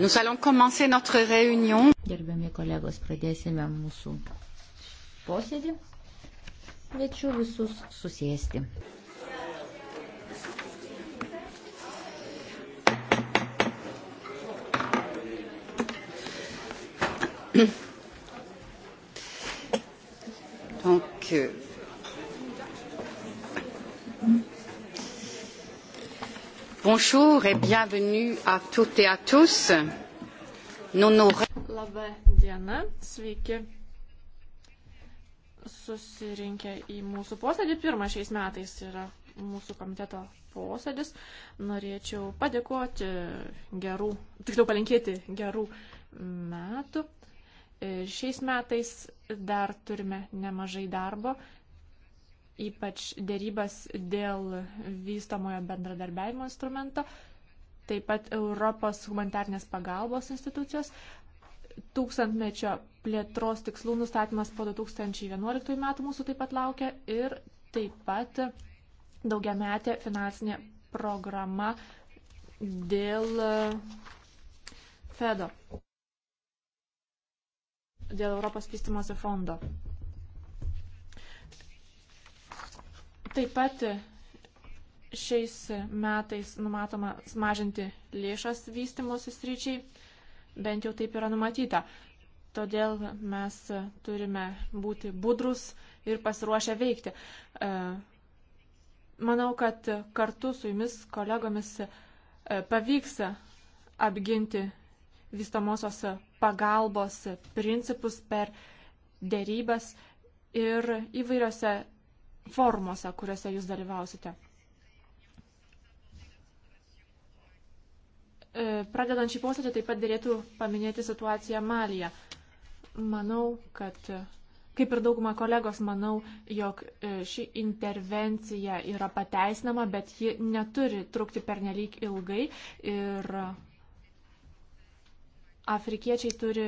Nous allons commencer notre réunion. Gerbiami kolegos, pradėsime mūsų posėdį. Kviečiu visus susėsti. Donc, euh, Bonjour et bienvenue à toutes et à tous. Nous nous... Labą dieną, sveiki susirinkę į mūsų posėdį. Pirmą šiais metais yra mūsų komiteto posėdis. Norėčiau padėkoti gerų, tiksliau palinkėti gerų metų. Šiais metais dar turime nemažai darbo, ypač dėrybas dėl vystamojo bendradarbiavimo instrumento, taip pat Europos humanitarnės pagalbos institucijos, tūkstantmečio plėtros tikslų nustatymas po 2011 metų mūsų taip pat laukia ir taip pat daugiametė finansinė programa dėl FEDO, dėl Europos vystimosi fondo. Taip pat šiais metais numatoma mažinti lėšas vystimosi sryčiai, bent jau taip yra numatyta. Todėl mes turime būti budrus ir pasiruošę veikti. E, manau, kad kartu su jumis kolegomis e, pavyks apginti vystamosios pagalbos principus per dėrybas ir įvairiose formuose, kuriuose jūs dalyvausite. E, pradedant šį posėdį taip pat dėlėtų paminėti situaciją Malyje. Manau, kad kaip ir dauguma kolegos, manau, jog e, ši intervencija yra pateisinama, bet ji neturi trukti pernelyg ilgai ir afrikiečiai turi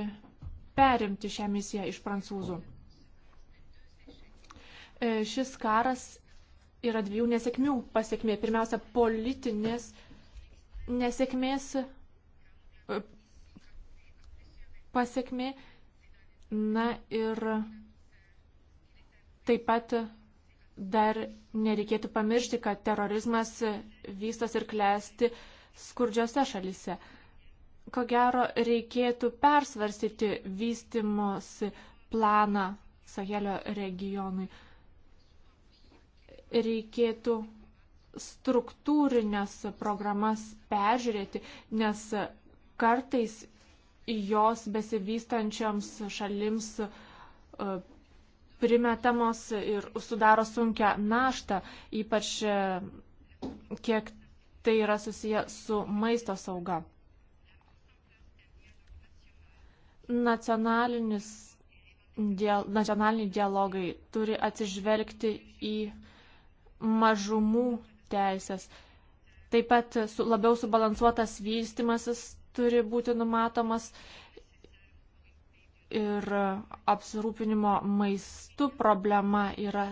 perimti šią misiją iš prancūzų. E, šis karas yra dviejų nesėkmių pasiekmė. Pirmiausia, politinės nesėkmės e, pasiekmė. Na ir taip pat dar nereikėtų pamiršti, kad terorizmas vystos ir klesti skurdžiose šalise. Ko gero, reikėtų persvarstyti vystimus planą Sahelio regionui reikėtų struktūrinės programas peržiūrėti, nes kartais jos besivystančioms šalims e, primetamos ir sudaro sunkę naštą, ypač e, kiek tai yra susiję su maisto sauga. Nacionalinis, nacionaliniai dialogai turi atsižvelgti į mažumų teisės. Taip pat su, labiau subalansuotas vystimasis turi būti numatomas ir apsirūpinimo maistu problema yra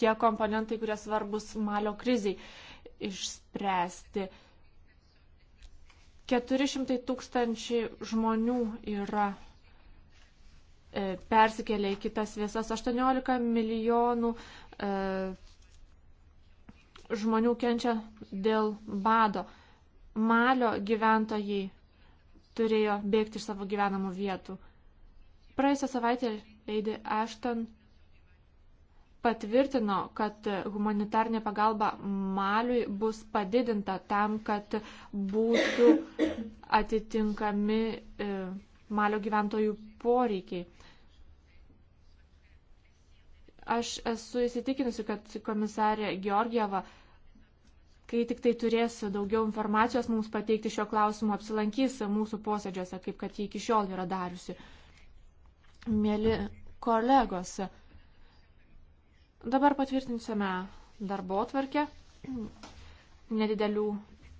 tie komponentai, kurie svarbus malio kriziai išspręsti. 400 tūkstančių žmonių yra e, persikėlė į kitas viesas, 18 milijonų e, žmonių kenčia dėl bado. Malio gyventojai turėjo bėgti iš savo gyvenamų vietų. Praėjusią savaitę Lady Ashton patvirtino, kad humanitarnė pagalba Maliui bus padidinta tam, kad būtų atitinkami e, Malio gyventojų poreikiai. Aš esu įsitikinusi, kad komisarė Georgieva kai tik tai turės daugiau informacijos mums pateikti šio klausimu, apsilankys mūsų posėdžiuose, kaip kad jie iki šiol yra dariusi. Mėly kolegos, dabar patvirtinsime darbo tvarkę. Nedidelių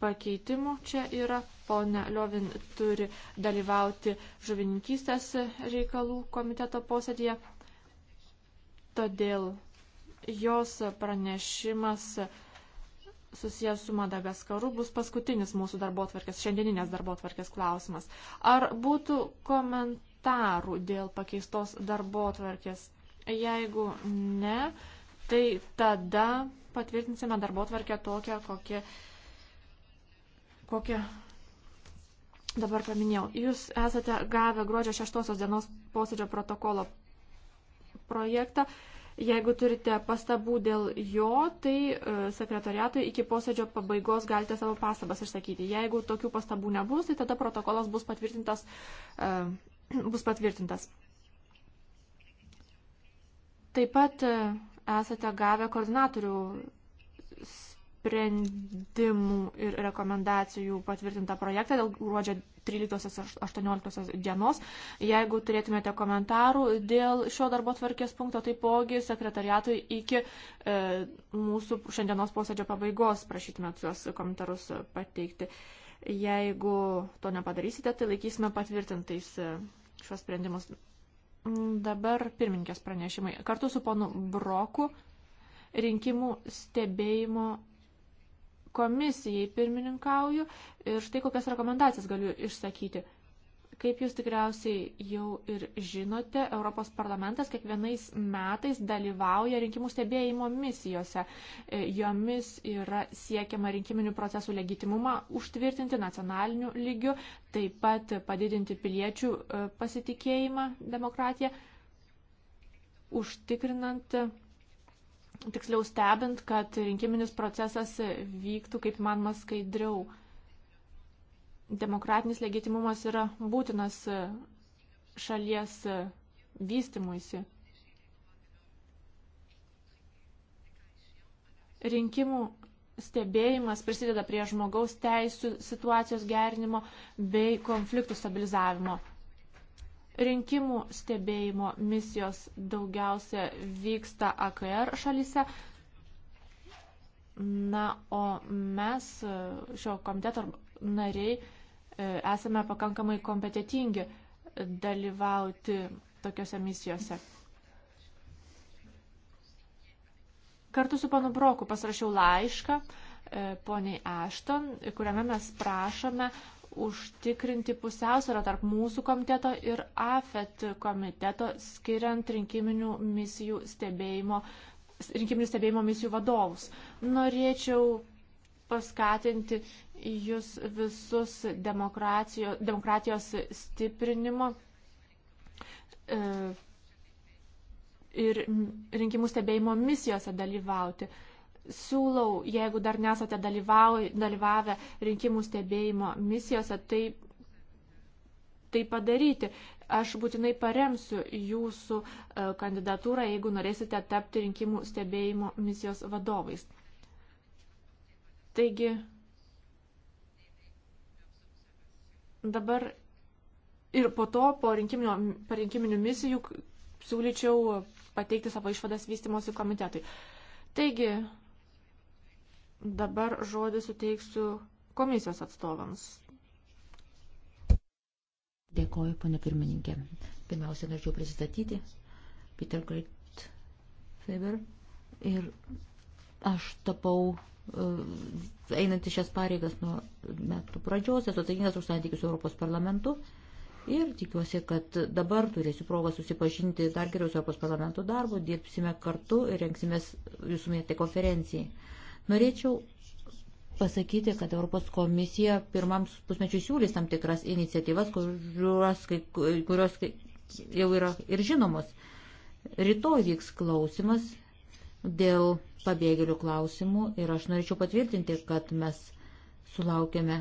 pakeitimų čia yra. Pone Liovin turi dalyvauti žuvininkystės reikalų komiteto posėdėje. Todėl jos pranešimas susijęs su Madagaskaru bus paskutinis mūsų darbotvarkės, šiandieninės darbotvarkės klausimas. Ar būtų komentarų dėl pakeistos darbotvarkės? Jeigu ne, tai tada patvirtinsime darbotvarkę tokią, kokią, kokią dabar paminėjau. Jūs esate gavę gruodžio 6 dienos posėdžio protokolo projektą. Jeigu turite pastabų dėl jo, tai e, sekretariatui iki posėdžio pabaigos galite savo pastabas išsakyti. Jeigu tokių pastabų nebus, tai tada protokolas bus patvirtintas. E, bus patvirtintas. Taip pat e, esate gavę koordinatorių sprendimų ir rekomendacijų patvirtintą projektą dėl gruodžio 13-18 dienos. Jeigu turėtumėte komentarų dėl šio darbo tvarkės punkto, taipogi sekretariatui iki e, mūsų šiandienos posėdžio pabaigos prašytumėt juos komentarus pateikti. Jeigu to nepadarysite, tai laikysime patvirtintais e, šios sprendimus. Dabar pirmininkės pranešimai. Kartu su ponu Broku rinkimų stebėjimo komisijai pirmininkauju ir štai kokias rekomendacijas galiu išsakyti. Kaip jūs tikriausiai jau ir žinote, Europos parlamentas kiekvienais metais dalyvauja rinkimų stebėjimo misijose. E, jomis yra siekiama rinkiminių procesų legitimumą užtvirtinti nacionaliniu lygiu, taip pat padidinti piliečių e, pasitikėjimą demokratiją, užtikrinant tiksliau stebint, kad rinkiminis procesas vyktų kaip manoma skaidriau. Demokratinis legitimumas yra būtinas šalies vystimuisi. Rinkimų stebėjimas prisideda prie žmogaus teisų situacijos gerinimo bei konfliktų stabilizavimo. Rinkimų stebėjimo misijos daugiausia vyksta AKR šalyse. Na, o mes šio komiteto nariai e, esame pakankamai kompetitingi dalyvauti tokiuose misijose. Kartu su panu Broku pasirašiau laišką e, poniai Ešton, kuriame mes prašome užtikrinti pusiausvyrą tarp mūsų komiteto ir AFET komiteto, skiriant rinkiminių misijų stebėjimo, rinkiminių stebėjimo misijų vadovus. Norėčiau paskatinti jūs visus demokratijos stiprinimo e, ir rinkimų stebėjimo misijose dalyvauti siūlau, jeigu dar nesate dalyvavę rinkimų stebėjimo misijose, tai, tai padaryti. Aš būtinai paremsiu jūsų e, kandidatūrą, jeigu norėsite tapti rinkimų stebėjimo misijos vadovais. Taigi, dabar ir po to, po rinkiminių misijų, siūlyčiau pateikti savo išvadas vystimosi komitetui. Taigi, Dabar žodį suteiksiu komisijos atstovams. Dėkoju, ponė pirmininkė. Pirmiausia, norėčiau pristatyti Peter Great Faber. Ir aš tapau e, einant į šias pareigas nuo metų pradžios, esu atsakingas už santykius su Europos parlamentu ir tikiuosi, kad dabar turėsiu progą susipažinti dar geriau su Europos parlamento darbu, dirbsime kartu ir rengsimės jūsų minėtai konferencijai. Norėčiau pasakyti, kad Europos komisija pirmam pusmečiu siūlys tam tikras iniciatyvas, kurios, kurios jau yra ir žinomos. Rytoj vyks klausimas dėl pabėgėlių klausimų ir aš norėčiau patvirtinti, kad mes sulaukėme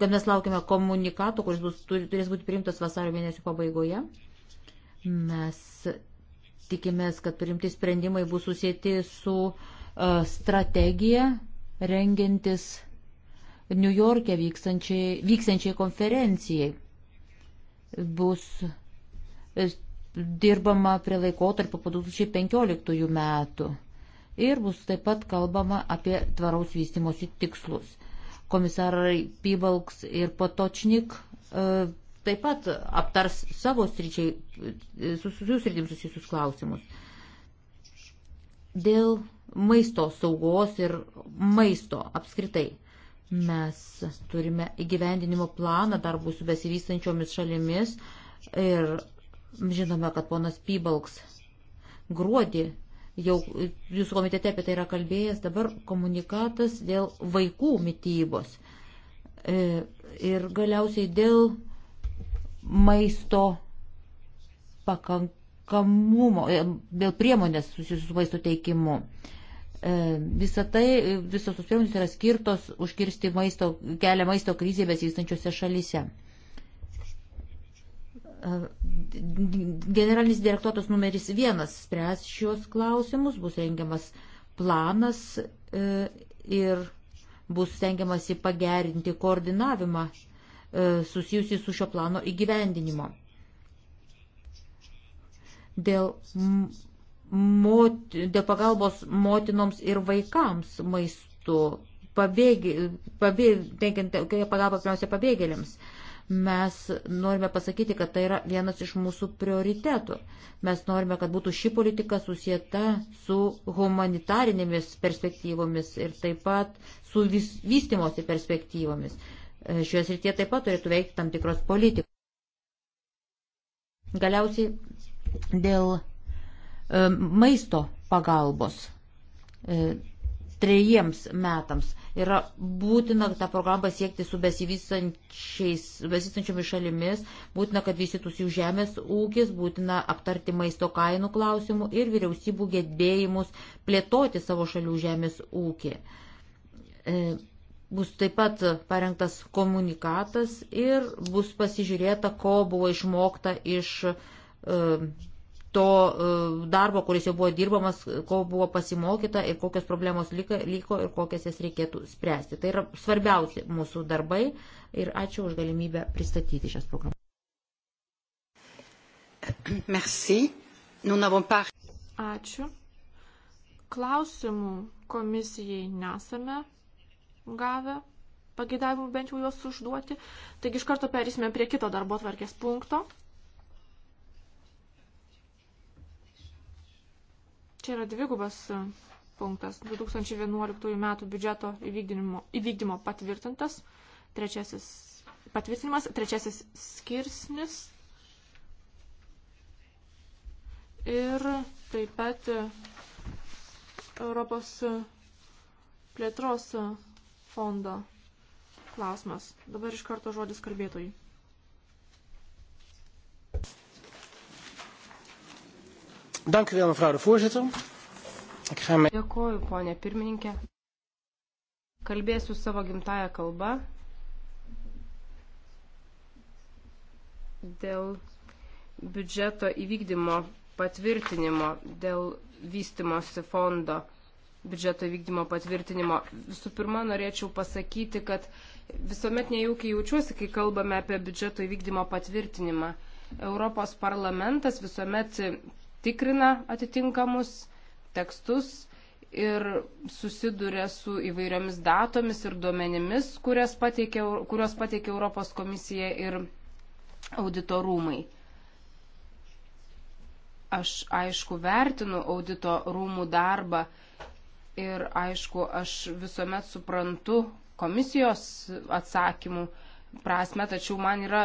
kad mes laukiame komunikato, kuris bus, turės būti priimtas vasario mėnesio pabaigoje. Mes tikimės, kad priimti sprendimai bus susijęti su uh, E, strategiją rengiantis New York'e vykstančiai, vykstančiai konferencijai. Bus e, dirbama prie laikotarpio po 2015 metų ir bus taip pat kalbama apie tvaraus vystimosi tikslus. Komisarai Pybalks ir Potočnik e, taip pat aptars savo sričiai, susijusius susijusius klausimus. Dėl maisto saugos ir maisto apskritai. Mes turime įgyvendinimo planą darbų su besivystančiomis šalimis ir žinome, kad ponas Pybalks gruodį jau jūsų komitete apie tai yra kalbėjęs, dabar komunikatas dėl vaikų mytybos e, ir galiausiai dėl maisto pakankamumo, e, dėl priemonės susijusius su maisto teikimu. E, Visą tai, e, visos tos priemonės yra skirtos užkirsti maisto, kelią maisto krizė besivystančiose šalyse. E, generalinis direktoras numeris vienas spręs šios klausimus, bus rengiamas planas ir bus stengiamasi pagerinti koordinavimą susijusi su šio plano įgyvendinimo. Dėl mot, dėl pagalbos motinoms ir vaikams maistu, teikiant pagalbą pirmiausia pabėgėliams. Mes norime pasakyti, kad tai yra vienas iš mūsų prioritetų. Mes norime, kad būtų ši politika susieta su humanitarinėmis perspektyvomis ir taip pat su vis, vystimosi perspektyvomis. E, šioje srityje taip pat turėtų veikti tam tikros politikos. Galiausiai dėl E, maisto pagalbos e, trejiems metams. Yra būtina tą programą siekti su besivystančiomis šalimis, būtina, kad vystytųsi jų žemės ūkis, būtina aptarti maisto kainų klausimų ir vyriausybų gedėjimus plėtoti savo šalių žemės ūkį. E, bus taip pat parengtas komunikatas ir bus pasižiūrėta, ko buvo išmokta iš to e, darbo, kuris jau buvo dirbamas, ko buvo pasimokyta ir kokios problemos liko, liko ir kokias jas reikėtų spręsti. Tai yra svarbiausi mūsų darbai ir ačiū už galimybę pristatyti šias programas. Merci. Par... Ačiū. Klausimų komisijai nesame gavę, pagėdavimų bent jau juos užduoti. Taigi iš karto perėsime prie kito darbo tvarkės punkto. čia yra dvigubas e, punktas. 2011 metų biudžeto įvykdymo, įvykdymo patvirtintas, trečiasis patvirtinimas, trečiasis skirsnis. Ir taip pat e, Europos plėtros e, fondo klausimas. Dabar iš karto žodis kalbėtojai. Dank u wel, mevrouw de voorzitter. Ik ga me... Dėkuoju, ponė pirmininkė. Kalbėsiu savo gimtają kalbą dėl biudžeto įvykdymo patvirtinimo, dėl vystimosi fondo biudžeto įvykdymo patvirtinimo. Visų pirma, norėčiau pasakyti, kad visuomet nejaukiai jaučiuosi, kai kalbame apie biudžeto įvykdymo patvirtinimą. Europos parlamentas visuomet tikrina atitinkamus tekstus ir susiduria su įvairiomis datomis ir duomenimis, pateikė, kuriuos pateikė Europos komisija ir auditorumai. Aš aišku vertinu audito rūmų darbą ir aišku aš visuomet suprantu komisijos atsakymų prasme, tačiau man yra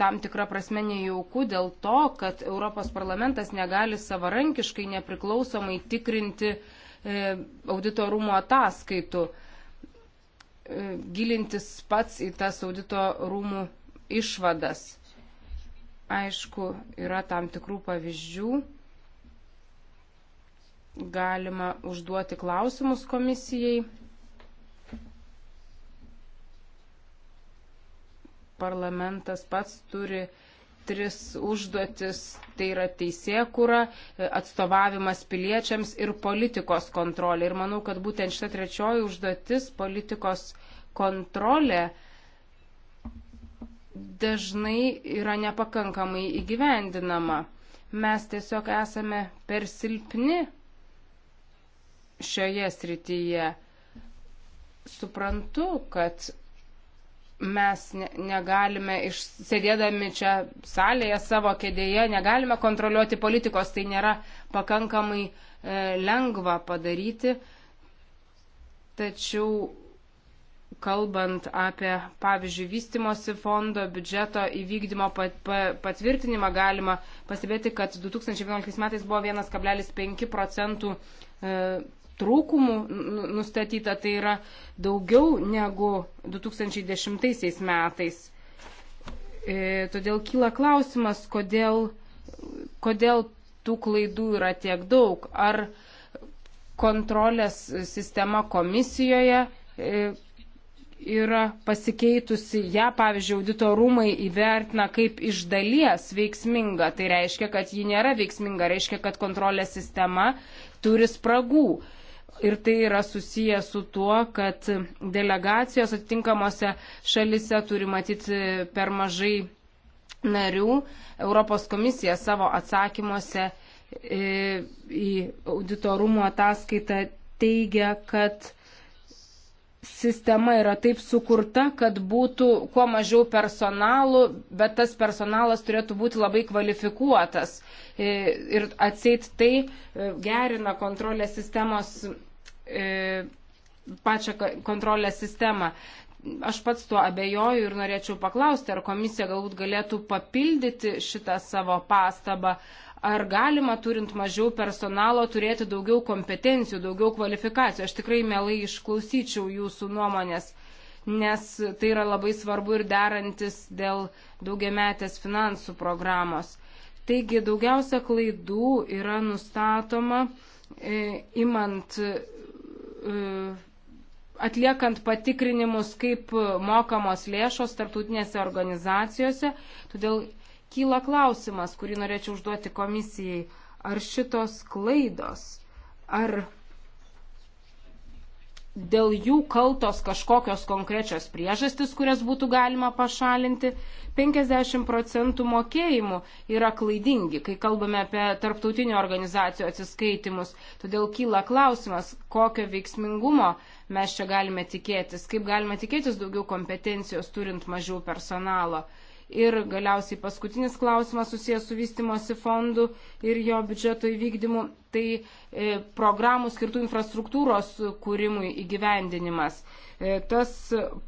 tam tikrą prasme nejaukų dėl to, kad Europos parlamentas negali savarankiškai, nepriklausomai tikrinti e, auditorumo ataskaitų, e, gilintis pats į tas auditorumų išvadas. Aišku, yra tam tikrų pavyzdžių. Galima užduoti klausimus komisijai parlamentas pats turi tris užduotis - tai yra teisėkura, atstovavimas piliečiams ir politikos kontrolė. Ir manau, kad būtent šita trečioji užduotis - politikos kontrolė dažnai yra nepakankamai įgyvendinama. Mes tiesiog esame per silpni šioje srityje. Suprantu, kad mes ne, negalime, iš, sėdėdami čia salėje savo kėdėje, negalime kontroliuoti politikos, tai nėra pakankamai e, lengva padaryti. Tačiau kalbant apie, pavyzdžiui, vystimosi fondo biudžeto įvykdymo pat, pat, patvirtinimą, galima pastebėti, kad 2011 metais buvo 1,5 procentų e, trūkumų nu, nustatyta, tai yra daugiau negu 2010 metais. E, todėl kyla klausimas, kodėl, kodėl tų klaidų yra tiek daug. Ar kontrolės sistema komisijoje e, yra pasikeitusi, ją, ja, pavyzdžiui, audito rūmai įvertina kaip iš dalies veiksminga. Tai reiškia, kad ji nėra veiksminga, reiškia, kad kontrolės sistema turi spragų. Ir tai yra susiję su tuo, kad delegacijos atitinkamose šalise turi matyti e, per mažai narių. Europos komisija savo atsakymuose e, į auditorumų ataskaitą teigia, kad sistema yra taip sukurta, kad būtų kuo mažiau personalų, bet tas personalas turėtų būti labai kvalifikuotas. E, ir atseit tai e, gerina kontrolės sistemos, e, pačią kontrolės sistemą. Aš pats tuo abejoju ir norėčiau paklausti, ar komisija galbūt galėtų papildyti šitą savo pastabą, ar galima, turint mažiau personalo, turėti daugiau kompetencijų, daugiau kvalifikacijų. Aš tikrai mielai išklausyčiau jūsų nuomonės, nes tai yra labai svarbu ir derantis dėl daugiametės finansų programos. Taigi daugiausia klaidų yra nustatoma e, imant, e, atliekant patikrinimus, kaip mokamos lėšos tarptautinėse organizacijose. Todėl kyla klausimas, kurį norėčiau užduoti komisijai. Ar šitos klaidos, ar dėl jų kaltos kažkokios konkrečios priežastis, kurias būtų galima pašalinti, 50 procentų mokėjimų yra klaidingi, kai kalbame apie tarptautinių organizacijų atsiskaitimus. Todėl kyla klausimas, kokio veiksmingumo mes čia galime tikėtis, kaip galime tikėtis daugiau kompetencijos turint mažiau personalo. Ir galiausiai paskutinis klausimas susijęs su vystimosi fondu ir jo biudžeto įvykdymu - tai e, programų skirtų infrastruktūros kūrimui įgyvendinimas. E, tas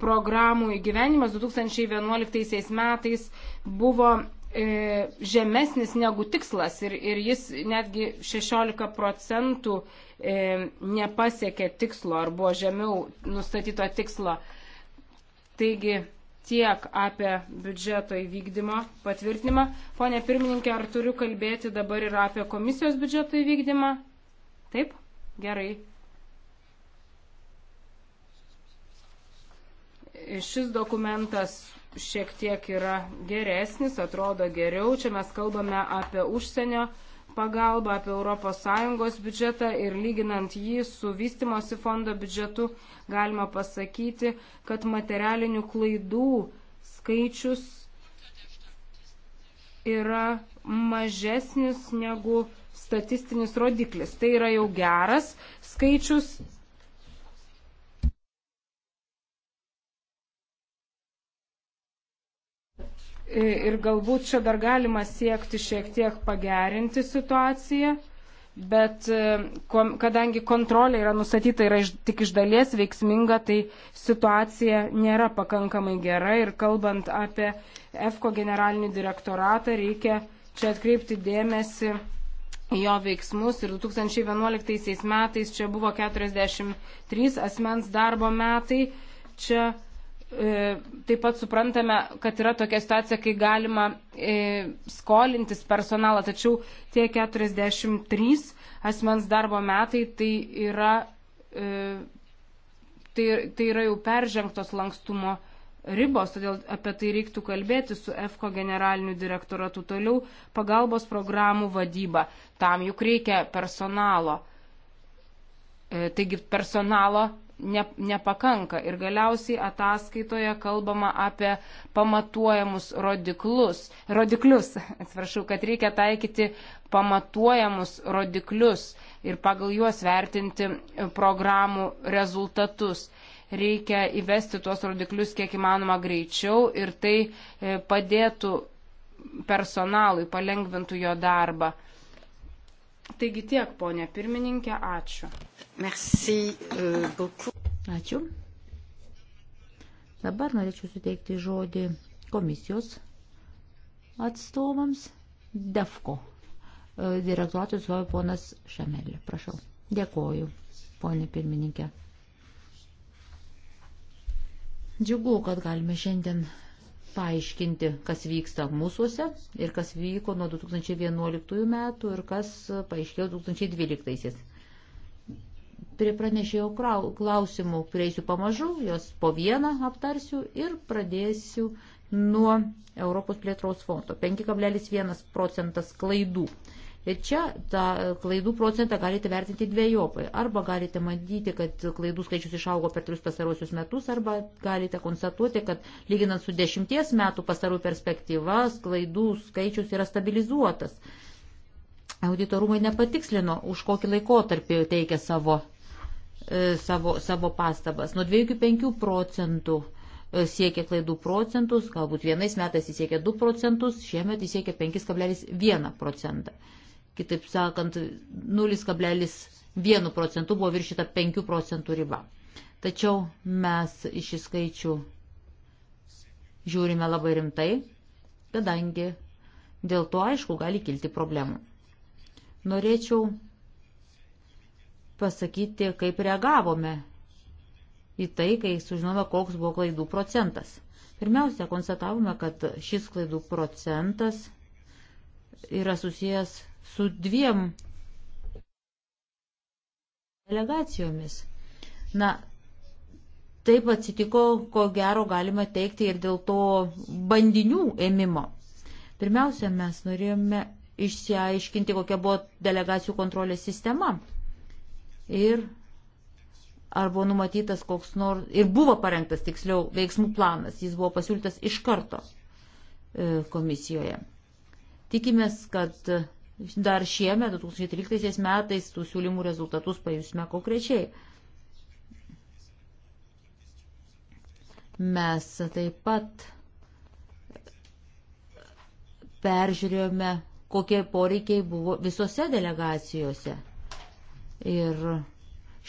programų įgyvendinimas 2011 metais buvo e, žemesnis negu tikslas ir, ir jis netgi 16 procentų e, nepasiekė tikslo ar buvo žemiau nustatyto tikslo. Taigi tiek apie biudžeto įvykdymo patvirtinimą. Pone pirmininkė, ar turiu kalbėti dabar ir apie komisijos biudžeto įvykdymą? Taip? Gerai. Šis dokumentas šiek tiek yra geresnis, atrodo geriau. Čia mes kalbame apie užsienio pagalbą, apie ES biudžetą ir lyginant jį su vystimosi fondo biudžetu, galima pasakyti, kad materialinių klaidų skaičius yra mažesnis negu statistinis rodiklis. Tai yra jau geras skaičius, ir galbūt čia dar galima siekti šiek tiek pagerinti situaciją, bet e, kadangi kontrolė yra nustatyta yra iš, tik iš dalies veiksminga, tai situacija nėra pakankamai gera ir kalbant apie EFKO generalinį direktoratą, reikia čia atkreipti dėmesį jo veiksmus ir 2011 metais čia buvo 43 asmens darbo metai. Čia E, taip pat suprantame, kad yra tokia situacija, kai galima e, skolintis personalą, tačiau tie 43 asmens darbo metai tai yra, e, tai, tai yra jau peržengtos lankstumo ribos, todėl apie tai reiktų kalbėti su EFKO generaliniu direktoratu toliau pagalbos programų vadyba. Tam juk reikia personalo. Taigi personalo ne, nepakanka. Ir galiausiai ataskaitoje kalbama apie pamatuojamus rodiklus, rodiklius. Atsiprašau, kad reikia taikyti pamatuojamus rodiklius ir pagal juos vertinti e, programų rezultatus. Reikia įvesti tuos rodiklius kiek įmanoma greičiau ir tai e, padėtų personalui, palengvintų jo darbą. Taigi tiek, ponė pirmininkė, ačiū. Merci euh, beaucoup. Ačiū. Dabar norėčiau suteikti žodį komisijos atstovams DEFCO. E, Direktuotojus vau ponas Šemelė. Prašau. Dėkoju, ponė pirmininkė. Džiugu, kad galime šiandien paaiškinti, kas vyksta mūsųse ir kas vyko nuo 2011 metų ir kas paaiškėjo 2012. -aisiais. Prie pranešėjo klausimų prieisiu pamažu, jos po vieną aptarsiu ir pradėsiu nuo Europos plėtros fondo. 5,1 procentas klaidų Ir čia tą klaidų procentą galite vertinti dviejopai. Arba galite matyti, kad klaidų skaičius išaugo per tris pastarosius metus, arba galite konstatuoti, kad lyginant su dešimties metų pastarų perspektyvas, klaidų skaičius yra stabilizuotas. Auditorumai nepatikslino, už kokį laikotarpį teikia savo, e, savo, savo pastabas. Nuo 2 iki 5 procentų e, siekia klaidų procentus, galbūt vienais metais jis siekia 2 procentus, šiemet jis siekia 5,1 procentą kitaip sakant, 0,1 procentų buvo viršita 5 procentų riba. Tačiau mes iš įskaičių žiūrime labai rimtai, kadangi dėl to aišku gali kilti problemų. Norėčiau pasakyti, kaip reagavome į tai, kai sužinome, koks buvo klaidų procentas. Pirmiausia, konstatavome, kad šis klaidų procentas yra susijęs su dviem delegacijomis. Na, taip atsitiko, ko gero galima teikti ir dėl to bandinių ėmimo. Pirmiausia, mes norėjome išsiaiškinti, kokia buvo delegacijų kontrolės sistema. Ir ar buvo numatytas koks nors, ir buvo parengtas tiksliau veiksmų planas, jis buvo pasiūlytas iš karto e, komisijoje. Tikimės, kad Dar šiemet, 2013 metais, tų siūlymų rezultatus pajusime konkrečiai. Mes taip pat peržiūrėjome, kokie poreikiai buvo visose delegacijose. Ir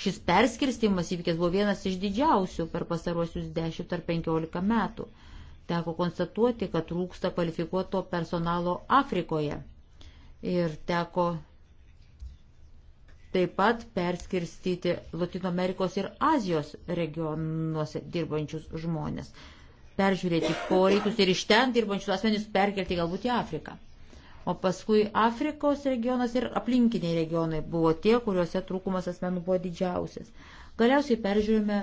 šis perskirstimas įvykęs buvo vienas iš didžiausių per pasaruosius 10 ar 15 metų. Teko konstatuoti, kad trūksta kvalifikuoto personalo Afrikoje ir teko taip pat perskirstyti Latino Amerikos ir Azijos regionuose dirbančius žmonės, peržiūrėti poreikius ir iš ten dirbančius asmenys perkelti galbūt į Afriką. O paskui Afrikos regionas ir aplinkiniai regionai buvo tie, kuriuose trūkumas asmenų buvo didžiausias. Galiausiai peržiūrėjome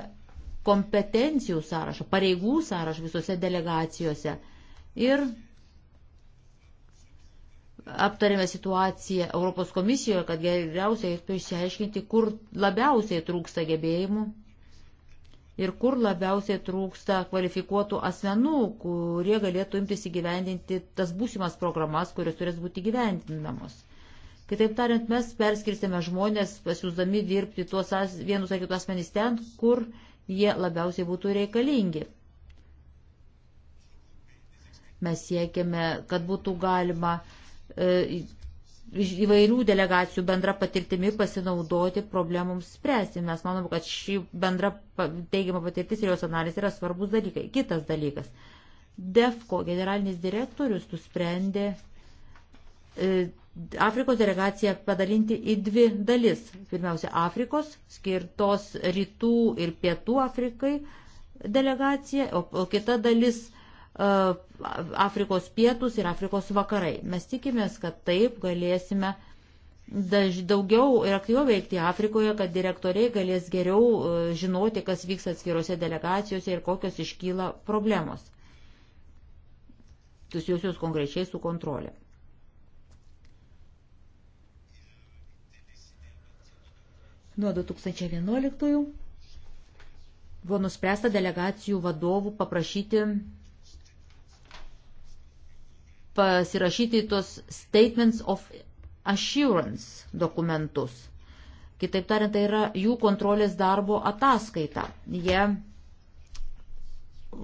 kompetencijų sąrašą, pareigų sąrašą visose delegacijose ir aptarėme situaciją Europos komisijoje, kad geriausiai reiktų išsiaiškinti, kur labiausiai trūksta gebėjimų ir kur labiausiai trūksta kvalifikuotų asmenų, kurie galėtų imtis įgyvendinti tas būsimas programas, kurios turės būti gyvendinamos. Kitaip tariant, mes perskirstėme žmonės, pasiūsdami dirbti tuos as, vienus ar kitus asmenys ten, kur jie labiausiai būtų reikalingi. Mes siekiame, kad būtų galima uh, E, įvairių delegacijų bendra patirtimi pasinaudoti problemoms spręsti. Mes manome, kad ši bendra teigiama patirtis ir jos analizė yra svarbus dalykai. Kitas dalykas. DEFCO generalinis direktorius nusprendė e, Afrikos delegaciją padalinti į dvi dalis. Pirmiausia, Afrikos, skirtos rytų ir pietų Afrikai delegacija, o, o kita dalis E, Afrikos pietus ir Afrikos vakarai. Mes tikimės, kad taip galėsime daž, daugiau ir aktyviau veikti Afrikoje, kad direktoriai galės geriau e, žinoti, kas vyks atskirose delegacijose ir kokios iškyla problemos susijusios konkrečiai su kontrolė. Nuo 2011 buvo nuspręsta delegacijų vadovų paprašyti pasirašyti tos Statements of Assurance dokumentus. Kitaip tariant, tai yra jų kontrolės darbo ataskaita. Jie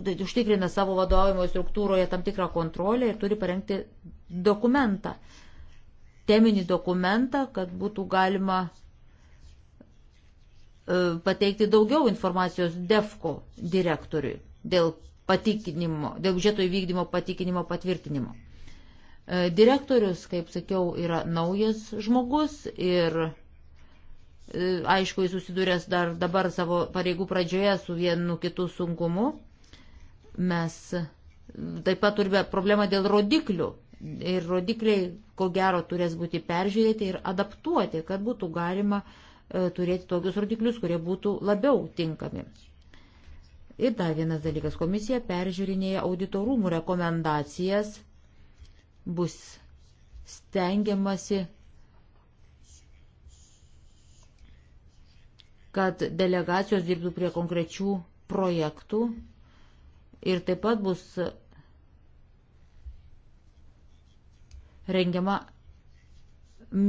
tai užtikrina savo vadovimo struktūroje tam tikrą kontrolę ir turi parengti dokumentą, teminį dokumentą, kad būtų galima e, pateikti daugiau informacijos DEFCO direktoriui dėl patikinimo, dėl biudžeto įvykdymo patikinimo patvirtinimo. E, direktorius, kaip sakiau, yra naujas žmogus ir e, aišku, jis susidūręs dar dabar savo pareigų pradžioje su vienu kitu sunkumu. Mes e, taip pat turime problemą dėl rodiklių. Ir rodikliai, ko gero, turės būti peržiūrėti ir adaptuoti, kad būtų galima turėti tokius rodiklius, kurie būtų labiau tinkami. Ir dar vienas dalykas, komisija peržiūrinėja auditorumų rekomendacijas bus stengiamasi, kad delegacijos dirbtų prie konkrečių projektų ir taip pat bus rengiama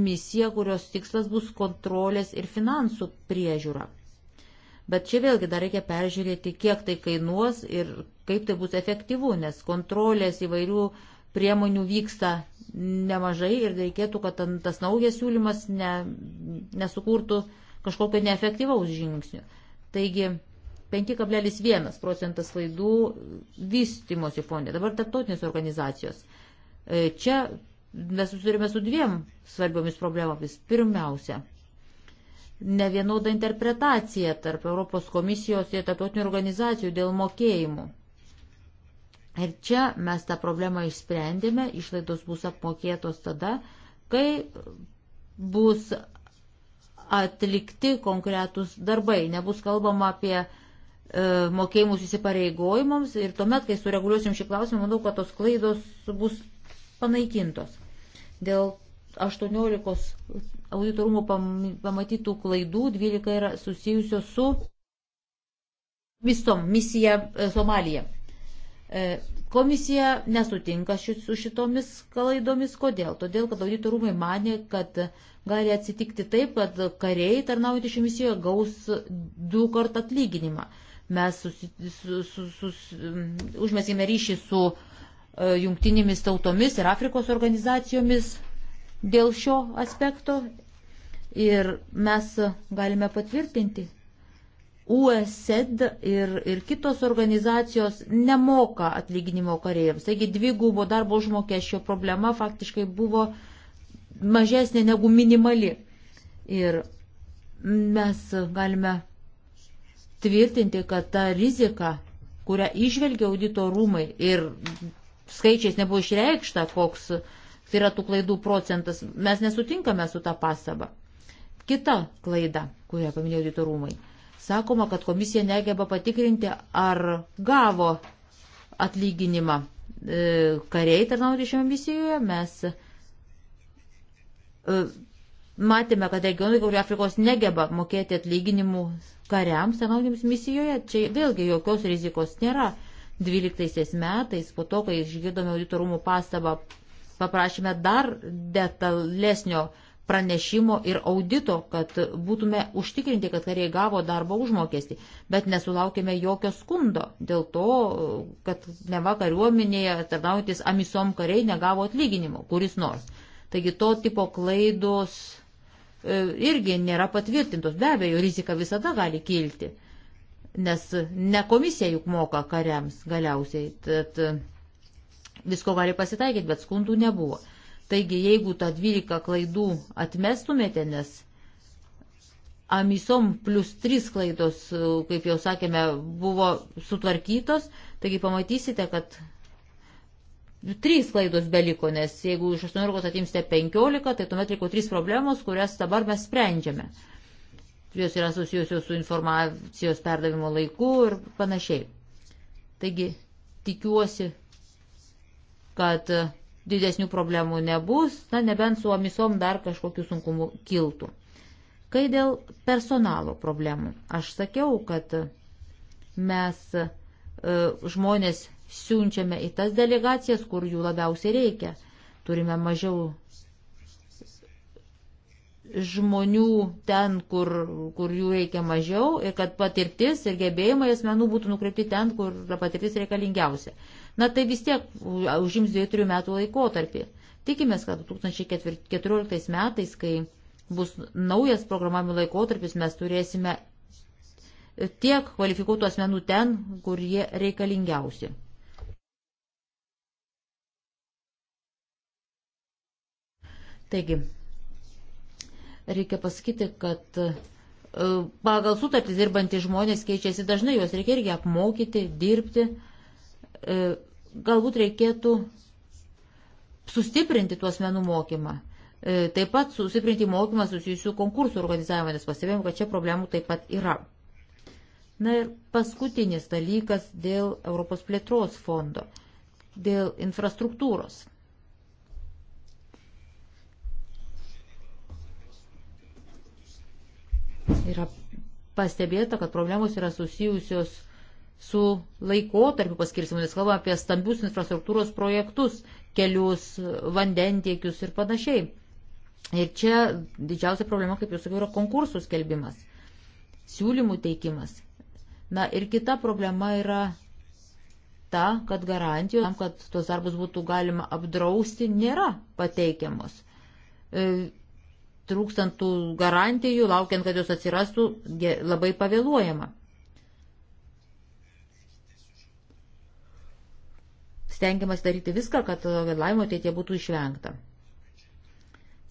misija, kurios tikslas bus kontrolės ir finansų priežiūra. Bet čia vėlgi dar reikia peržiūrėti, kiek tai kainuos ir kaip tai bus efektyvu, nes kontrolės įvairių uh, priemonių vyksta nemažai ir reikėtų, kad tas naujas siūlymas ne, nesukurtų kažkokio neefektyvaus žingsnio. Taigi 5,1 procentas klaidų vystimosi fondė. Dabar tarptautinės organizacijos. E, čia mes susidurime su dviem svarbiomis problemomis. Pirmiausia, ne vienoda interpretacija tarp Europos komisijos ir tarptautinių organizacijų dėl mokėjimų. Ir čia mes tą problemą išsprendėme, išlaidos bus apmokėtos tada, kai bus atlikti konkretūs darbai, nebus kalbama apie e, mokėjimus įsipareigojimams ir tuomet, kai sureguliuosim šį klausimą, manau, kad tos klaidos bus panaikintos. Dėl 18 auditorumo pamatytų klaidų 12 yra susijusios su visom misija e, Somalija. E, komisija nesutinka su šitomis klaidomis. Kodėl? Todėl, kad audito rūmai mane, kad gali atsitikti taip, kad kariai tarnaujantys šioje misijoje gaus du kart atlyginimą. Mes susi, su, su, su, užmėsime ryšį su e, jungtinėmis tautomis ir Afrikos organizacijomis dėl šio aspekto ir mes galime patvirtinti, USED ir, ir kitos organizacijos nemoka atlyginimo kareiviams. Taigi dvigubo darbo užmokesčio problema faktiškai buvo mažesnė negu minimali. Ir mes galime tvirtinti, kad ta rizika, kurią išvelgia audito rūmai ir skaičiais nebuvo išreikšta, koks tai yra tų klaidų procentas, mes nesutinkame su tą pastabą. Kita klaida, kurią paminėjo audito rūmai Sakoma, kad komisija negeba patikrinti, ar gavo atlyginimą e, kariai tarnauti šioje misijoje. Mes e, matėme, kad regionai, kurie Afrikos negeba mokėti atlyginimų kariams tarnautėms misijoje, čia vėlgi jokios rizikos nėra. 12 metais, po to, kai išgirdome auditorumų pastabą, paprašėme dar detalesnio uh, pranešimo ir audito, kad būtume užtikrinti, kad kariai gavo darbo užmokestį, bet nesulaukėme jokio skundo dėl to, kad neva kariuomenėje tarnaujantis amisom kariai negavo atlyginimo, kuris nors. Taigi to tipo klaidos e, irgi nėra patvirtintos. Be abejo, rizika visada gali kilti, nes ne komisija juk moka kariams galiausiai, tad visko gali pasitaikyti, bet skundų nebuvo. Taigi, jeigu tą 12 klaidų atmestumėte, nes amisom plus 3 klaidos, kaip jau sakėme, buvo sutvarkytos, taigi pamatysite, kad 3 klaidos beliko, nes jeigu iš 18 atimsite 15, tai tuomet liko 3 problemos, kurias dabar mes sprendžiame. Jos yra susijusios su informacijos perdavimo laiku ir panašiai. Taigi, tikiuosi, kad didesnių problemų nebus, na nebent su omisom dar kažkokių sunkumų kiltų. Kai dėl personalo problemų, aš sakiau, kad mes e, žmonės siunčiame į tas delegacijas, kur jų labiausiai reikia. Turime mažiau žmonių ten, kur, kur jų reikia mažiau ir kad patirtis ir gebėjimai asmenų būtų nukreipti ten, kur patirtis reikalingiausia na tai vis tiek užims 2-3 metų laikotarpį. Tikimės, kad 2014 metais, kai bus naujas programavimo laikotarpis, mes turėsime tiek kvalifikuotų asmenų ten, kur jie reikalingiausi. Taigi, reikia pasakyti, kad e, pagal sutartys dirbantys žmonės keičiasi dažnai, juos reikia irgi apmokyti, dirbti. E, galbūt reikėtų sustiprinti tuos menų mokymą. E, taip pat sustiprinti mokymą susijusių konkursų organizavimą, nes pastebėjom, kad čia problemų taip pat yra. Na ir paskutinis dalykas dėl Europos plėtros fondo, dėl infrastruktūros. Yra pastebėta, kad problemos yra susijusios su laikotarpiu paskirsimu, nes kalbame apie stambius infrastruktūros projektus, kelius, vandentiekius ir panašiai. Ir čia didžiausia problema, kaip jau sakiau, yra konkursų skelbimas, siūlymų teikimas. Na ir kita problema yra ta, kad garantijos tam, kad tuos darbus būtų galima apdrausti, nėra pateikiamos. E, trūkstant tų garantijų, laukiant, kad jos atsirastų, labai pavėluojama. stengiamas daryti viską, kad uh, vėlavimo ateitie būtų išvengta.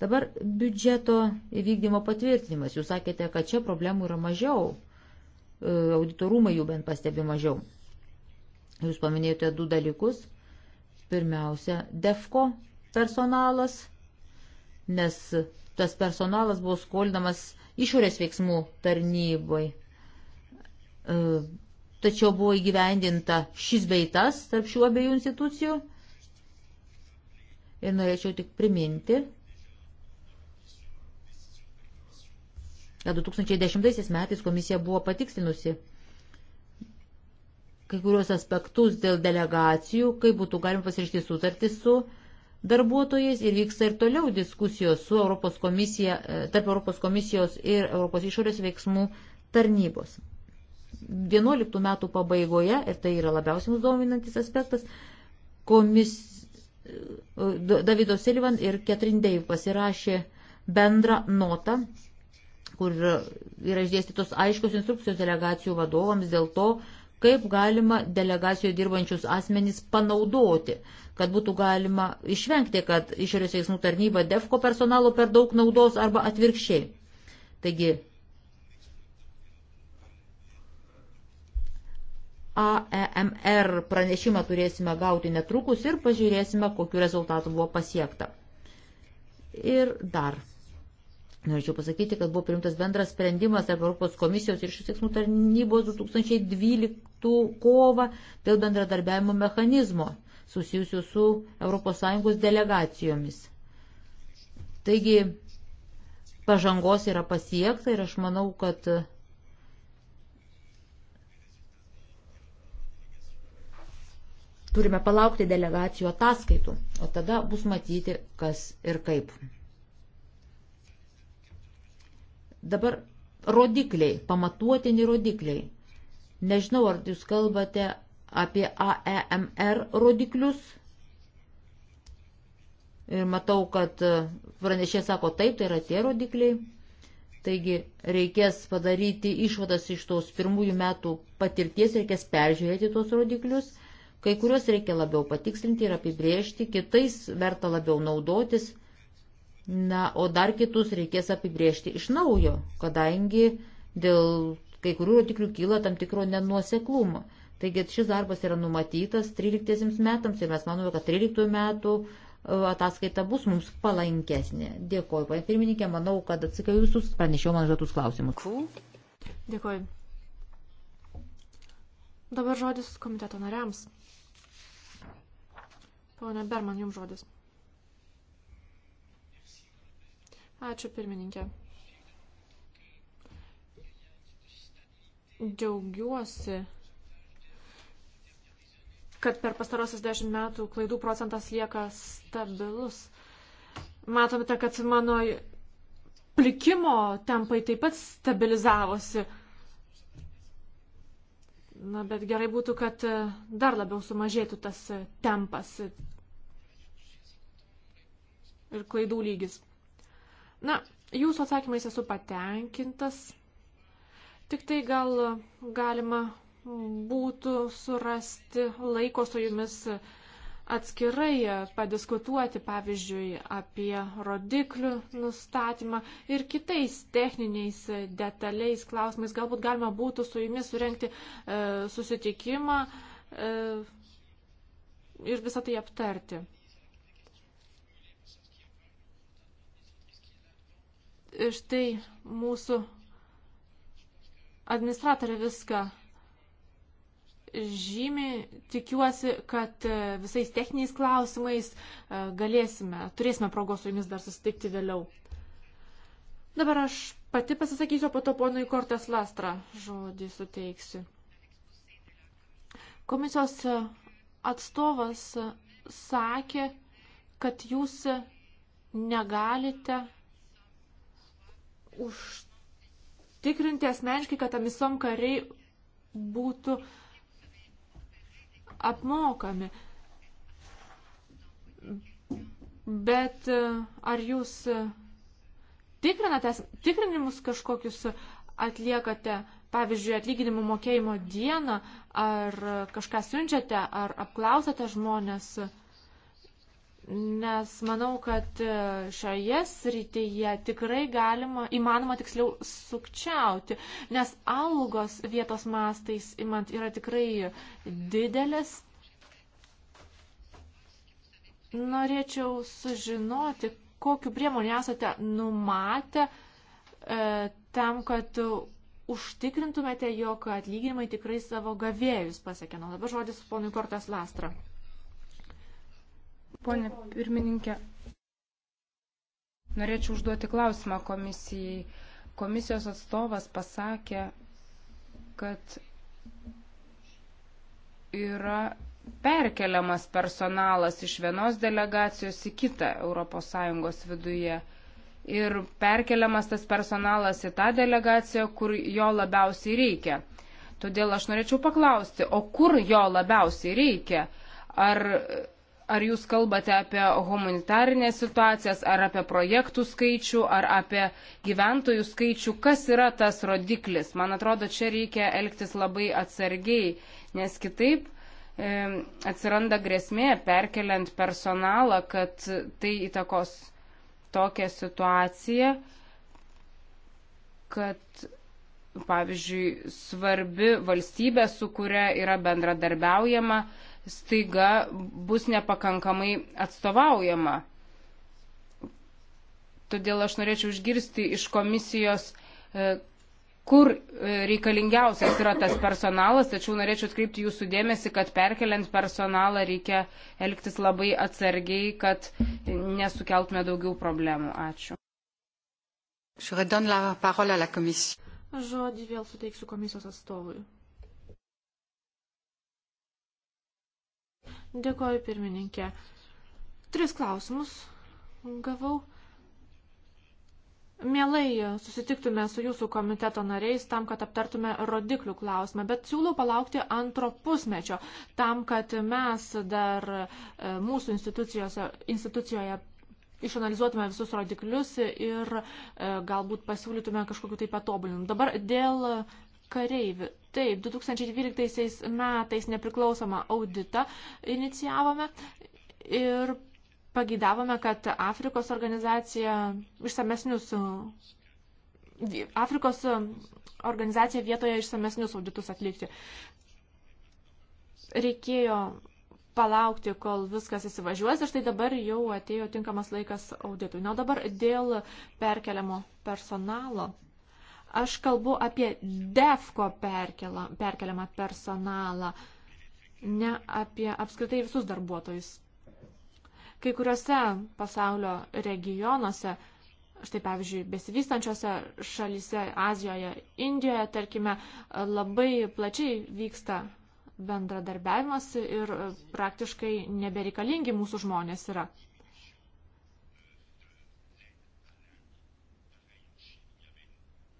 Dabar biudžeto įvykdymo patvirtinimas. Jūs sakėte, kad čia problemų yra mažiau, uh, auditorumai jų bent pastebi mažiau. Jūs paminėjote du dalykus. Pirmiausia, DEFCO personalas, nes tas personalas buvo skolinamas išorės veiksmų tarnybai uh, tačiau buvo įgyvendinta šis beitas tarp šių abiejų institucijų. Ir norėčiau tik priminti, kad 2010 metais komisija buvo patikslinusi kai kurios aspektus dėl delegacijų, kaip būtų galima pasirašyti sutartį su darbuotojais ir vyksta ir toliau diskusijos su Europos komisija, e, tarp Europos komisijos ir Europos išorės veiksmų tarnybos. 11 metų pabaigoje, ir tai yra labiausiai mus dominantis aspektas, komis, e, Davido Silvan ir Ketrin Deiv pasirašė bendrą notą, kur yra išdėstytos aiškios instrukcijos delegacijų vadovams dėl to, kaip galima delegacijoje dirbančius asmenys panaudoti, kad būtų galima išvengti, kad išorės veiksmų tarnyba DEFCO personalo per daug naudos arba atvirkščiai. Taigi AEMR pranešimą turėsime gauti netrukus ir pažiūrėsime, kokiu rezultatu buvo pasiekta. Ir dar. Norėčiau pasakyti, kad buvo priimtas bendras sprendimas tarp Europos komisijos ir šių veiksmų tarnybos 2012 kovą dėl bendradarbiavimo mechanizmo susijusių su ES delegacijomis. Taigi pažangos yra pasiekta ir aš manau, kad Turime palaukti delegacijų ataskaitų, o tada bus matyti, kas ir kaip. Dabar rodikliai, pamatuotini rodikliai. Nežinau, ar jūs kalbate apie AEMR rodiklius. Ir matau, kad pranešė sako taip, tai yra tie rodikliai. Taigi reikės padaryti išvadas iš tos pirmųjų metų patirties, reikės peržiūrėti tos rodiklius Kai kuriuos reikia labiau patikslinti ir apibriežti, kitais verta labiau naudotis, na, o dar kitus reikės apibriežti iš naujo, kadangi dėl kai kurių rodiklių kyla tam tikro nenuoseklumo. Taigi šis darbas yra numatytas 13 metams ir mes manome, kad 13 metų e, ataskaita bus mums palankesnė. Dėkoju, pane pirmininkė, manau, kad atsakiau visus pranešiau man žadus klausimus. Dėkoju. Dabar žodis komiteto nariams. Pone Berman, jums žodis. Ačiū pirmininkė. Džiaugiuosi, kad per pastarosius dešimt metų klaidų procentas lieka stabilus. Matomite, kad mano plikimo tempai taip pat stabilizavosi. Na, bet gerai būtų, kad e, dar labiau sumažėtų tas e, tempas e, ir klaidų lygis. Na, jūsų atsakymais esu patenkintas. Tik tai gal galima būtų surasti laiko su jumis atskirai padiskutuoti, pavyzdžiui, apie rodiklių nustatymą ir kitais techniniais detaliais klausimais. Galbūt galima būtų su jumis surenkti e, susitikimą e, ir visą tai aptarti. Ir štai mūsų administratorė viską žymi, tikiuosi, kad e, visais techniniais klausimais e, galėsime, turėsime progos su jumis dar susitikti vėliau. Dabar aš pati pasisakysiu, po to ponui Kortas Lastra žodį suteiksiu. Komisijos atstovas sakė, kad jūs negalite užtikrinti asmeniškai, kad tam visom kariai būtų uh, apmokami. Bet e, ar jūs e, tikrinate, tikrinimus kažkokius atliekate, pavyzdžiui, atlyginimų mokėjimo dieną, ar e, kažką siunčiate, ar apklausate žmonės? Nes manau, kad e, šioje srityje tikrai galima, įmanoma tiksliau sukčiauti, nes algos vietos mastais imant yra tikrai didelis. Norėčiau sužinoti, kokiu priemonį esate numatę e, tam, kad užtikrintumėte, jog atlyginimai tikrai savo gavėjus pasiekia. Na, dabar žodis ponui Kortas Lastra. Pone pirmininkė, norėčiau užduoti klausimą komisijai. Komisijos atstovas pasakė, kad yra perkeliamas personalas iš vienos delegacijos į kitą ES viduje ir perkeliamas tas personalas į tą delegaciją, kur jo labiausiai reikia. Todėl aš norėčiau paklausti, o kur jo labiausiai reikia? Ar ar jūs kalbate apie humanitarinę situacijas, ar apie projektų skaičių, ar apie gyventojų skaičių, kas yra tas rodiklis. Man atrodo, čia reikia elgtis labai atsargiai, nes kitaip e, atsiranda grėsmė perkeliant personalą, kad tai įtakos tokią situaciją, kad pavyzdžiui svarbi valstybė, su kuria yra bendradarbiaujama, staiga bus nepakankamai atstovaujama. Todėl aš norėčiau išgirsti iš komisijos, e, kur e, reikalingiausias yra tas personalas, tačiau norėčiau atkreipti jūsų dėmesį, kad perkeliant personalą reikia elgtis labai atsargiai, kad nesukeltume daugiau problemų. Ačiū. Žodį vėl suteiksiu komisijos atstovui. Dėkoju, pirmininkė. Tris klausimus gavau. Mielai susitiktume su jūsų komiteto nariais tam, kad aptartume rodiklių klausimą, bet siūlau palaukti antro pusmečio, tam, kad mes dar e, mūsų institucijoje išanalizuotume visus rodiklius ir e, galbūt pasiūlytume kažkokiu tai patobulinimu. Dabar dėl kareivių Taip, 2012 metais nepriklausomą auditą inicijavome ir pagydavome, kad Afrikos organizacija išsamesnius, Afrikos organizacija vietoje išsamesnius auditus atlikti. Reikėjo palaukti, kol viskas įsivažiuos ir štai dabar jau atėjo tinkamas laikas auditui. Na, dabar dėl perkeliamo personalo Aš kalbu apie DEFCO perkeliamą personalą, ne apie apskritai visus darbuotojus. Kai kuriuose pasaulio regionuose, štai pavyzdžiui, besivystančiose šalyse, Azijoje, Indijoje, tarkime, labai plačiai vyksta bendradarbiavimas ir praktiškai nebereikalingi mūsų žmonės yra.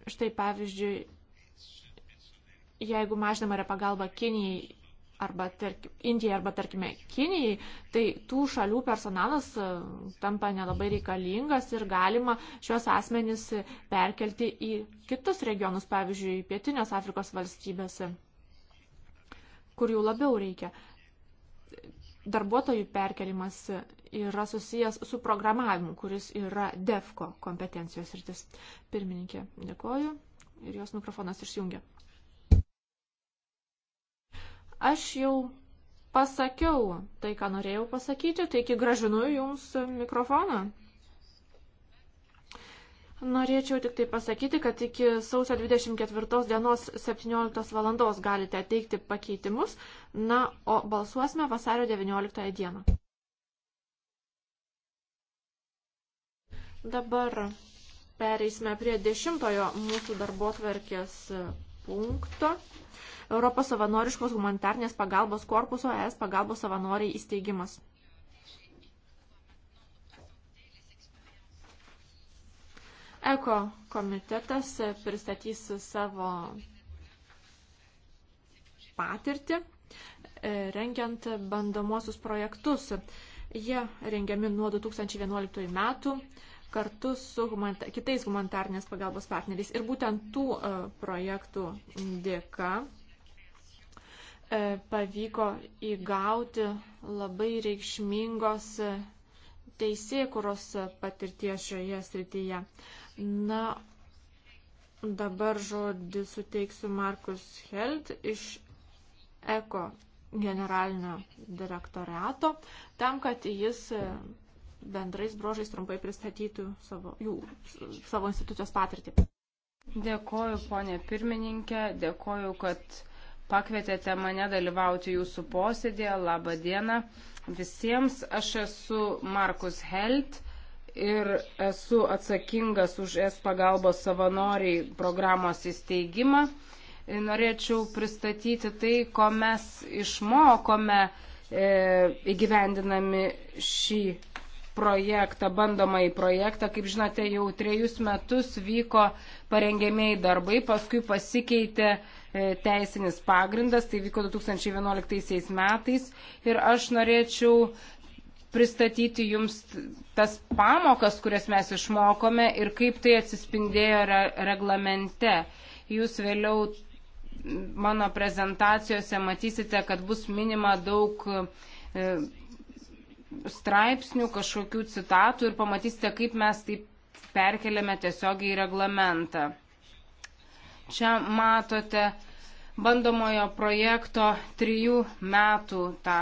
Štai pavyzdžiui, jeigu mažinama yra pagalba Kinijai arba tarkim, Indijai arba tarkime Kinijai, tai tų šalių personalas e, tampa nelabai reikalingas ir galima šios asmenys perkelti į kitus regionus, pavyzdžiui, pietinės Afrikos valstybėse, kur jų labiau reikia. Darbuotojų perkelimas yra susijęs su programavimu, kuris yra DEFCO kompetencijos rytis. Pirmininkė, dėkoju ir jos mikrofonas išjungia. Aš jau pasakiau tai, ką norėjau pasakyti, taigi gražinu jums mikrofoną. Norėčiau tik tai pasakyti, kad iki sausio 24 dienos 17 valandos galite teikti pakeitimus, na, o balsuosime vasario 19 dieną. Dabar pereisime prie dešimtojo mūsų darbo tvarkės punkto. Europos savanoriškos humanitarnės pagalbos korpuso ES pagalbos savanoriai įsteigimas. Eko komitetas pristatys savo patirtį, e, rengiant bandomuosius projektus. Jie rengiami nuo 2011 metų kartu su humanita kitais humanitarnės pagalbos partneriais. Ir būtent tų e, projektų dėka e, pavyko įgauti labai reikšmingos e, teisėkuros patirties šioje srityje. Na, dabar žodį suteiksiu Markus Held iš ECO generalinio direktoriato, tam, kad jis e, bendrais brožais trumpai pristatytų savo, jų, savo institucijos patirtį. Dėkoju, ponė pirmininkė, dėkoju, kad pakvietėte mane dalyvauti jūsų posėdėje. Labą dieną visiems. Aš esu Markus Helt ir esu atsakingas už S pagalbos savanoriai programos įsteigimą. Norėčiau pristatyti tai, ko mes išmokome e, įgyvendinami šį projektą, bandomąjį projektą. Kaip žinote, jau trejus metus vyko parengiamiai darbai, paskui pasikeitė e, teisinis pagrindas, tai vyko 2011 metais. Ir aš norėčiau pristatyti jums tas pamokas, kurias mes išmokome ir kaip tai atsispindėjo re reglamente. Jūs vėliau mano prezentacijose matysite, kad bus minima daug e, straipsnių, kažkokių citatų ir pamatysite, kaip mes taip perkeliame tiesiogiai į reglamentą. Čia matote bandomojo projekto trijų metų tą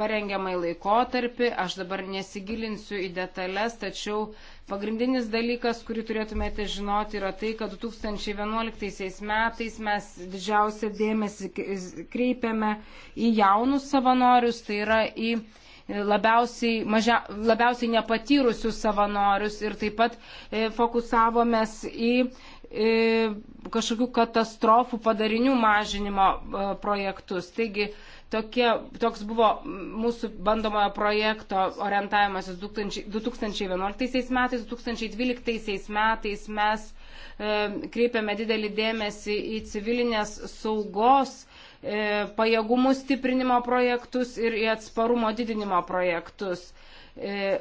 parengiamai laikotarpį. Aš dabar nesigilinsiu į detalės, tačiau pagrindinis dalykas, kurį turėtumėte žinoti, yra tai, kad 2011 metais mes didžiausią dėmesį kreipiame į jaunus savanorius, tai yra į labiausiai, mažia, labiausiai nepatyrusius savanorius ir taip pat e, fokusavomės į e, kažkokių katastrofų padarinių mažinimo e, projektus. Taigi tokie, toks buvo mūsų bandomojo projekto orientavimasis 2011 metais, 2012 metais mes kreipėme didelį dėmesį į civilinės saugos E, pajėgumų stiprinimo projektus ir į atsparumo didinimo projektus. E,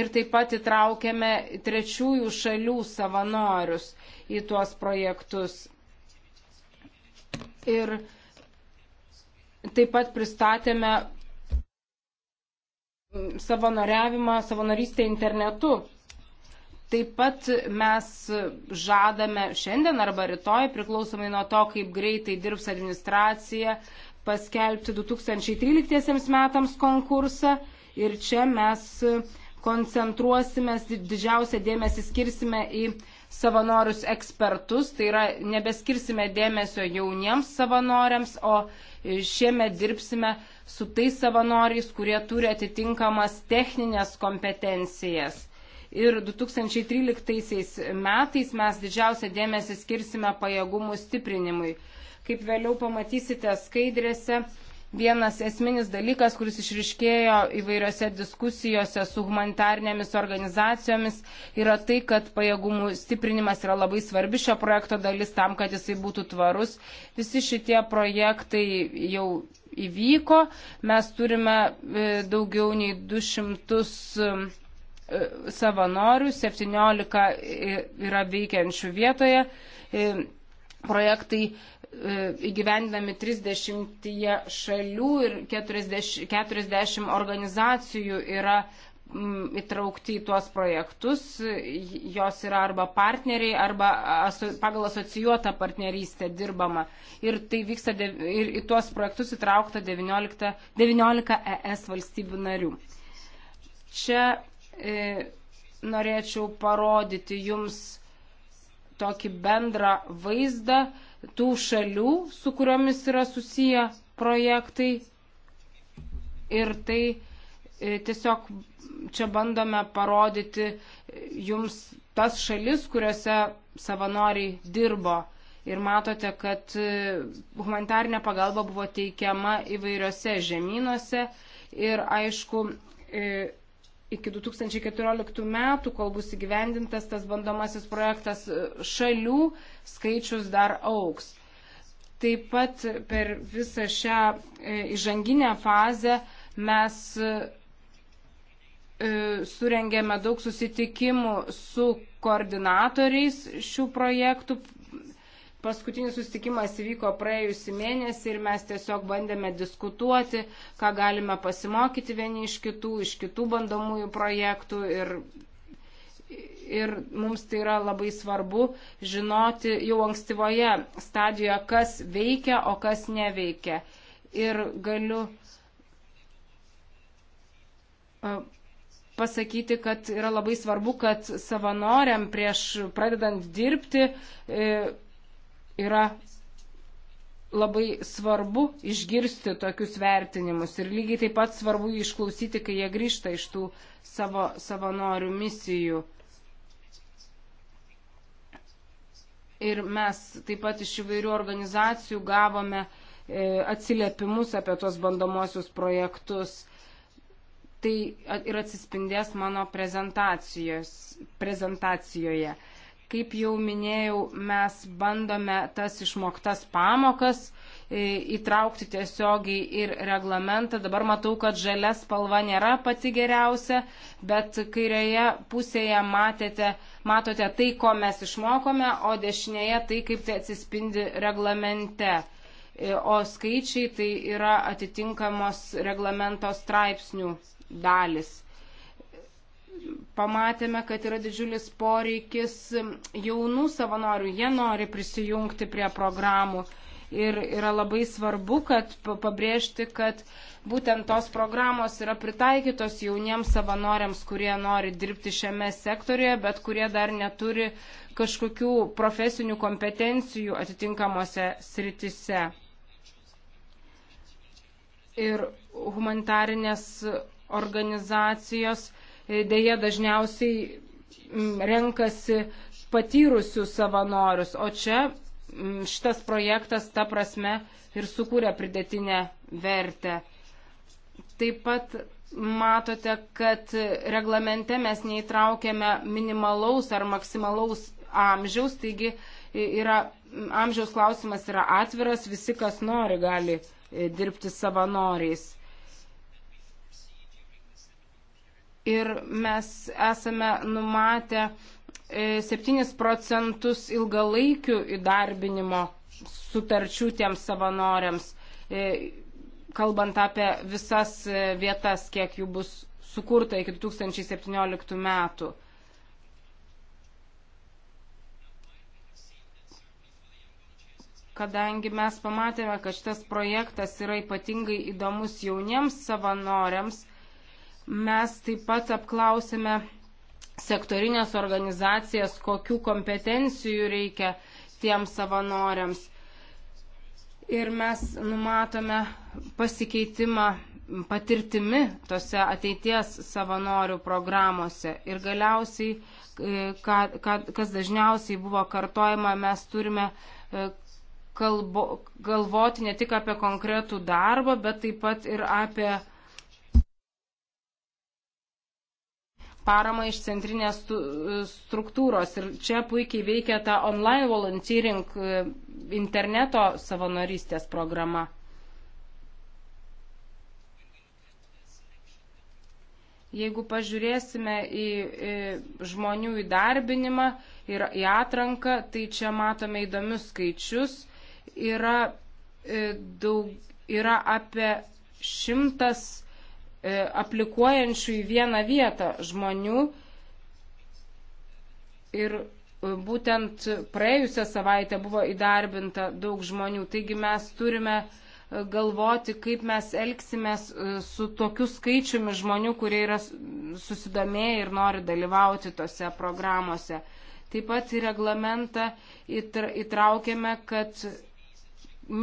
ir taip pat įtraukėme trečiųjų šalių savanorius į tuos projektus. Ir taip pat pristatėme savanoriavimą, savanorystę internetu. Taip pat mes žadame šiandien arba rytoj, priklausomai nuo to, kaip greitai dirbs administracija, paskelbti 2013 metams konkursą ir čia mes koncentruosime, didžiausią dėmesį skirsime į savanorius ekspertus, tai yra nebeskirsime dėmesio jauniems savanoriams, o e, šiemet dirbsime su tais savanoriais, kurie turi atitinkamas techninės kompetencijas ir 2013 metais mes didžiausią dėmesį skirsime pajėgumų stiprinimui. Kaip vėliau pamatysite skaidrėse, vienas esminis dalykas, kuris išriškėjo įvairiose diskusijose su humanitarnėmis organizacijomis, yra tai, kad pajėgumų stiprinimas yra labai svarbi šio projekto dalis tam, kad jisai būtų tvarus. Visi šitie projektai jau įvyko. Mes turime e, daugiau nei 200 E, savanorių, 17 yra veikiančių vietoje. E, projektai e, įgyvendami 30 šalių ir 40, 40 organizacijų yra įtraukti į tuos projektus. Jos yra arba partneriai, arba aso, pagal asocijuotą partnerystę dirbama. Ir, tai vyksta, de, ir į tuos projektus įtraukta 19, 19 ES valstybių narių. Čia E, norėčiau parodyti jums tokį bendrą vaizdą tų šalių, su kuriomis yra susiję projektai. Ir tai e, tiesiog čia bandome parodyti jums tas šalis, kuriuose savanoriai dirbo. Ir matote, kad e, humanitarinė pagalba buvo teikiama įvairiose žemynuose. Ir aišku, iki 2014 metų, kol bus įgyvendintas tas bandomasis projektas, šalių skaičius dar auks. Taip pat per visą šią e, įžanginę fazę mes e, e, surengėme daug susitikimų su koordinatoriais šių projektų, Paskutinis susitikimas įvyko praėjusį mėnesį ir mes tiesiog bandėme diskutuoti, ką galime pasimokyti vieni iš kitų, iš kitų bandomųjų projektų ir, ir mums tai yra labai svarbu žinoti jau ankstyvoje stadijoje, kas veikia, o kas neveikia. Ir galiu pasakyti, kad yra labai svarbu, kad savanoriam prieš pradedant dirbti e, yra labai svarbu išgirsti tokius vertinimus ir lygiai taip pat svarbu išklausyti, kai jie grįžta iš tų savo savanorių misijų. Ir mes taip pat iš įvairių organizacijų gavome e, atsiliepimus apie tos bandomosius projektus. Tai ir atsispindės mano prezentacijoje. Kaip jau minėjau, mes bandome tas išmoktas pamokas e, įtraukti tiesiogiai ir reglamentą. Dabar matau, kad žalia spalva nėra pati geriausia, bet kairėje pusėje matėte, matote tai, ko mes išmokome, o dešinėje tai, kaip tai atsispindi reglamente. E, o skaičiai tai yra atitinkamos reglamento straipsnių dalis pamatėme, kad yra didžiulis poreikis jaunų savanorių. Jie nori prisijungti prie programų. Ir yra labai svarbu, kad pabrėžti, kad būtent tos programos yra pritaikytos jauniems savanoriams, kurie nori dirbti šiame sektorėje, bet kurie dar neturi kažkokių profesinių kompetencijų atitinkamose sritise. Ir humanitarinės organizacijos uh, E, dėja dažniausiai renkasi patyrusių savanorius, o čia šitas projektas ta prasme ir sukūrė pridėtinę vertę. Taip pat matote, kad reglamente mes neįtraukėme minimalaus ar maksimalaus amžiaus, taigi yra, amžiaus klausimas yra atviras, visi, kas nori, gali e, dirbti savanoriais. ir mes esame numatę 7 e, procentus ilgalaikių įdarbinimo sutarčių tiems savanoriams, e, kalbant apie visas e, vietas, kiek jų bus sukurta iki 2017 metų. Kadangi mes pamatėme, kad šitas projektas yra ypatingai įdomus jauniems savanoriams, Mes taip pat apklausėme sektorinės organizacijas, kokių kompetencijų reikia tiems savanoriams. Ir mes numatome pasikeitimą patirtimi tose ateities savanorių programuose. Ir galiausiai, ką, e, ką, kas dažniausiai buvo kartojama, mes turime e, kalbo, galvoti ne tik apie konkretų darbą, bet taip pat ir apie paramą iš centrinės struktūros. Ir čia puikiai veikia ta online volunteering e, interneto savanorystės programa. Jeigu pažiūrėsime į, į žmonių įdarbinimą ir į atranką, tai čia matome įdomius skaičius. Yra, e, daug, yra apie šimtas E, aplikuojančių į vieną vietą žmonių. Ir e, būtent praėjusią savaitę buvo įdarbinta daug žmonių. Taigi mes turime e, galvoti, kaip mes elgsimės su tokiu skaičiumi žmonių, kurie yra susidomėję ir nori dalyvauti tose programuose. Taip pat į reglamentą įtraukėme, kad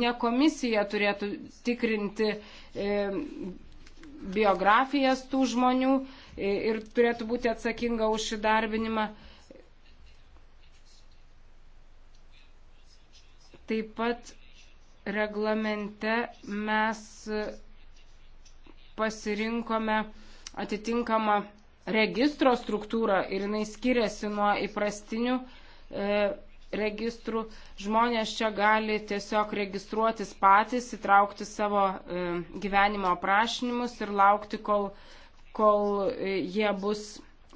ne komisija turėtų tikrinti e, biografijas tų žmonių ir turėtų būti atsakinga už įdarbinimą. Taip pat reglamente mes pasirinkome atitinkamą registro struktūrą ir jinai skiriasi nuo įprastinių e, registrų. Žmonės čia gali tiesiog registruotis patys, įtraukti savo e, gyvenimo aprašinimus ir laukti, kol, kol e, jie bus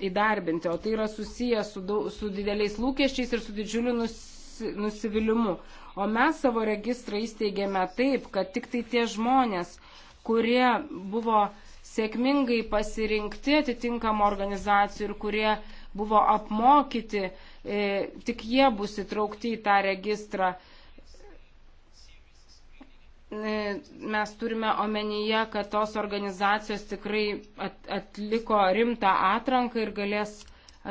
įdarbinti. O tai yra susiję su, su dideliais lūkesčiais ir su didžiuliu nus, nusivylimu. O mes savo registrą įsteigėme taip, kad tik tai tie žmonės, kurie buvo sėkmingai pasirinkti atitinkamą organizaciją ir kurie buvo apmokyti, E, tik jie bus įtraukti į tą registrą. E, mes turime omenyje, kad tos organizacijos tikrai atliko rimtą atranką ir galės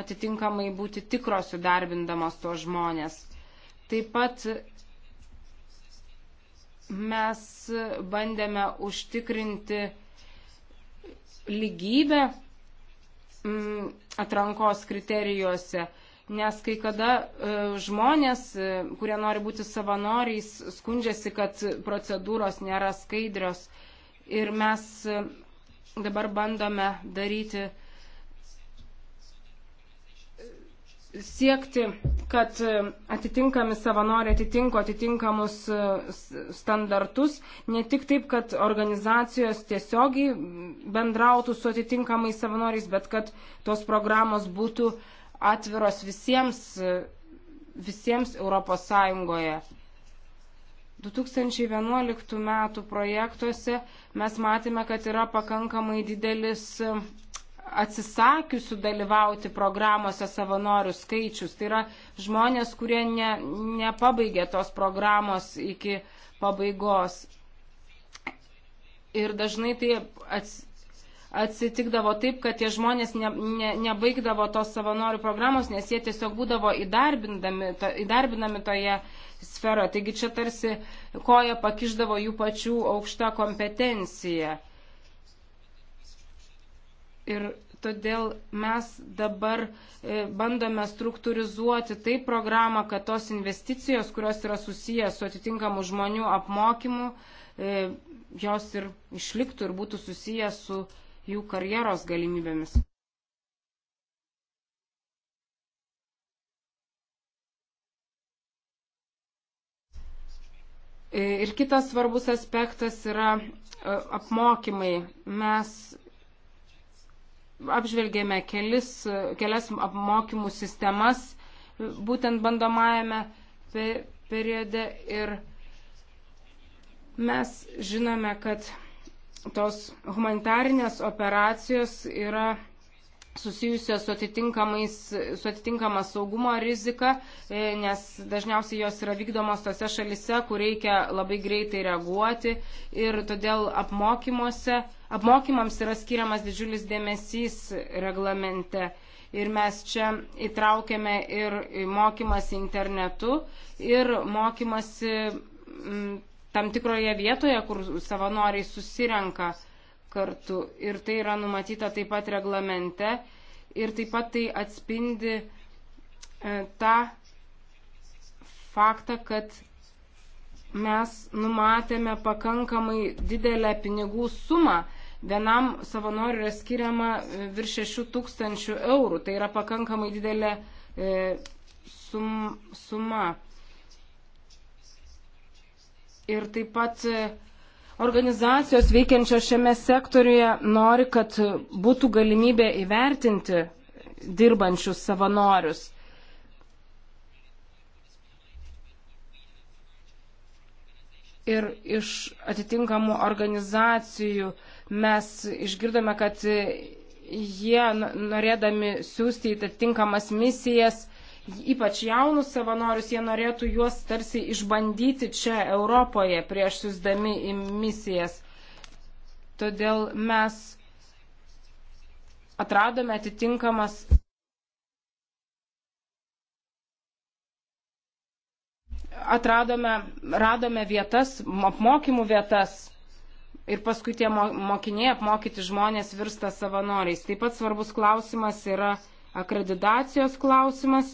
atitinkamai būti tikros įdarbindamos tos žmonės. Taip pat mes bandėme užtikrinti lygybę mm, atrankos kriterijuose nes kai kada e, žmonės, e, kurie nori būti savanoriais, skundžiasi, kad procedūros nėra skaidrios ir mes e, dabar bandome daryti, siekti, kad atitinkami savanoriai atitinko atitinkamus standartus, ne tik taip, kad organizacijos tiesiogiai bendrautų su atitinkamais savanoriais, bet kad tos programos būtų uh, atviros visiems, visiems Europos Sąjungoje. 2011 metų projektuose mes matėme, kad yra pakankamai didelis atsisakiusių dalyvauti programuose savanorių skaičius. Tai yra žmonės, kurie ne, nepabaigė tos programos iki pabaigos. Ir dažnai tai ats, atsitikdavo taip, kad tie žmonės ne, ne, nebaigdavo tos savanorių programos, nes jie tiesiog būdavo to, įdarbinami toje sferoje. Taigi čia tarsi koja pakiždavo jų pačių aukšta kompetencija. Ir todėl mes dabar e, bandome struktūrizuoti taip programą, kad tos investicijos, kurios yra susijęs su atitinkamu žmonių apmokymu, e, jos ir išliktų ir būtų susijęs su jų karjeros galimybėmis. Ir kitas svarbus aspektas yra e, apmokymai. Mes apžvelgėme kelis, kelias apmokymų sistemas būtent bandomajame periode ir mes žinome, kad tos humanitarinės operacijos yra susijusios su, su atitinkama saugumo rizika, e, nes dažniausiai jos yra vykdomos tose šalise, kur reikia labai greitai reaguoti ir todėl apmokymams yra skiriamas didžiulis dėmesys reglamente. Ir mes čia įtraukėme ir mokymasi internetu ir mokymasi tam tikroje vietoje, kur savanoriai susirenka kartu. Ir tai yra numatyta taip pat reglamente. Ir taip pat tai atspindi e, tą faktą, kad mes numatėme pakankamai didelę pinigų sumą. Vienam savanoriui yra skiriama e, virš 6 tūkstančių eurų. Tai yra pakankamai didelė e, sum, suma ir taip pat e, organizacijos veikiančios šiame sektoriuje nori, kad būtų galimybė įvertinti dirbančius savanorius. Ir iš atitinkamų organizacijų mes išgirdome, kad jie norėdami siūsti į atitinkamas misijas ypač jaunus savanorius, jie norėtų juos tarsi išbandyti čia Europoje prieš siūsdami į misijas. Todėl mes atradome atitinkamas. Atradome, radome vietas, apmokymų vietas ir paskui tie mokiniai apmokyti žmonės virsta savanoriais. Taip pat svarbus klausimas yra akreditacijos klausimas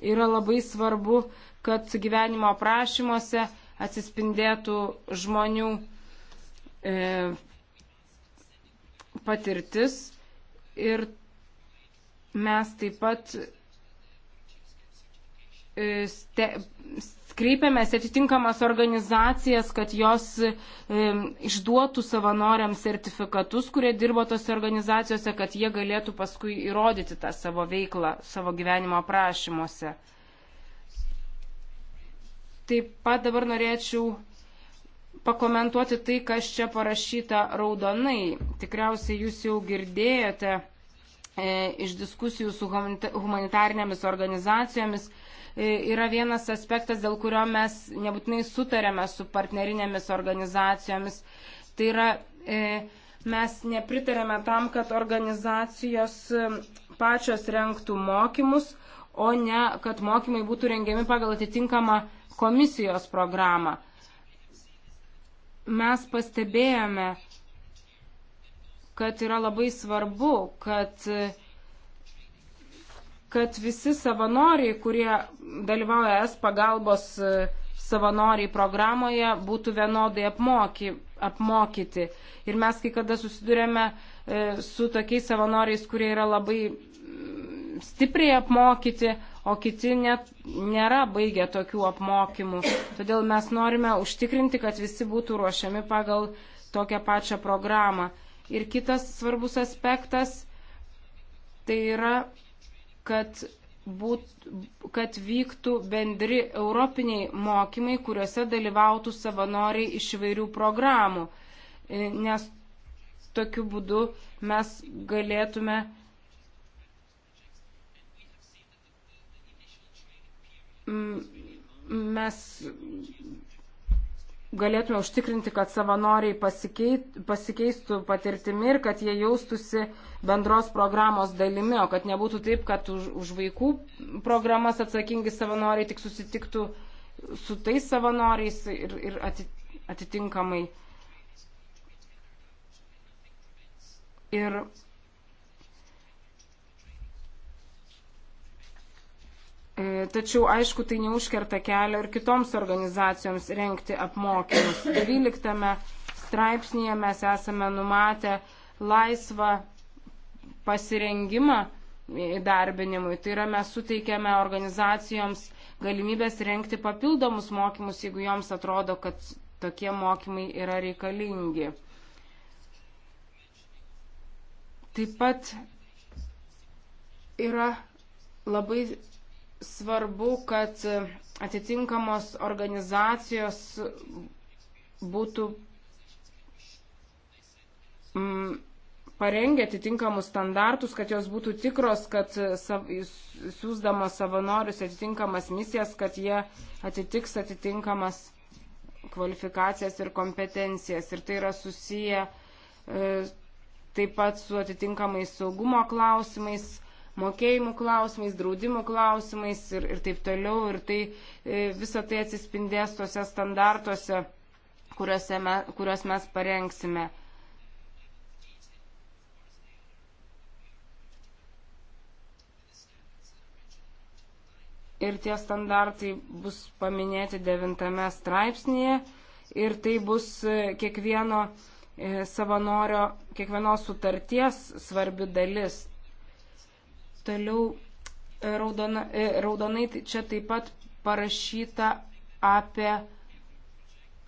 yra labai svarbu, kad gyvenimo aprašymuose atsispindėtų žmonių e, patirtis ir mes taip pat e, ste, kreipiamės atitinkamas organizacijas, kad jos e, išduotų savanoriams sertifikatus, kurie dirbo tose organizacijose, kad jie galėtų paskui įrodyti tą savo veiklą savo gyvenimo aprašymuose. Taip pat dabar norėčiau pakomentuoti tai, kas čia parašyta raudonai. Tikriausiai jūs jau girdėjote e, iš diskusijų su humanitarinėmis organizacijomis, E, yra vienas aspektas, dėl kurio mes nebūtinai sutarėme su partnerinėmis organizacijomis. Tai yra, e, mes nepritarėme tam, kad organizacijos e, pačios renktų mokymus, o ne, kad mokymai būtų rengiami pagal atitinkamą komisijos programą. Mes pastebėjome, kad yra labai svarbu, kad kad visi savanoriai, kurie dalyvauja es pagalbos e, savanoriai programoje, būtų vienodai apmoky, apmokyti. Ir mes kai kada susidurėme e, su tokiais savanoriais, kurie yra labai mm, stipriai apmokyti, o kiti net nėra baigę tokių apmokymų. Todėl mes norime užtikrinti, kad visi būtų ruošiami pagal tokią pačią programą. Ir kitas svarbus aspektas tai yra kad, būt, kad vyktų bendri europiniai mokymai, kuriuose dalyvautų savanoriai iš įvairių programų. E, nes tokiu būdu mes galėtume mes galėtume užtikrinti, kad savanoriai pasikeistų patirtimi ir kad jie jaustusi bendros programos dalimi, o kad nebūtų taip, kad už, už vaikų programas atsakingi savanoriai tik susitiktų su tais savanoriais ir, ir atitinkamai. Ir E, tačiau, aišku, tai neužkerta kelio ir kitoms organizacijoms renkti apmokymus. 12 straipsnėje mes esame numatę laisvą pasirengimą įdarbinimui. Tai yra, mes suteikiame organizacijoms galimybės renkti papildomus mokymus, jeigu joms atrodo, kad tokie mokymai yra reikalingi. Taip pat yra labai svarbu, kad atitinkamos organizacijos būtų mm, parengę atitinkamus standartus, kad jos būtų tikros, kad sav, siūsdamos savanorius atitinkamas misijas, kad jie atitiks atitinkamas kvalifikacijas ir kompetencijas. Ir tai yra susiję e, taip pat su atitinkamais saugumo klausimais, mokėjimų klausimais, draudimų klausimais ir, ir taip toliau. Ir tai e, visą tai atsispindės tuose standartuose, me, kuriuos mes parengsime. Ir tie standartai bus paminėti devintame straipsnėje ir tai bus e, kiekvieno e, savanorio, kiekvienos sutarties svarbi dalis. Toliau e, raudona, e, raudonai tai čia taip pat parašyta apie,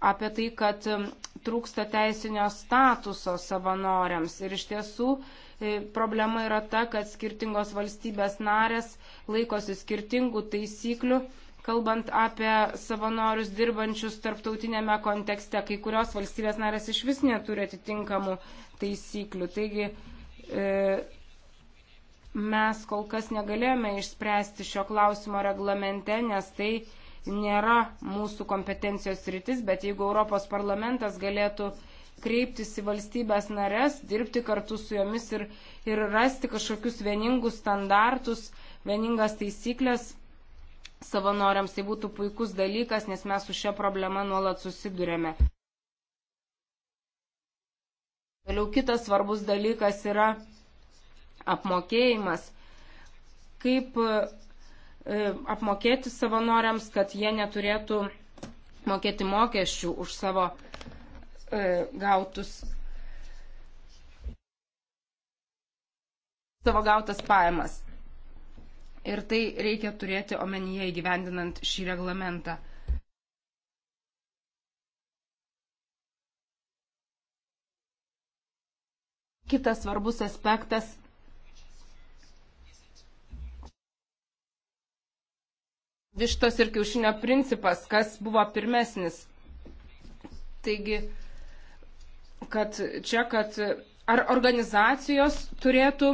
apie tai, kad trūksta teisinio statuso savanoriams. Ir iš tiesų e, problema yra ta, kad skirtingos valstybės narės laikosi skirtingų taisyklių, kalbant apie savanorius dirbančius tarptautinėme kontekste. Kai kurios valstybės narės iš vis neturi atitinkamų taisyklių. Taigi, e, Mes kol kas negalėjome išspręsti šio klausimo reglamente, nes tai nėra mūsų kompetencijos rytis, bet jeigu Europos parlamentas galėtų kreiptis į valstybės narės, dirbti kartu su jomis ir, ir rasti kažkokius vieningus standartus, vieningas taisyklės savanoriams, tai būtų puikus dalykas, nes mes su šia problema nuolat susidurėme. Vėliau kitas svarbus dalykas yra apmokėjimas, kaip e, e, apmokėti savanoriams, kad jie neturėtų mokėti mokesčių už savo e, gautus savo gautas pajamas. Ir tai reikia turėti omenyje įgyvendinant šį reglamentą. Kitas svarbus aspektas vištos ir kiaušinio principas, kas buvo pirmesnis. Taigi, kad čia, kad ar organizacijos turėtų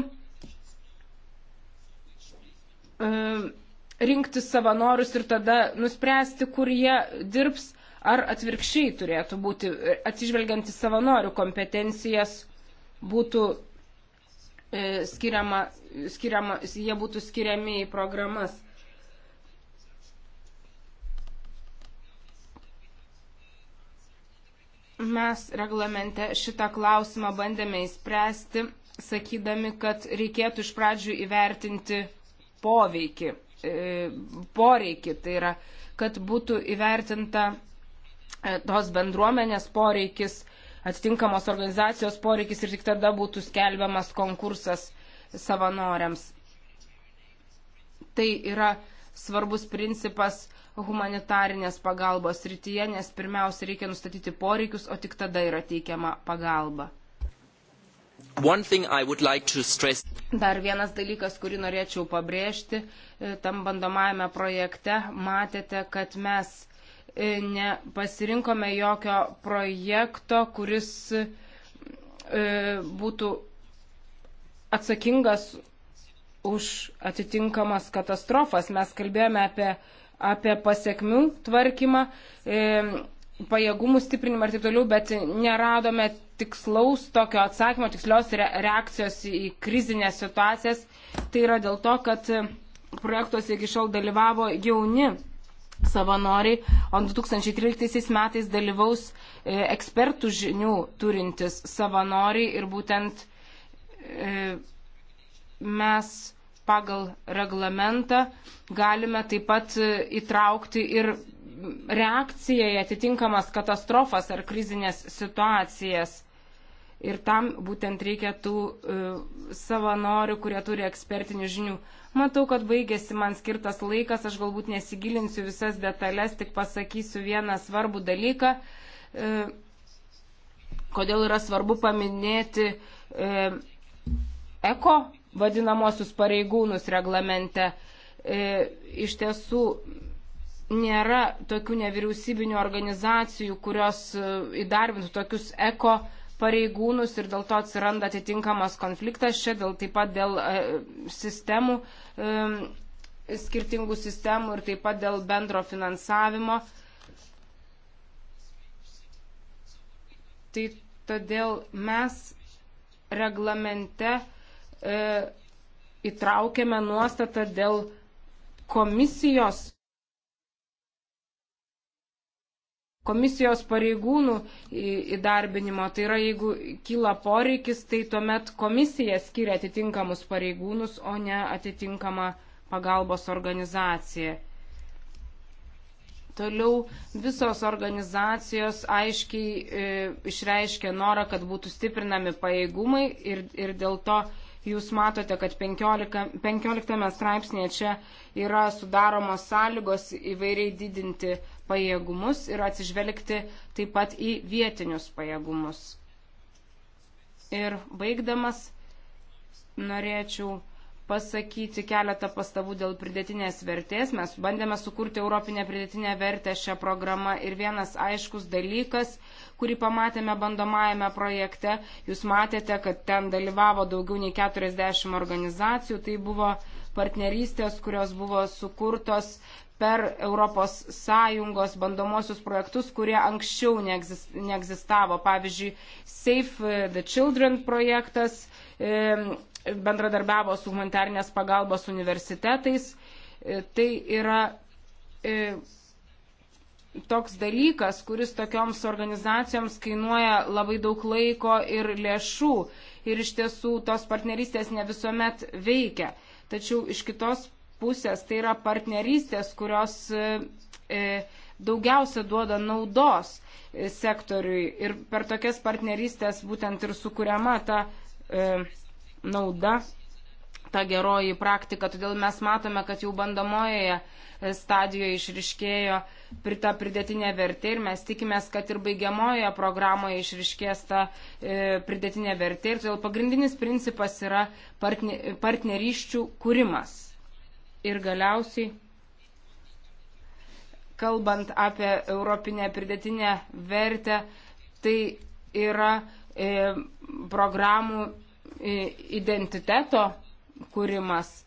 um, rinkti savanorius ir tada nuspręsti, kur jie dirbs, ar atvirkščiai turėtų būti, e, atsižvelgiant į savanorių kompetencijas, būtų e, skiriama, skiriama, jie būtų skiriami į programas. Mes reglamente šitą klausimą bandėme įspręsti, sakydami, kad reikėtų iš pradžių įvertinti poveikį, e, poreikį, tai yra, kad būtų įvertinta e, tos bendruomenės poreikis, atitinkamos organizacijos poreikis ir tik tada būtų skelbiamas konkursas savanoriams. Tai yra svarbus principas, humanitarinės pagalbos rytyje, nes pirmiausia reikia nustatyti poreikius, o tik tada yra teikiama pagalba. Like stress... Dar vienas dalykas, kurį norėčiau pabrėžti, e, tam bandomajame projekte matėte, kad mes e, nepasirinkome jokio projekto, kuris e, būtų atsakingas už atitinkamas katastrofas. Mes kalbėjome apie apie pasiekmių tvarkymą, e, pajėgumų stiprinimą ir taip toliau, bet neradome tikslaus tokio atsakymo, tikslios reakcijos į krizinės situacijas. Tai yra dėl to, kad projektuose iki šiol dalyvavo jauni savanoriai, o 2013 metais dalyvaus e, ekspertų žinių turintis savanoriai ir būtent e, mes pagal reglamentą galime taip pat e, įtraukti ir reakciją į atitinkamas katastrofas ar krizinės situacijas. Ir tam būtent reikia tų e, savanorių, kurie turi ekspertinių žinių. Matau, kad baigėsi man skirtas laikas, aš galbūt nesigilinsiu visas detalės, tik pasakysiu vieną svarbų dalyką, e, kodėl yra svarbu paminėti eko vadinamosius pareigūnus reglamente. E, iš tiesų nėra tokių nevyriausybinių organizacijų, kurios e, įdarbintų tokius eko pareigūnus ir dėl to atsiranda atitinkamas konfliktas čia, dėl taip pat dėl e, sistemų, skirtingų sistemų ir taip pat dėl bendro finansavimo. Tai todėl mes reglamente e, įtraukėme nuostatą dėl komisijos, komisijos pareigūnų įdarbinimo. Tai yra, jeigu kyla poreikis, tai tuomet komisija skiria atitinkamus pareigūnus, o ne atitinkamą pagalbos organizaciją. Toliau visos organizacijos aiškiai e, išreiškė norą, kad būtų stiprinami pajėgumai ir, ir dėl to e, Jūs matote, kad 15, 15 straipsnėje čia yra sudaromos sąlygos įvairiai didinti pajėgumus ir atsižvelgti taip pat į vietinius pajėgumus. Ir baigdamas norėčiau pasakyti keletą pastabų dėl pridėtinės vertės. Mes bandėme sukurti Europinę pridėtinę vertę šią programą ir vienas aiškus dalykas, kurį pamatėme bandomajame projekte, jūs matėte, kad ten dalyvavo daugiau nei 40 organizacijų, tai buvo partnerystės, kurios buvo sukurtos per ES bandomosius projektus, kurie anksčiau neegzistavo. Pavyzdžiui, Save the Children projektas, bendradarbiavo su humanitarnės pagalbos universitetais. E, tai yra e, toks dalykas, kuris tokioms organizacijoms kainuoja labai daug laiko ir lėšų. Ir iš tiesų tos partnerystės ne visuomet veikia. Tačiau iš kitos pusės tai yra partnerystės, kurios e, e daugiausia duoda naudos sektoriui. Ir per tokias partnerystės būtent ir sukuriama ta. E, nauda ta geroji praktika. Todėl mes matome, kad jau bandomojoje stadijoje išriškėjo ta pridėtinė vertė ir mes tikimės, kad ir baigiamojoje programoje išriškės ta e, pridėtinė vertė. Ir todėl pagrindinis principas yra partne, partneriščių kūrimas. Ir galiausiai, kalbant apie europinę pridėtinę vertę, tai yra e, programų identiteto kūrimas.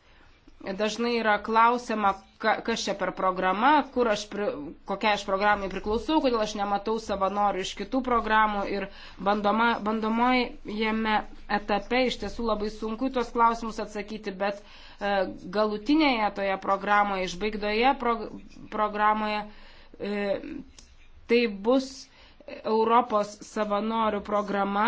Dažnai yra klausima, ka, kas čia per programa, kur aš, pri, kokia aš programai priklausau, kodėl aš nematau savanorių iš kitų programų ir bandoma, bandomojame etape iš tiesų labai sunku tuos klausimus atsakyti, bet e, galutinėje toje programoje, išbaigdoje pro, programoje, e, tai bus Europos savanorių programa,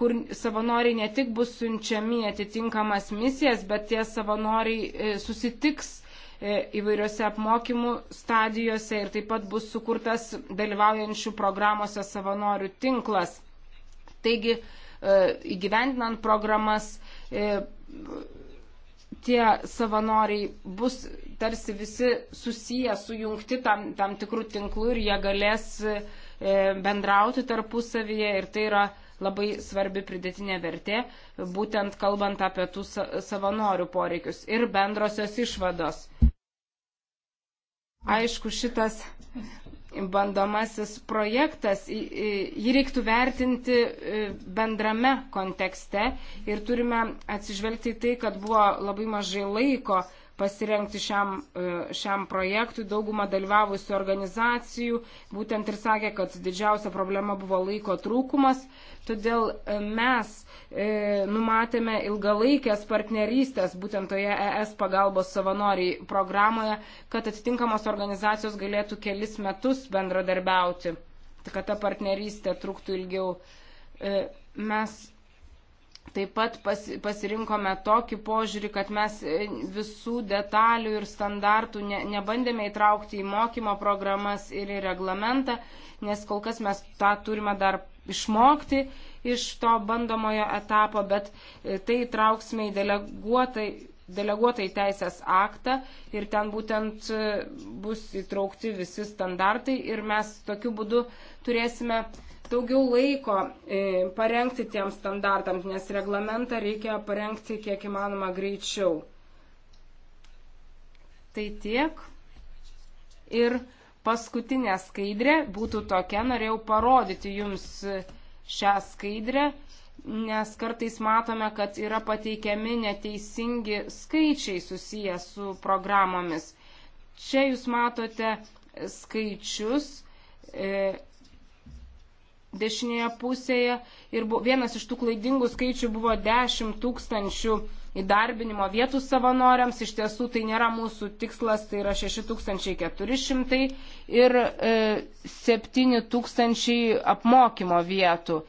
kur savanoriai ne tik bus siunčiami atitinkamas misijas, bet tie savanoriai e, susitiks e, įvairiose apmokymų stadijose ir taip pat bus sukurtas dalyvaujančių programuose savanorių tinklas. Taigi, e, įgyvendinant programas, tie savanoriai bus tarsi visi susiję, sujungti tam, tam tikrų tinklų ir jie galės uh, E, bendrauti tarpusavyje ir tai yra labai svarbi pridėtinė vertė, būtent kalbant apie tų savanorių poreikius ir bendrosios išvados. Aišku, šitas bandomasis projektas, jį reiktų vertinti e, bendrame kontekste ir turime atsižvelgti į tai, kad buvo labai mažai laiko pasirengti šiam, e, šiam projektui. Dauguma dalyvavusių organizacijų būtent ir sakė, kad didžiausia problema buvo laiko trūkumas. Todėl e, mes e, numatėme ilgalaikės partnerystės būtent toje ES pagalbos savanoriai programoje, kad atitinkamos organizacijos galėtų kelis metus bendradarbiauti, kad ta partnerystė truktų ilgiau. E, mes Taip pat pas, pasirinkome tokį požiūrį, kad mes e, visų detalių ir standartų ne, nebandėme įtraukti į mokymo programas ir į reglamentą, nes kol kas mes tą turime dar išmokti iš to bandomojo etapo, bet e, tai įtrauksime į deleguotai deleguotai teisės aktą ir ten būtent e, bus įtraukti visi standartai ir mes tokiu būdu turėsime daugiau laiko e, parengti tiems standartams, nes reglamentą reikia parengti kiek įmanoma greičiau. Tai tiek. Ir paskutinė skaidrė būtų tokia, norėjau parodyti jums šią skaidrę, nes kartais matome, kad yra pateikiami neteisingi skaičiai susiję su programomis. Čia jūs matote skaičius. E, dešinėje pusėje ir bu, vienas iš tų klaidingų skaičių buvo 10 tūkstančių įdarbinimo vietų savanoriams. Iš tiesų tai nėra mūsų tikslas, tai yra 6400 ir e, 7000 apmokymo vietų.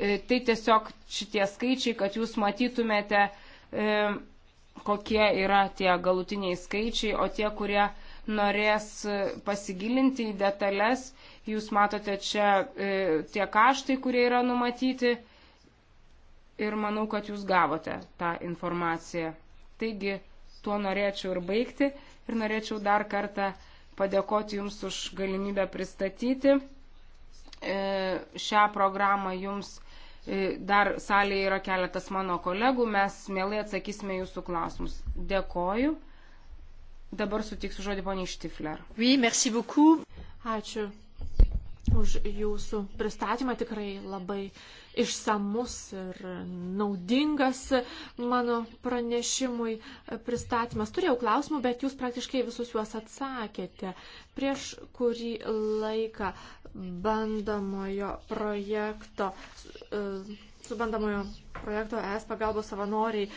E, tai tiesiog šitie skaičiai, kad jūs matytumėte, e, kokie yra tie galutiniai skaičiai, o tie, kurie norės pasigilinti į detalės, Jūs matote čia e, tie kaštai, kurie yra numatyti ir manau, kad jūs gavote tą informaciją. Taigi, tuo norėčiau ir baigti ir norėčiau dar kartą padėkoti Jums už galimybę pristatyti e, šią programą Jums. E, dar salėje yra keletas mano kolegų, mes mielai atsakysime Jūsų klausimus. Dėkoju. Dabar sutiksiu žodį poniai Štifler. Oui, merci beaucoup. Ačiū už jūsų pristatymą. Tikrai labai išsamus ir naudingas mano pranešimui pristatymas. Turėjau klausimų, bet jūs praktiškai visus juos atsakėte. Prieš kurį laiką bandomojo projekto. Uh, su bandamojo projekto ES pagalbos savanoriai e,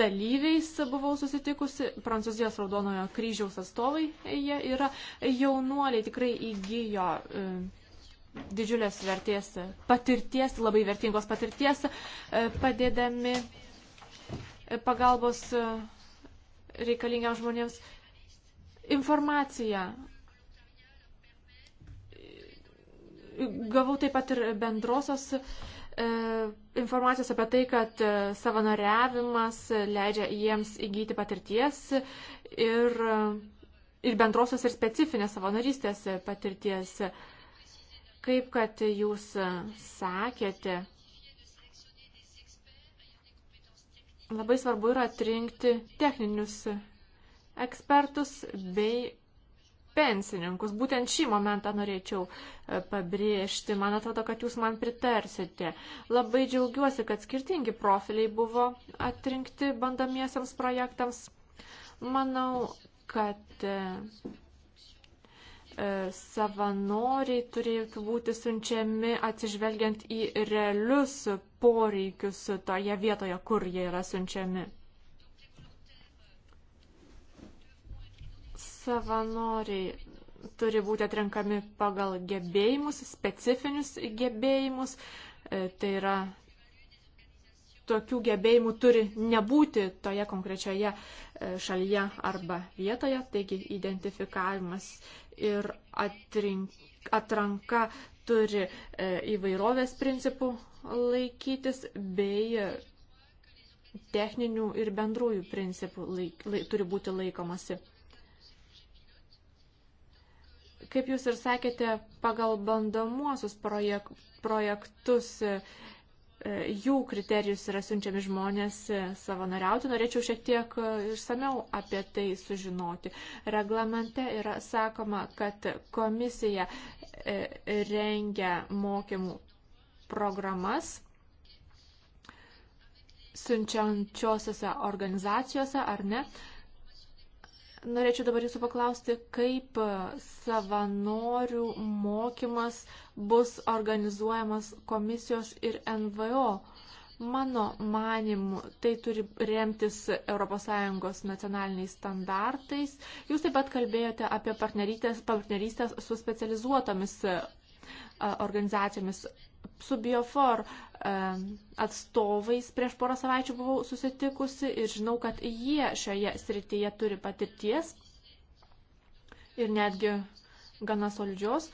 dalyviais buvau susitikusi. Prancūzijos raudonojo kryžiaus atstovai e, jie yra jaunuoliai, tikrai įgyjo e, didžiulės vertės patirties, labai vertingos patirties, e, padėdami e, pagalbos e, reikalingiams žmonėms informaciją gavau taip pat ir bendrosios E, informacijos apie tai, kad e, savanoriavimas leidžia jiems įgyti patirties ir, e, ir bendrosios ir specifinės savanorystės patirties. Kaip kad jūs sakėte, labai svarbu yra atrinkti techninius ekspertus bei pensininkus. Būtent šį momentą norėčiau e, pabrėžti. Man atrodo, kad jūs man pritarsite. Labai džiaugiuosi, kad skirtingi profiliai buvo atrinkti bandamiesiams projektams. Manau, kad e, e, savanoriai turėtų būti siunčiami atsižvelgiant į realius poreikius toje vietoje, kur jie yra siunčiami. Savanoriai turi būti atrenkami pagal gebėjimus, specifinius gebėjimus. E, tai yra, tokių gebėjimų turi nebūti toje konkrečioje e, šalyje arba vietoje, taigi identifikavimas ir atrink, atranka turi e, įvairovės principų laikytis bei techninių ir bendrųjų principų laik, laik, turi būti laikomasi. Kaip jūs ir sakėte, pagal bandomuosius projek projektus e, jų kriterijus yra siunčiami žmonės e, savanoriauti. Norėčiau šiek tiek e, išsameu apie tai sužinoti. Reglamente yra sakoma, kad komisija rengia mokymų programas siunčiančiosiose organizacijose, ar ne? Uh, Norėčiau dabar jūsų paklausti, kaip savanorių mokymas bus organizuojamas komisijos ir NVO. Mano manimu, tai turi remtis ES nacionaliniais standartais. Jūs taip pat kalbėjote apie partnerystės, partnerystės su specializuotomis organizacijomis su Biofor e, atstovais prieš porą savaičių buvau susitikusi ir žinau, kad jie šioje srityje turi patirties ir netgi gana solidžios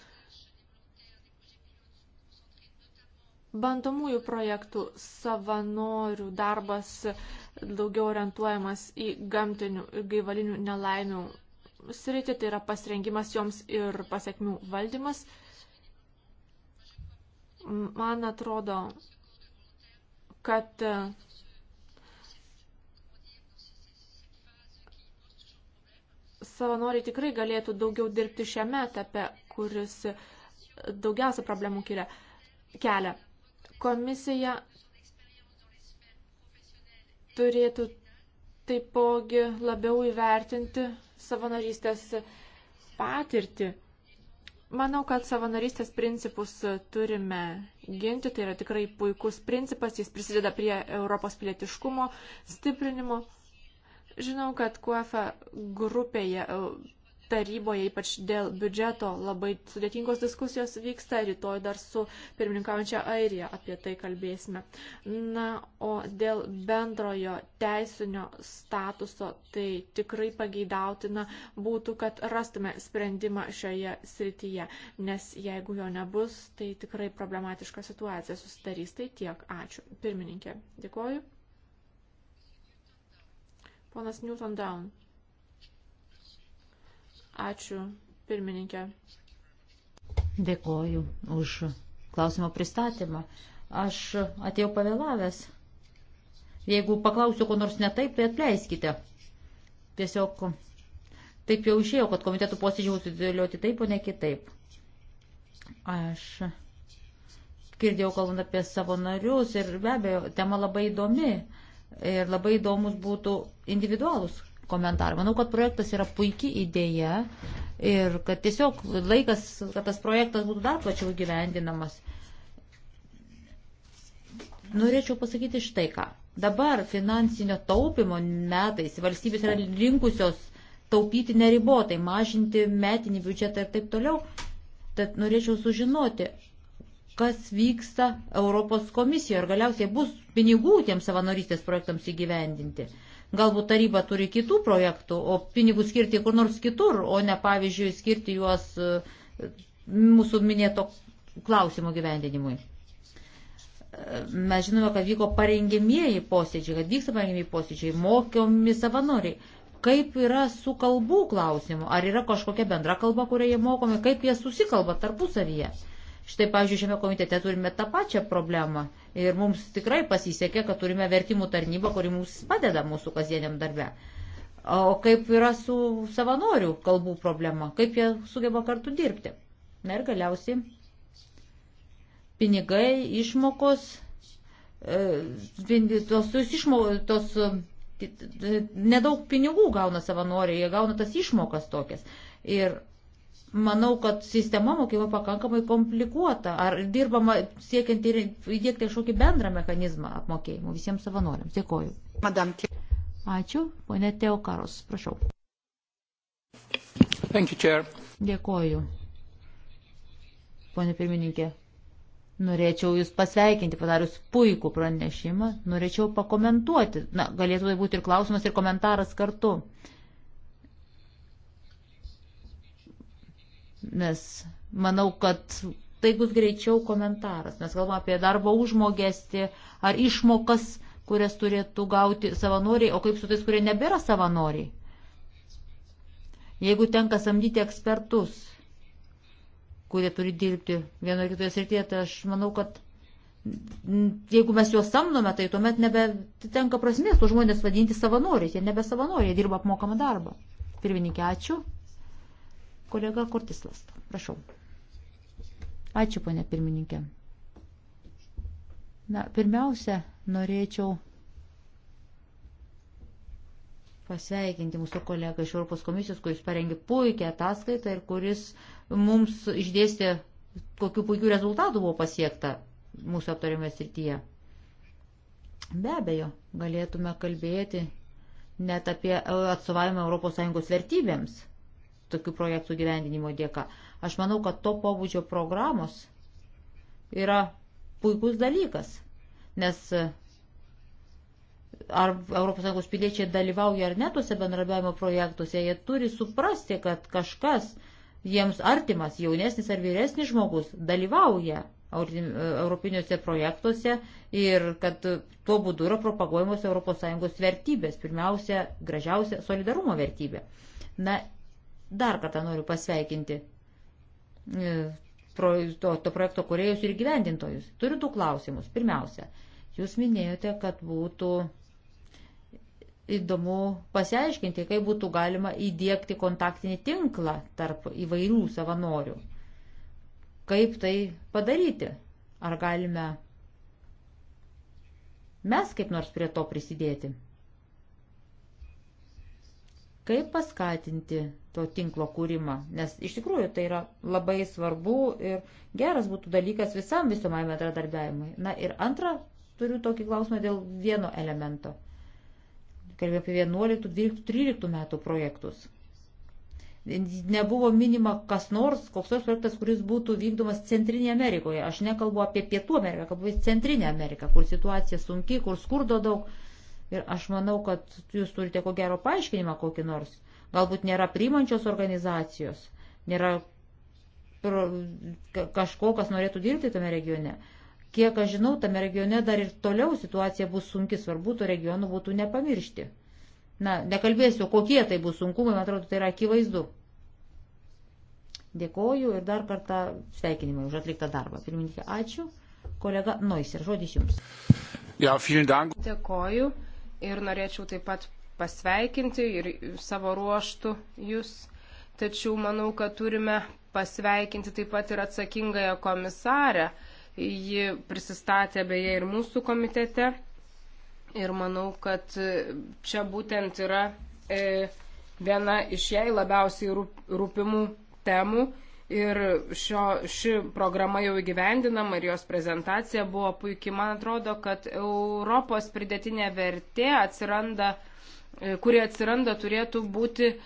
bandomųjų projektų savanorių darbas daugiau orientuojamas į gamtinių ir gaivalinių nelaimių sritį, tai yra pasirengimas joms ir pasiekmių valdymas. Man atrodo, kad savanoriai tikrai galėtų daugiau dirbti šiame etape, kuris daugiausia problemų kiria, kelia. Komisija turėtų taipogi labiau įvertinti savanorystės patirtį. Manau, kad savanorystės principus e, turime ginti, tai yra tikrai puikus principas, jis prisideda prie Europos pilietiškumo stiprinimo. Žinau, kad QF grupėje taryboje, ypač dėl biudžeto, labai sudėtingos diskusijos vyksta, rytoj dar su pirmininkaujančia Airija apie tai kalbėsime. Na, o dėl bendrojo teisinio statuso, tai tikrai pageidautina būtų, kad rastume sprendimą šioje srityje, nes jeigu jo nebus, tai tikrai problematiška situacija susidarys. Tai tiek, ačiū. Pirmininkė, dėkoju. Ponas Newton Down. Ačiū, pirmininkė. Dėkoju už klausimo pristatymą. Aš atėjau pavėlavęs. Jeigu paklausiu, ko nors ne taip, tai atleiskite. Tiesiog taip jau išėjo, kad komitetų posėdžių sudėlioti taip, o ne kitaip. Aš girdėjau kalbant apie savo narius ir be abejo, tema labai įdomi. Ir labai įdomus būtų individualus komentarą. Manau, kad projektas yra puikiai idėja ir kad tiesiog laikas, kad tas projektas būtų dar plačiau gyvendinamas. Norėčiau pasakyti štai ką. Dabar finansinio taupimo metais valstybės yra linkusios taupyti neribotai, mažinti metinį biudžetą ir taip toliau. Tad norėčiau sužinoti, kas vyksta Europos komisijoje ir galiausiai bus pinigų tiems savanorystės projektams įgyvendinti. Galbūt taryba turi kitų projektų, o pinigus skirti kur nors kitur, o ne, pavyzdžiui, skirti juos e, mūsų minėto klausimo gyvendinimui. E, mes žinome, kad vyko parengimieji posėdžiai, kad vyksta parengimieji posėdžiai, mokomi savanoriai. Kaip yra su kalbų klausimu? Ar yra kažkokia bendra kalba, kurioje mokomi? Kaip jie susikalba tarpusavyje? Uh, Štai, pavyzdžiui, šiame komitete turime tą pačią problemą. Ir mums tikrai pasisekė, kad turime vertimų tarnybą, kuri mums padeda mūsų kasdieniam darbe. O kaip yra su savanorių kalbų problema, kaip jie sugeba kartu dirbti. Na ir galiausiai pinigai, išmokos, e, tos, tos, išmo, tos e, nedaug pinigų gauna savanoriai, jie gauna tas išmokas tokias. Ir Manau, kad sistema mokymo pakankamai komplikuota. Ar dirbama siekiant įdėkti kažkokį bendrą mechanizmą apmokėjimų visiems savanoriams? Dėkoju. Madam. Ačiū. Pone Teokaros, prašau. Thank you, chair. Dėkoju. Pone pirmininkė, norėčiau Jūs pasveikinti, padarius puikų pranešimą. Norėčiau pakomentuoti. Na, galėtų tai būti ir klausimas, ir komentaras kartu. Uh, nes manau, kad tai bus greičiau komentaras. Mes kalbame apie darbo užmogesti ar išmokas, kurias turėtų gauti savanoriai, o kaip su tais, kurie nebėra savanoriai. Jeigu tenka samdyti ekspertus, kurie turi dirbti vienoje kitoje srityje, tai aš manau, kad jeigu mes juos samdome, tai tuomet nebetenka prasmės tuos žmonės vadinti savanoriais, jie nebe savanoriai, jie dirba apmokamą darbą. Pirmininkė, ačiū. Kolega Kortislas, prašau. Ačiū, ponė pirmininkė. Na, pirmiausia, norėčiau pasveikinti mūsų kolegą iš Europos komisijos, kuris parengė puikią ataskaitą ir kuris mums išdėstė, kokiu puikiu rezultatu buvo pasiekta mūsų aptariamoje srityje. Be abejo, galėtume kalbėti net apie atstovavimą ES vertybėms tokių projektų gyvendinimo dėka. Aš manau, kad to pobūdžio programos yra puikus dalykas, nes e, ar ES piliečiai dalyvauja ar ne tuose bendrabiavimo projektuose, jie turi suprasti, kad kažkas jiems artimas, jaunesnis ar vyresnis žmogus dalyvauja e, europiniuose projektuose ir kad tuo būdu yra propaguojamos ES vertybės, pirmiausia, gražiausia solidarumo vertybė. Na dar kartą noriu pasveikinti e, to, to projekto kuriejus ir gyvendintojus. Turiu du klausimus. Pirmiausia, jūs minėjote, kad būtų įdomu pasiaiškinti, kaip būtų galima įdėkti kontaktinį tinklą tarp įvairių savanorių. Kaip tai padaryti? Ar galime mes kaip nors prie to prisidėti? Kaip paskatinti to tinklo kūrimą? Nes iš tikrųjų tai yra labai svarbu ir geras būtų dalykas visam visomajame bendradarbiavimui. Na ir antra, turiu tokį klausimą dėl vieno elemento. Kalbėjau apie 11, 12, 13 metų projektus. Nebuvo minima kas nors, koks nors projektas, kuris būtų vykdomas Centrinėje Amerikoje. Aš nekalbu apie Pietų Ameriką, kalbu apie Centrinę Ameriką, kur situacija sunki, kur skurdo daug Ir aš manau, kad jūs turite ko gero paaiškinimą kokį nors. Galbūt nėra priimančios organizacijos, nėra kažko, kas norėtų dirbti tame regione. Kiek aš žinau, tame regione dar ir toliau situacija bus sunki, svarbu tų regionų būtų nepamiršti. Na, nekalbėsiu, kokie tai bus sunkumai, man atrodo, tai yra akivaizdu. Dėkoju ir dar kartą sveikinimai už atliktą darbą. Pirmininkė, ačiū. Kolega Nois ir žodis jums. Ja, Dėkoju ir norėčiau taip pat pasveikinti ir savo ruoštų jūs. Tačiau manau, kad turime pasveikinti taip pat ir atsakingąją komisarę. Ji prisistatė beje ir mūsų komitete. Ir manau, kad čia būtent yra e, viena iš jai labiausiai rūp, rūpimų temų ir šio, ši programa jau įgyvendinama ir jos prezentacija buvo puikiai. Man atrodo, kad Europos pridėtinė vertė atsiranda, e, kurie atsiranda, turėtų būti e,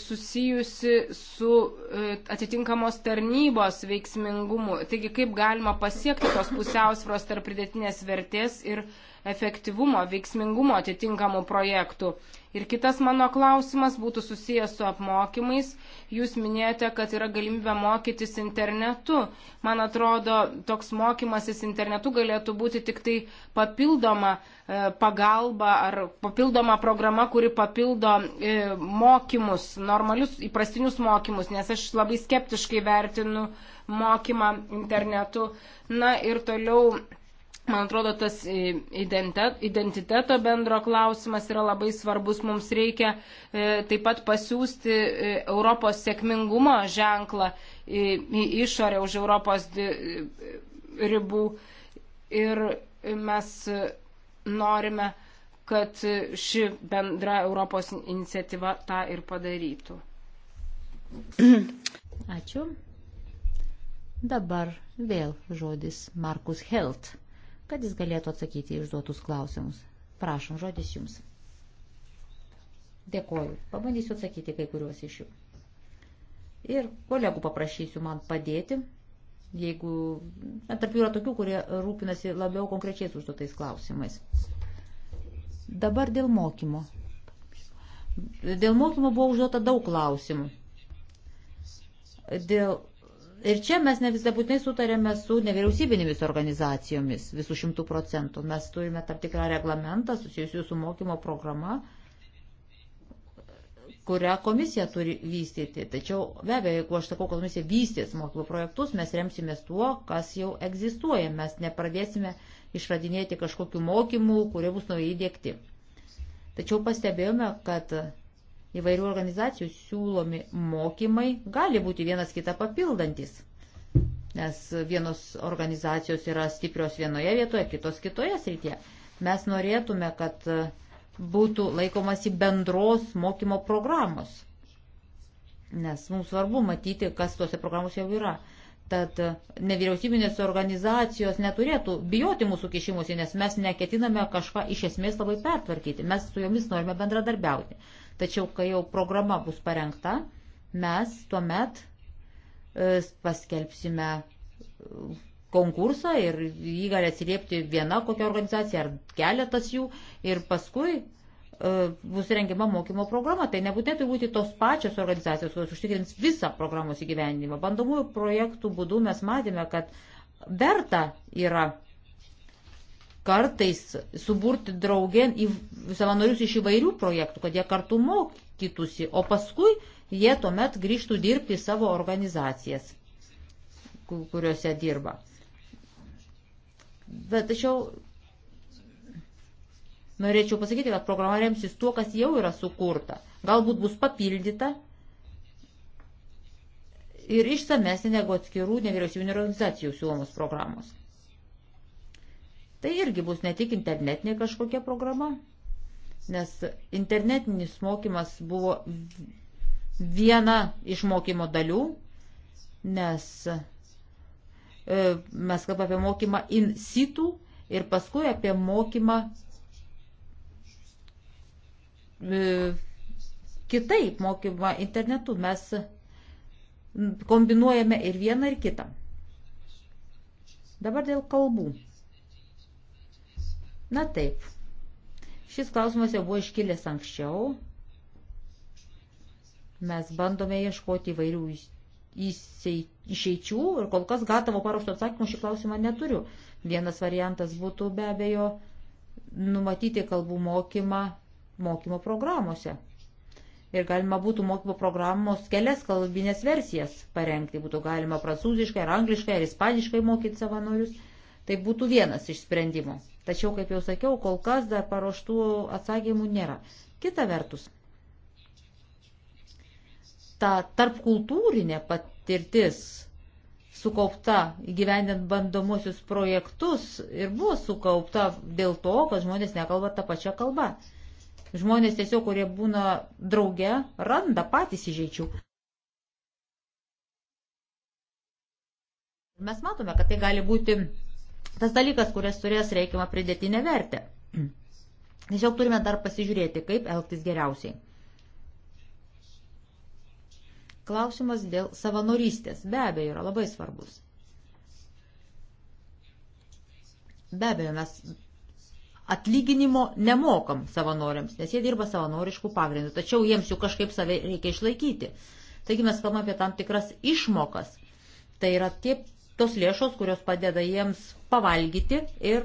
susijusi su e, atitinkamos tarnybos veiksmingumu. Taigi, kaip galima pasiekti tos pusiausvros tarp pridėtinės vertės ir vertės efektyvumo, veiksmingumo atitinkamų projektų. Ir kitas mano klausimas būtų susijęs su apmokymais. Jūs minėjote, kad yra galimybė mokytis internetu. Man atrodo, toks mokymasis internetu galėtų būti tik tai papildoma e, pagalba ar papildoma programa, kuri papildo e, mokymus, normalius įprastinius mokymus, nes aš labai skeptiškai vertinu mokymą internetu. Na ir toliau Man atrodo, tas identiteto bendro klausimas yra labai svarbus. Mums reikia e, taip pat pasiūsti e, Europos sėkmingumo ženklą į išorę už Europos e, ribų. Ir mes norime, kad ši bendra Europos iniciatyva tą ir padarytų. Ačiū. Dabar vėl žodis Markus Helt kad jis galėtų atsakyti išduotus klausimus. Prašom, žodis jums. Dėkoju. Pabandysiu atsakyti kai kuriuos iš jų. Ir kolegų paprašysiu man padėti, jeigu, na, tarp jų yra tokių, kurie rūpinasi labiau konkrečiais užduotais klausimais. Dabar dėl mokymo. Dėl mokymo buvo užduota daug klausimų. Dėl Ir čia mes ne visada būtinai sutarėme su nevyriausybinėmis organizacijomis visų šimtų procentų. Mes turime tam tikrą reglamentą susijusiu su mokymo programa, kurią komisija turi vystyti. Tačiau be abejo, jeigu aš sakau, kad komisija vystys mokymo projektus, mes remsimės tuo, kas jau egzistuoja. Mes nepradėsime išradinėti kažkokių mokymų, kurie bus naujai įdėkti. Tačiau pastebėjome, kad įvairių organizacijų siūlomi mokymai gali būti vienas kitą papildantis, nes vienos organizacijos yra stiprios vienoje vietoje, kitos kitoje srityje. Mes norėtume, kad būtų laikomasi bendros mokymo programos, nes mums svarbu matyti, kas tuose programos jau yra. Tad nevyriausybinės organizacijos neturėtų bijoti mūsų kišimusi, nes mes neketiname kažką iš esmės labai pertvarkyti. Mes su jomis norime bendradarbiauti. Tačiau, kai jau programa bus parengta, mes tuomet e, paskelbsime e, konkursą ir jį gali atsiliepti viena kokia organizacija ar keletas jų ir paskui e, bus rengiama mokymo programa. Tai nebūtinai turi būti tos pačios organizacijos, kurios užtikrins visą programos įgyvendinimą. Bandomųjų projektų būdų mes matėme, kad verta yra kartais suburti draugien į savanorius iš įvairių projektų, kad jie kartu mokytųsi, o paskui jie tuomet grįžtų dirbti į savo organizacijas, kuriuose dirba. Bet tačiau norėčiau pasakyti, kad programa remsis tuo, kas jau yra sukurta. Galbūt bus papildyta ir išsamesnė negu atskirų nevyriausybinio organizacijų siūlomos programos. Tai irgi bus ne tik internetinė kažkokia programa, nes internetinis mokymas buvo viena iš mokymo dalių, nes e, mes kalbame apie mokymą in situ ir paskui apie mokymą e, kitaip, mokymą internetu. Mes kombinuojame ir vieną, ir kitą. Dabar dėl kalbų. Na taip, šis klausimas jau buvo iškilęs anksčiau. Mes bandome ieškoti įvairių išeičių ir kol kas gatavo paruošto atsakymų šį klausimą neturiu. Vienas variantas būtų be abejo numatyti kalbų mokymą mokymo programuose. Ir galima būtų mokymo programos kelias kalbinės versijas parengti. Būtų galima prancūziškai, ar angliškai, ar ispaniškai mokyti savanorius. Tai būtų vienas iš sprendimų. Tačiau, kaip jau sakiau, kol kas dar paruoštų atsakymų nėra. Kita vertus, ta tarpkultūrinė patirtis sukaupta įgyvendint bandomosius projektus ir buvo sukaupta dėl to, kad žmonės nekalba tą pačią kalbą. Žmonės tiesiog, kurie būna drauge, randa patys įžeičių. Mes matome, kad tai gali būti tas dalykas, kurias turės reikiamą pridėtinę vertę. Tiesiog turime dar pasižiūrėti, kaip elgtis geriausiai. Klausimas dėl savanorystės be abejo yra labai svarbus. Be abejo, mes atlyginimo nemokam savanoriams, nes jie dirba savanoriškų pagrindų, tačiau jiems jau kažkaip save reikia išlaikyti. Taigi mes kalbame apie tam tikras išmokas. Tai yra tie tos lėšos, kurios padeda jiems pavalgyti ir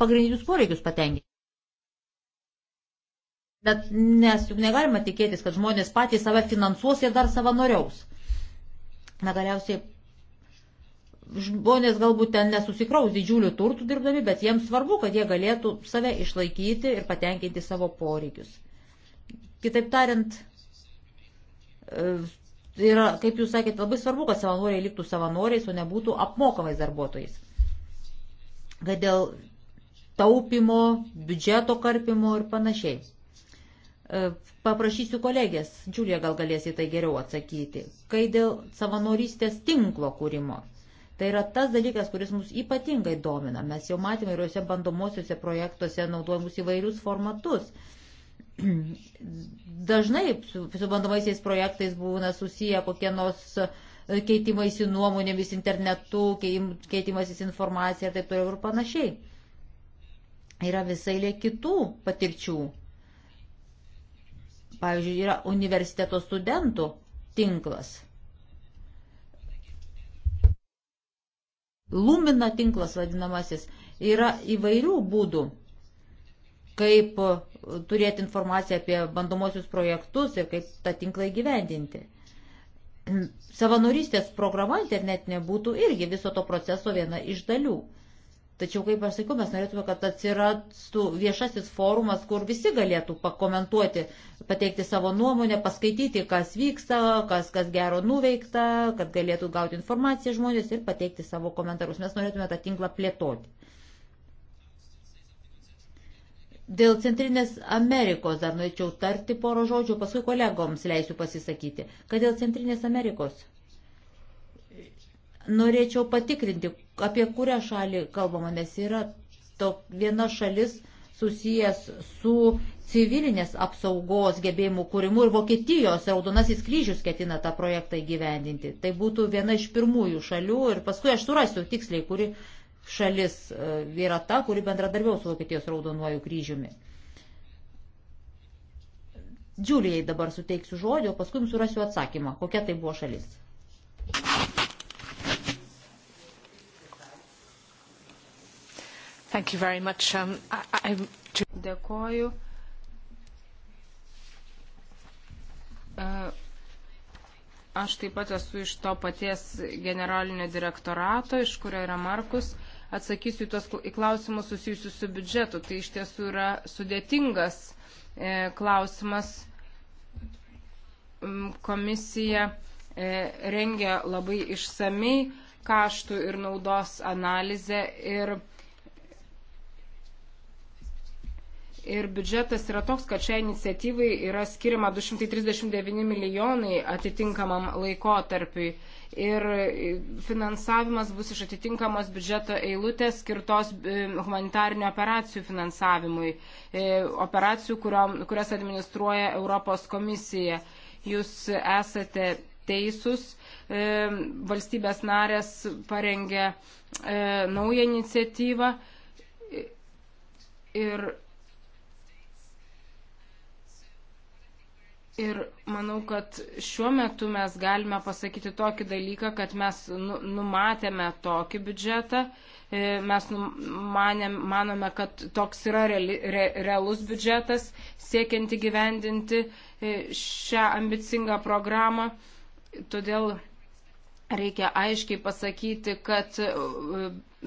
pagrindinius poreikius patenkinti. Bet nes juk negalima tikėtis, kad žmonės patys save finansuos ir dar savanoriaus. Na galiausiai žmonės galbūt ten nesusikraus didžiulių turtų dirbdami, bet jiems svarbu, kad jie galėtų save išlaikyti ir patenkinti savo poreikius. Kitaip tariant, tai yra, kaip jūs sakėt, labai svarbu, kad savanoriai liktų savanoriais, o nebūtų apmokamais darbuotojais. Kad dėl taupimo, biudžeto karpimo ir panašiai. E, paprašysiu kolegės, Džiulė gal galės į tai geriau atsakyti, kai dėl savanorystės tinklo kūrimo. Tai yra tas dalykas, kuris mus ypatingai domina. Mes jau matėme įvairiuose bandomuosiuose projektuose naudojimus įvairius formatus. Dažnai su, su bandomaisiais projektais būna susiję kokie nors e, keitimais į nuomonėmis internetu, keitimasis informacija ir taip toliau ir panašiai. Yra visai lė kitų patirčių. Pavyzdžiui, yra universiteto studentų tinklas. Lumina tinklas vadinamasis. Yra įvairių būdų, kaip turėti informaciją apie bandomosius projektus ir kaip tą tinklą įgyvendinti. Savanorystės programa internetinė būtų irgi viso to proceso viena iš dalių. Tačiau, kaip aš sakiau, mes norėtume, kad atsirastų viešasis forumas, kur visi galėtų pakomentuoti, pateikti savo nuomonę, paskaityti, kas vyksta, kas, kas gero nuveikta, kad galėtų gauti informaciją žmonės ir pateikti savo komentarus. Mes norėtume tą tinklą plėtoti. Dėl Centrinės Amerikos dar norėčiau tarti poro žodžių, paskui kolegoms leisiu pasisakyti. Kad dėl Centrinės Amerikos norėčiau patikrinti, apie kurią šalį kalbama, nes yra to viena šalis susijęs su civilinės apsaugos gebėjimų kūrimu ir Vokietijos Raudonasis kryžius ketina tą projektą įgyvendinti. Tai būtų viena iš pirmųjų šalių ir paskui aš surasiu tiksliai, kuri šalis e, yra ta, kuri bendradarbiaus su Vokietijos raudonuoju kryžiumi. Džiulijai dabar suteiksiu žodį, o paskui jums surasiu atsakymą, kokia tai buvo šalis. Thank you very much. Um, I, I... Dėkoju. E, aš taip pat esu iš to paties generalinio direktorato, iš kurio yra Markus. Uh, atsakysiu į tuos klausimus susijusius su biudžetu. Tai iš tiesų yra sudėtingas e, klausimas. Komisija e, rengia labai išsamei kaštų ir naudos analizę ir e, Ir biudžetas yra toks, kad šiai iniciatyvai yra skiriama 239 milijonai atitinkamam laikotarpiui. Ir e, finansavimas bus iš atitinkamos biudžeto eilutės skirtos e, humanitarinių operacijų finansavimui, e, operacijų, kuriom, kurias administruoja Europos komisija. Jūs esate teisūs, valstybės narės parengė naują iniciatyvą. Ir Ir manau, kad šiuo metu mes galime pasakyti tokį dalyką, kad mes nu, numatėme tokį biudžetą, e, mes nu, manėm, manome, kad toks yra reali, re, realus biudžetas, siekiant įgyvendinti e, šią ambicingą programą. Todėl reikia aiškiai pasakyti, kad e,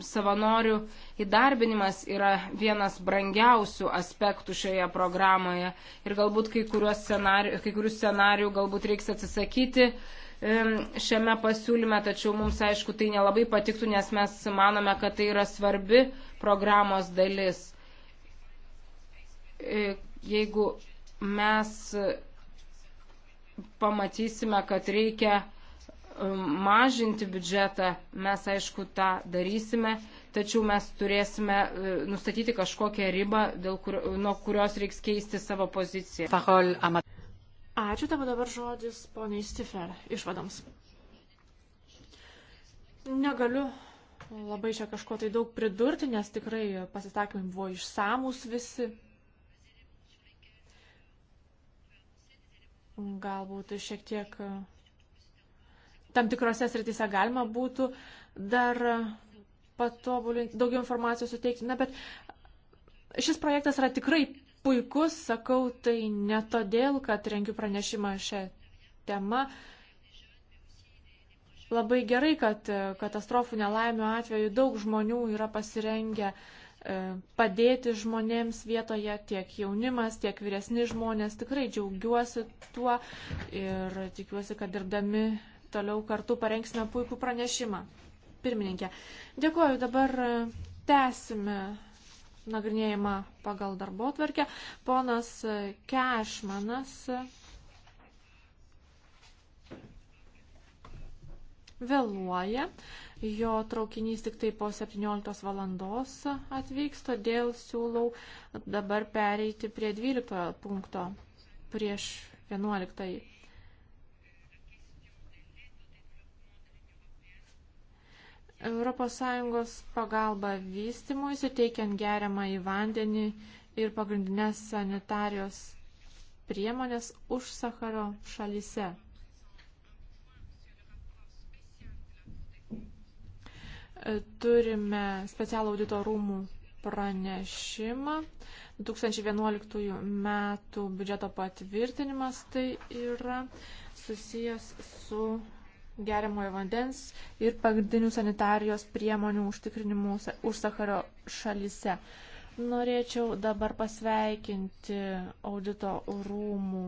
savanorių įdarbinimas yra vienas brangiausių aspektų šioje programoje ir galbūt kai, scenarių, kai kurių scenarių galbūt reiks atsisakyti šiame pasiūlyme, tačiau mums aišku tai nelabai patiktų, nes mes manome, kad tai yra svarbi programos dalis. E, jeigu mes pamatysime, kad reikia mažinti biudžetą, mes aišku tą darysime, tačiau mes turėsime e, nustatyti kažkokią ribą, kur, nuo kurios reiks keisti savo poziciją. Ačiū tavo dabar žodis, poniai Stifer, išvadams. Negaliu labai čia kažko tai daug pridurti, nes tikrai pasisakymai buvo išsamūs visi. Galbūt šiek tiek tam tikrose srityse galima būtų dar patobulinti, daugiau informacijos suteikti. Na, bet šis projektas yra tikrai puikus, sakau, tai ne todėl, kad rengiu pranešimą šią temą. Labai gerai, kad e, katastrofų nelaimio atveju daug žmonių yra pasirengę e, padėti žmonėms vietoje, tiek jaunimas, tiek vyresni žmonės. Tikrai džiaugiuosi tuo ir tikiuosi, kad dirbdami toliau kartu parengsime puikų pranešimą. Pirmininkė, dėkuoju, dabar tęsime nagrinėjimą pagal darbo tvarkę. Ponas Kešmanas vėluoja, jo traukinys tik tai po 17 valandos atvyks, todėl siūlau dabar pereiti prie 12 punkto prieš 11. ES pagalba vystimui, suteikiant geriamą į vandenį ir pagrindinės sanitarijos priemonės už Sakaro šalyse. Turime specialų audito rūmų pranešimą. 2011 metų biudžeto patvirtinimas tai yra susijęs su geriamojo vandens ir pagrindinių sanitarijos priemonių užtikrinimų už Sakario šalyse. Norėčiau dabar pasveikinti audito rūmų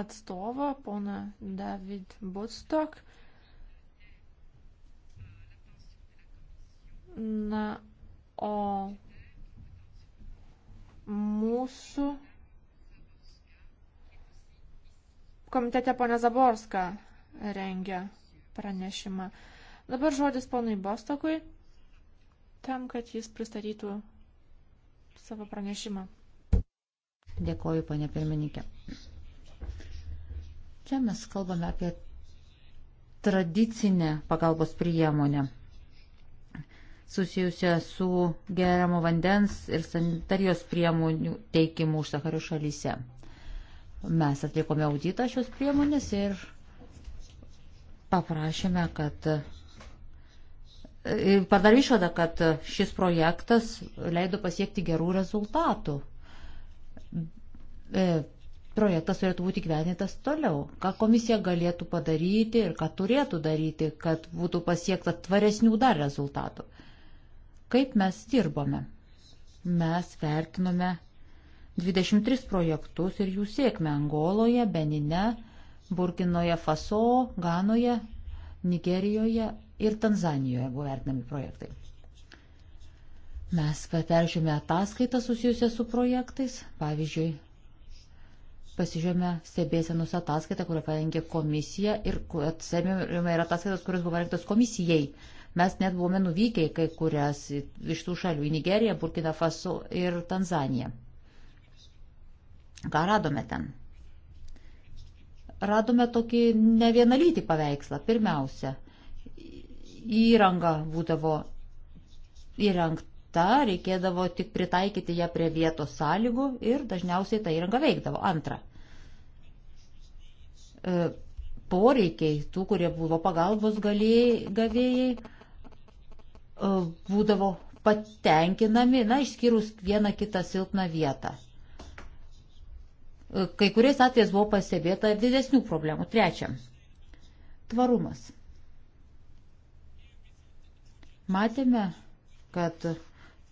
atstovą, pona David Butstok. Na, o mūsų komitete ponė Zaborska rengia pranešimą. Dabar žodis ponui Bostokui, tam, kad jis pristatytų savo pranešimą. Dėkoju, ponė pirmininkė. Čia mes kalbame apie tradicinę pagalbos priemonę susijusią su geriamo vandens ir sanitarijos priemonių teikimu už Sakario šalyse. Mes atlikome auditą šios priemonės ir paprašėme, kad e, padarė išvadą, kad šis projektas leido pasiekti gerų rezultatų. E, projektas turėtų būti gyvenintas toliau. Ką komisija galėtų padaryti ir ką turėtų daryti, kad būtų pasiekta tvaresnių dar rezultatų. Kaip mes dirbome? Mes vertinome 23 projektus ir jų sėkmę Angoloje, Benine, Burkinoje Faso, Ganoje, Nigerijoje ir Tanzanijoje buvo vertinami projektai. Mes peržiūrėjome ataskaitą susijusią su projektais, pavyzdžiui, pasižiūrėjome stebėsenos ataskaitą, kurią parengė komisija ir atsėmėme ir ataskaitas, kurios buvo parengtos komisijai. Mes net buvome nuvykę į kai kurias iš tų šalių - į Nigeriją, Burkina Faso ir Tanzaniją. Ką radome ten? radome tokį ne vienalytį paveikslą. Pirmiausia, įranga būdavo įrengta, reikėdavo tik pritaikyti ją prie vietos sąlygų ir dažniausiai ta įranga veikdavo. Antra, e, poreikiai tų, kurie buvo pagalbos galėjai, gavėjai, e, būdavo patenkinami, na, išskyrus vieną kitą silpną vietą. Kai kuriais atvejais buvo pastebėta ir didesnių problemų. Trečia. Tvarumas. Matėme, kad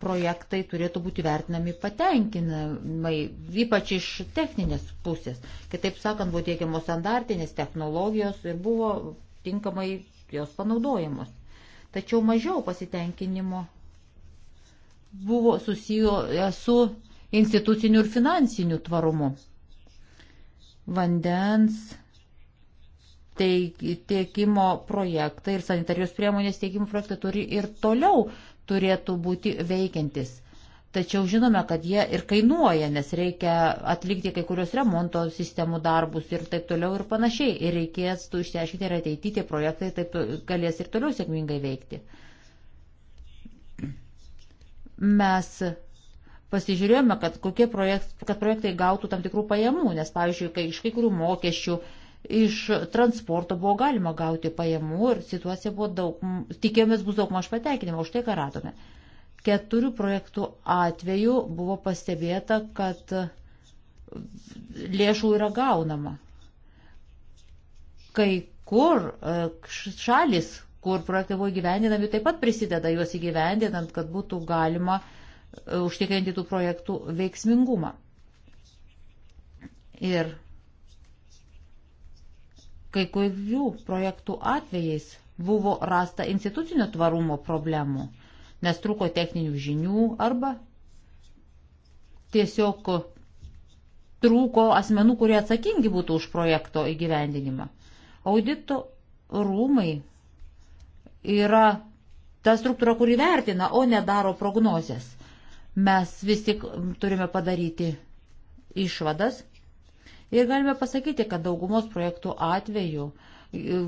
projektai turėtų būti vertinami patenkinamai, ypač iš techninės pusės. Kitaip sakant, buvo tiekiamos standartinės technologijos ir buvo tinkamai jos panaudojamos. Tačiau mažiau pasitenkinimo buvo susiję su instituciniu ir finansiniu tvarumu vandens tiekimo projektai ir sanitarijos priemonės tiekimo projektai turi ir toliau turėtų būti veikiantis. Tačiau žinome, kad jie ir kainuoja, nes reikia atlikti kai kurios remonto sistemų darbus ir taip toliau ir panašiai. Ir reikės tu išsiaiškinti ir ateityje tie projektai taip galės ir toliau sėkmingai veikti. Mes pasižiūrėjome, kad, projekt, kad projektai gautų tam tikrų pajamų, nes, pavyzdžiui, kai iš kai kurių mokesčių, iš transporto buvo galima gauti pajamų ir situacija buvo daug, tikėjomės bus daug maž patenkinimo, už tai ką radome. Keturių projektų atveju buvo pastebėta, kad lėšų yra gaunama. Kai kur e, šalis, kur projektai buvo įgyvendinami, taip pat prisideda juos įgyvendinant, kad būtų galima uh, užtikrinti tų projektų veiksmingumą. Ir kai kurių projektų atvejais buvo rasta institucinio tvarumo problemų, nes trūko techninių žinių arba tiesiog trūko asmenų, kurie atsakingi būtų už projekto įgyvendinimą. Audito rūmai yra ta struktūra, kuri vertina, o nedaro prognozes. Mes vis tik turime padaryti išvadas ir galime pasakyti, kad daugumos projektų atveju e,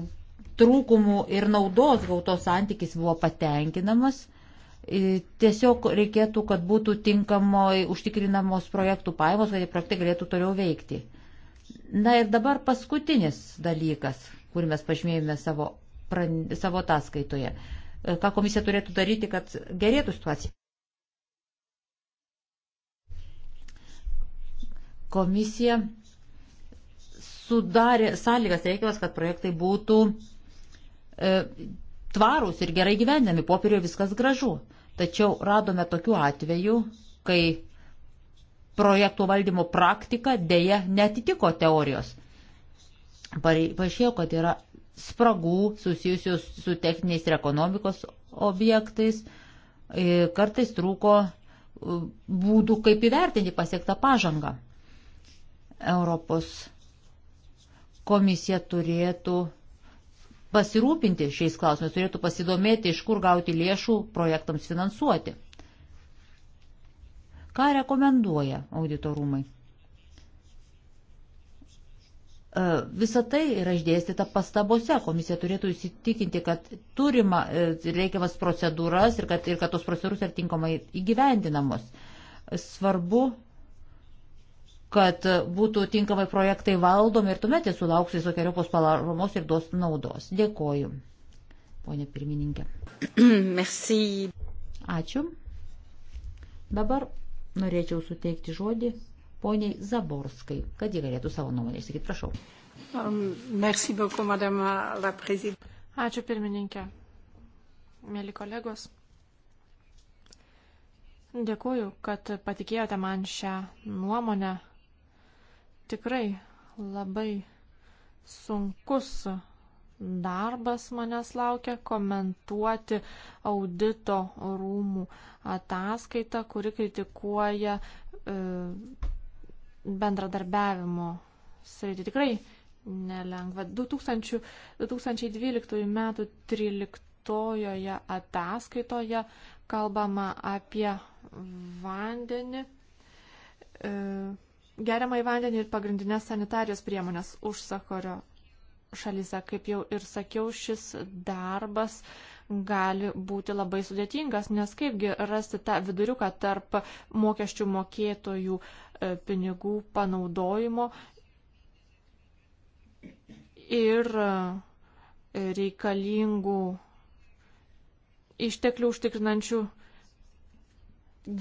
trūkumų ir naudos gautos santykis buvo patenkinamas. E, tiesiog reikėtų, kad būtų tinkamai užtikrinamos projektų pajamos, kad tie projektai galėtų toliau veikti. Na ir dabar paskutinis dalykas, kurį mes pažymėjome savo, savo ataskaitoje. E, ką komisija turėtų daryti, kad gerėtų situacija. Komisija sudarė sąlygas reikiamas, kad projektai būtų e, tvarūs ir gerai gyvendami, popieriuje viskas gražu. Tačiau radome tokių atvejų, kai projektų valdymo praktika dėja netitiko teorijos. Paaiškėjo, kad yra spragų susijusių su techniniais ir ekonomikos objektais. Kartais trūko e, būdų, kaip įvertinti pasiektą pažangą. Europos komisija turėtų pasirūpinti šiais klausimais, turėtų pasidomėti, iš kur gauti lėšų projektams finansuoti. Ką rekomenduoja auditorumai? E, Visą tai yra išdėstyta pastabose. Komisija turėtų įsitikinti, kad turima e, reikiamas procedūras ir kad, ir kad tos procedūros yra tinkamai įgyvendinamos. Svarbu kad būtų tinkamai projektai valdomi ir tuomet jie sulauks visokiojopos palaromos ir duos naudos. Dėkoju, ponė pirmininkė. Merci. Ačiū. Dabar norėčiau suteikti žodį poniai Zaborskai, kad ji galėtų savo nuomonę išsakyti. Prašau. Um, merci beaucoup, madame la présidente. Ačiū pirmininkė. Mėly kolegos. Dėkuoju, kad patikėjote man šią nuomonę tikrai labai sunkus darbas manęs laukia komentuoti audito rūmų ataskaitą, kuri kritikuoja e, bendradarbiavimo sritį. Tikrai nelengva. 2000, 2012 m. 13 ataskaitoje kalbama apie vandenį. E, geriamą į vandenį ir pagrindinės sanitarijos priemonės užsakorio šalyse. Kaip jau ir sakiau, šis darbas gali būti labai sudėtingas, nes kaipgi rasti tą viduriuką tarp mokesčių mokėtojų e, pinigų panaudojimo ir e, reikalingų išteklių užtikrinančių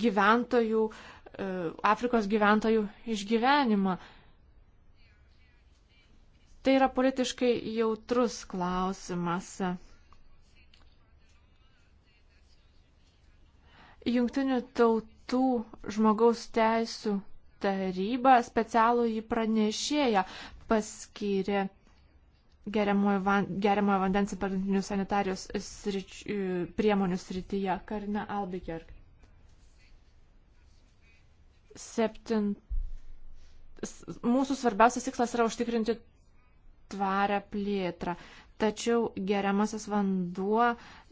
gyventojų uh, E, Afrikos gyventojų išgyvenimą. Tai yra politiškai jautrus klausimas. Jungtinių tautų žmogaus teisų taryba specialų jį pranešėją paskyrė geriamojo, van, geriamojo vandens ir pagrindinių sanitarijos srič, priemonių srityje Karina Albikerk. Septint... Mūsų svarbiausias tikslas yra užtikrinti tvarę plėtrą, tačiau geriamasis vanduo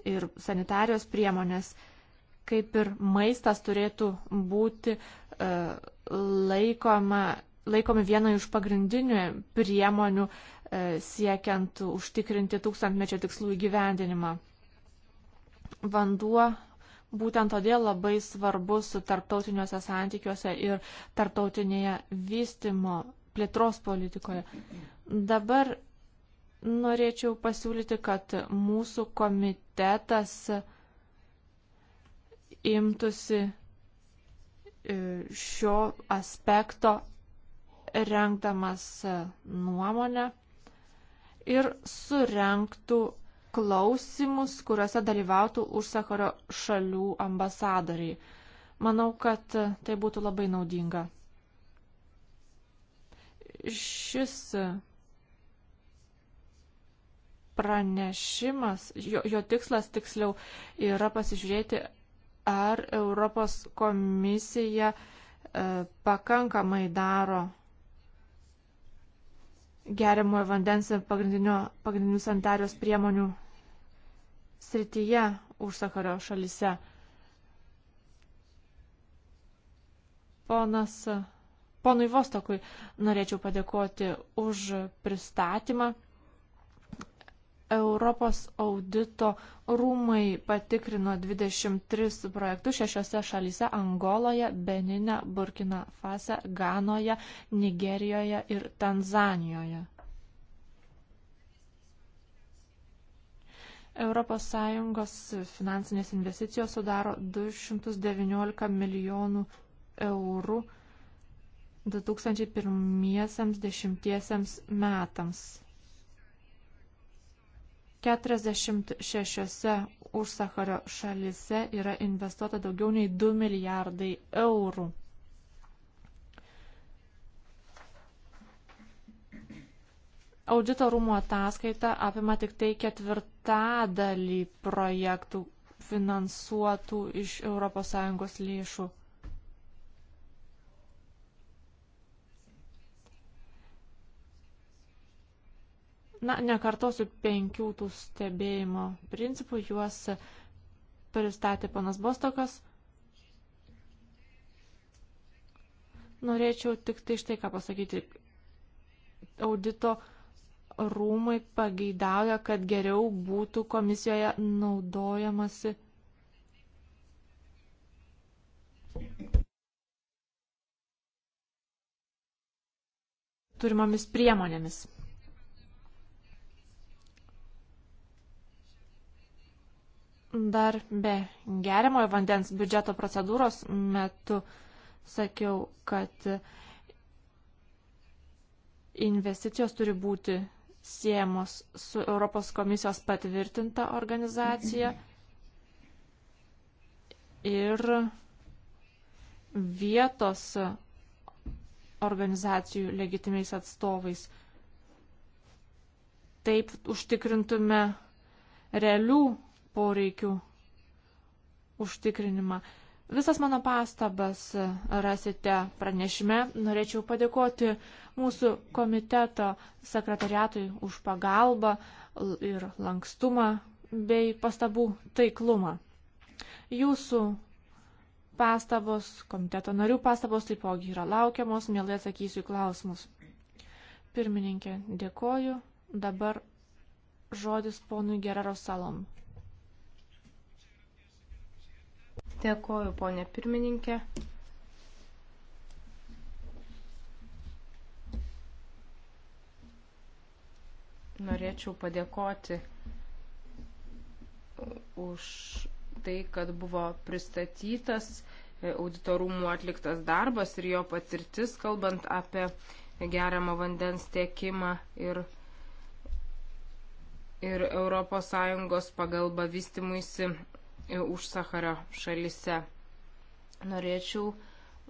ir sanitarijos priemonės, kaip ir maistas, turėtų būti uh, laikoma, laikomi viena iš pagrindinių priemonių uh, siekiant užtikrinti tūkstantmečio tikslų įgyvendinimą. Vanduo Būtent todėl labai svarbus tarptautiniuose santykiuose ir tarptautinėje vystimo plėtros politikoje. Dabar norėčiau pasiūlyti, kad mūsų komitetas imtųsi e, šio aspekto renkdamas e, nuomonę ir surenktų klausimus, kuriuose dalyvautų užsakaro šalių ambasadoriai. Manau, kad tai būtų labai naudinga. Šis pranešimas, jo, jo tikslas tiksliau yra pasižiūrėti, ar Europos komisija e, pakankamai daro geriamojo vandens ir pagrindinių sanitarios priemonių srityje užsakario šalise. Ponas, ponui Vostokui norėčiau padėkoti už pristatymą. Europos audito rūmai patikrino 23 projektus šešiose šalyse - Angoloje, Benine, Burkina Fase, Ganoje, Nigerijoje ir Tanzanijoje. ES finansinės investicijos sudaro 219 milijonų eurų 2001-2010 metams. 46 užsakario šalise yra investuota daugiau nei 2 milijardai eurų. Audito rūmų ataskaita apima tik tai ketvirtadalį projektų finansuotų iš ES lėšų. Na, nekartosiu penkių tų stebėjimo principų, juos pristatė panas Bostokas. Norėčiau tik tai štai ką pasakyti. Audito rūmai pageidauja, kad geriau būtų komisijoje naudojamasi. turimomis priemonėmis. Dar be geriamojo vandens biudžeto procedūros metu sakiau, kad investicijos turi būti siejamos su Europos komisijos patvirtinta organizacija ir vietos organizacijų legitimiais atstovais. Taip užtikrintume realių poreikių užtikrinimą. Visas mano pastabas rasite pranešime. Norėčiau padėkoti mūsų komiteto sekretariatui už pagalbą ir lankstumą bei pastabų taiklumą. Jūsų pastabos, komiteto narių pastabos taipogi yra laukiamos, mielai atsakysiu į klausimus. Pirmininkė, dėkoju. Dabar žodis ponui Geraro Salom. Dėkoju, ponė pirmininkė. Norėčiau padėkoti už tai, kad buvo pristatytas auditorumų atliktas darbas ir jo patirtis, kalbant apie geriamą vandens tiekimą ir, ir ES pagalba vystimuisi už Sakario šalise. Norėčiau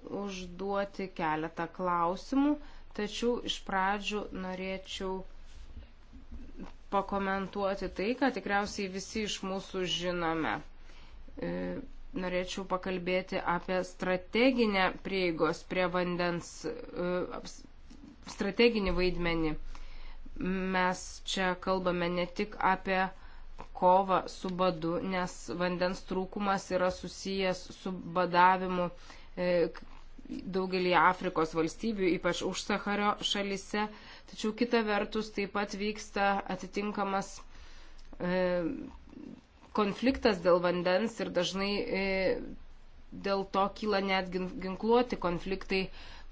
užduoti keletą klausimų, tačiau iš pradžių norėčiau pakomentuoti tai, ką tikriausiai visi iš mūsų žinome. E, norėčiau pakalbėti apie strateginę prieigos prie vandens, e, strateginį vaidmenį. Mes čia kalbame ne tik apie kovą su badu, nes vandens trūkumas yra susijęs su badavimu e, daugelį Afrikos valstybių, ypač už Sakario šalise. Tačiau kita vertus taip pat vyksta atitinkamas e, konfliktas dėl vandens ir dažnai e, dėl to kyla net ginkluoti konfliktai,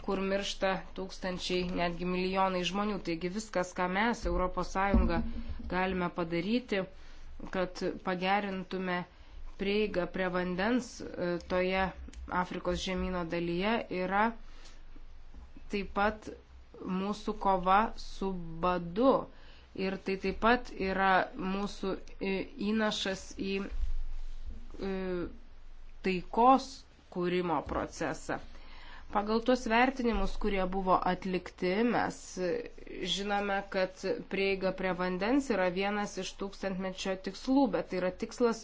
kur miršta tūkstančiai, netgi milijonai žmonių. Taigi viskas, ką mes, ES, galime padaryti, kad pagerintume prieigą prie vandens e, toje Afrikos žemynų dalyje, yra taip pat mūsų kova su badu. Ir tai taip pat yra mūsų e, įnašas į e, taikos kūrimo procesą. Pagal tuos vertinimus, kurie buvo atlikti, mes žinome, kad prieiga prie vandens yra vienas iš tūkstantmečio tikslų, bet tai yra tikslas,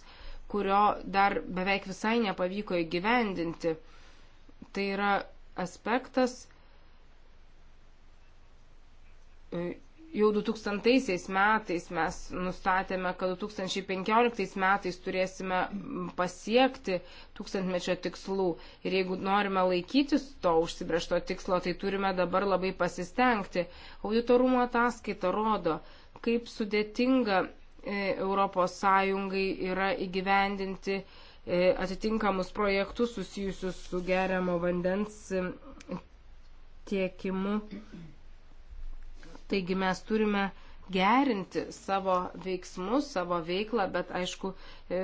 kurio dar beveik visai nepavyko įgyvendinti. Tai yra aspektas, Jau 2000 metais mes nustatėme, kad 2015 metais turėsime pasiekti tūkstantmečio tikslų. Ir jeigu norime laikytis to užsibriešto tikslo, tai turime dabar labai pasistengti. Auditorumo ataskaita rodo, kaip sudėtinga ES yra įgyvendinti e, atitinkamus projektus susijusius su geriamo vandens tiekimu Taigi mes turime gerinti savo veiksmus, savo veiklą, bet aišku, e,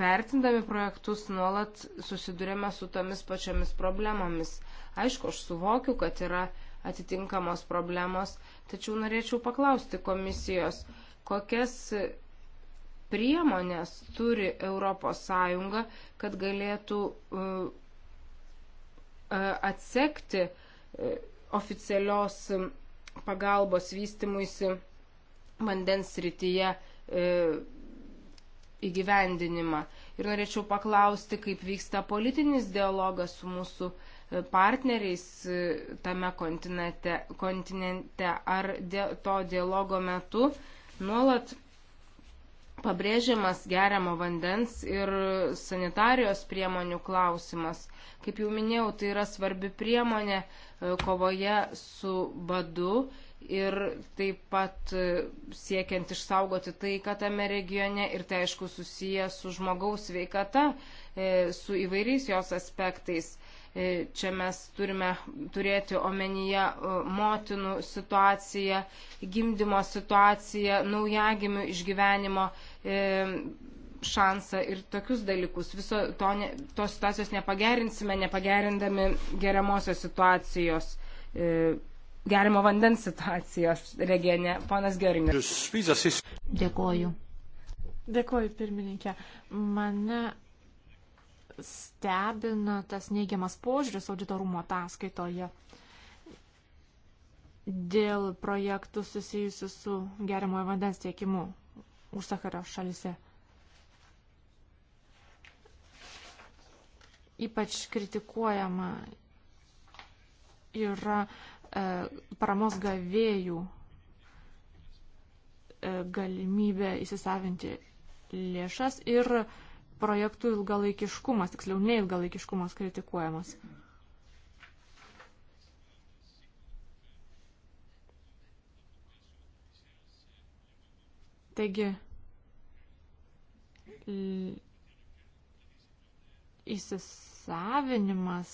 vertindami projektus nuolat susidurėme su tomis pačiomis problemomis. Aišku, aš suvokiu, kad yra atitinkamos problemos, tačiau norėčiau paklausti komisijos, kokias priemonės turi ES, kad galėtų e, e, atsekti oficialios pagalbos vystimuisi vandens srityje e, įgyvendinimą. Ir norėčiau paklausti, kaip vyksta politinis dialogas su mūsų e, partneriais e, tame kontinente, kontinente ar di to dialogo metu nuolat pabrėžiamas geriamo vandens ir sanitarijos priemonių klausimas. Kaip jau minėjau, tai yra svarbi priemonė e, kovoje su badu ir taip pat e, siekiant išsaugoti taiką tame regione ir tai aišku susiję su žmogaus veikata, e, su įvairiais jos aspektais. E, čia mes turime turėti omenyje e, motinų situaciją, gimdymo situaciją, naujagimių išgyvenimo e, šansą ir tokius dalykus. Viso to, ne, tos situacijos nepagerinsime, nepagerindami geriamosios situacijos gerimo vandens situacijos regione. Ponas Geringas. Dėkoju. Dėkoju, pirmininkė. Mane stebina tas neigiamas požiūris auditorumo ataskaitoje dėl projektų susijusių su geriamojo vandens tiekimu už Sakario šalise. Ypač kritikuojama yra e, paramos gavėjų e, galimybė įsisavinti lėšas ir e, projektų ilgalaikiškumas, tiksliau neilgalaikiškumas kritikuojamas. Taigi, įsisavinimas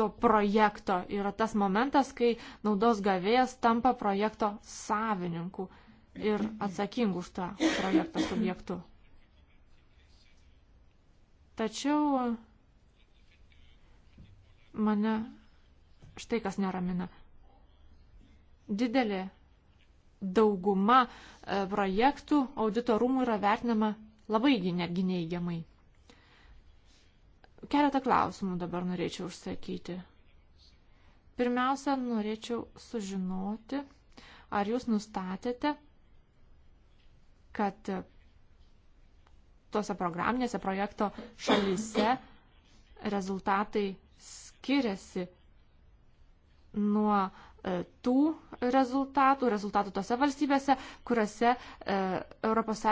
to projekto yra tas momentas, kai naudos gavėjas tampa projekto savininku ir atsakingu už tą projektą subjektu. Tačiau mane štai kas neramina. Didelė dauguma e, projektų auditorumų yra vertinama labai netgi neigiamai. Keletą klausimų dabar norėčiau užsakyti. Pirmiausia, norėčiau sužinoti, ar jūs nustatėte, kad tose programinėse projekto šalyse rezultatai skiriasi nuo e, tų rezultatų, rezultatų tose valstybėse, kuriuose ES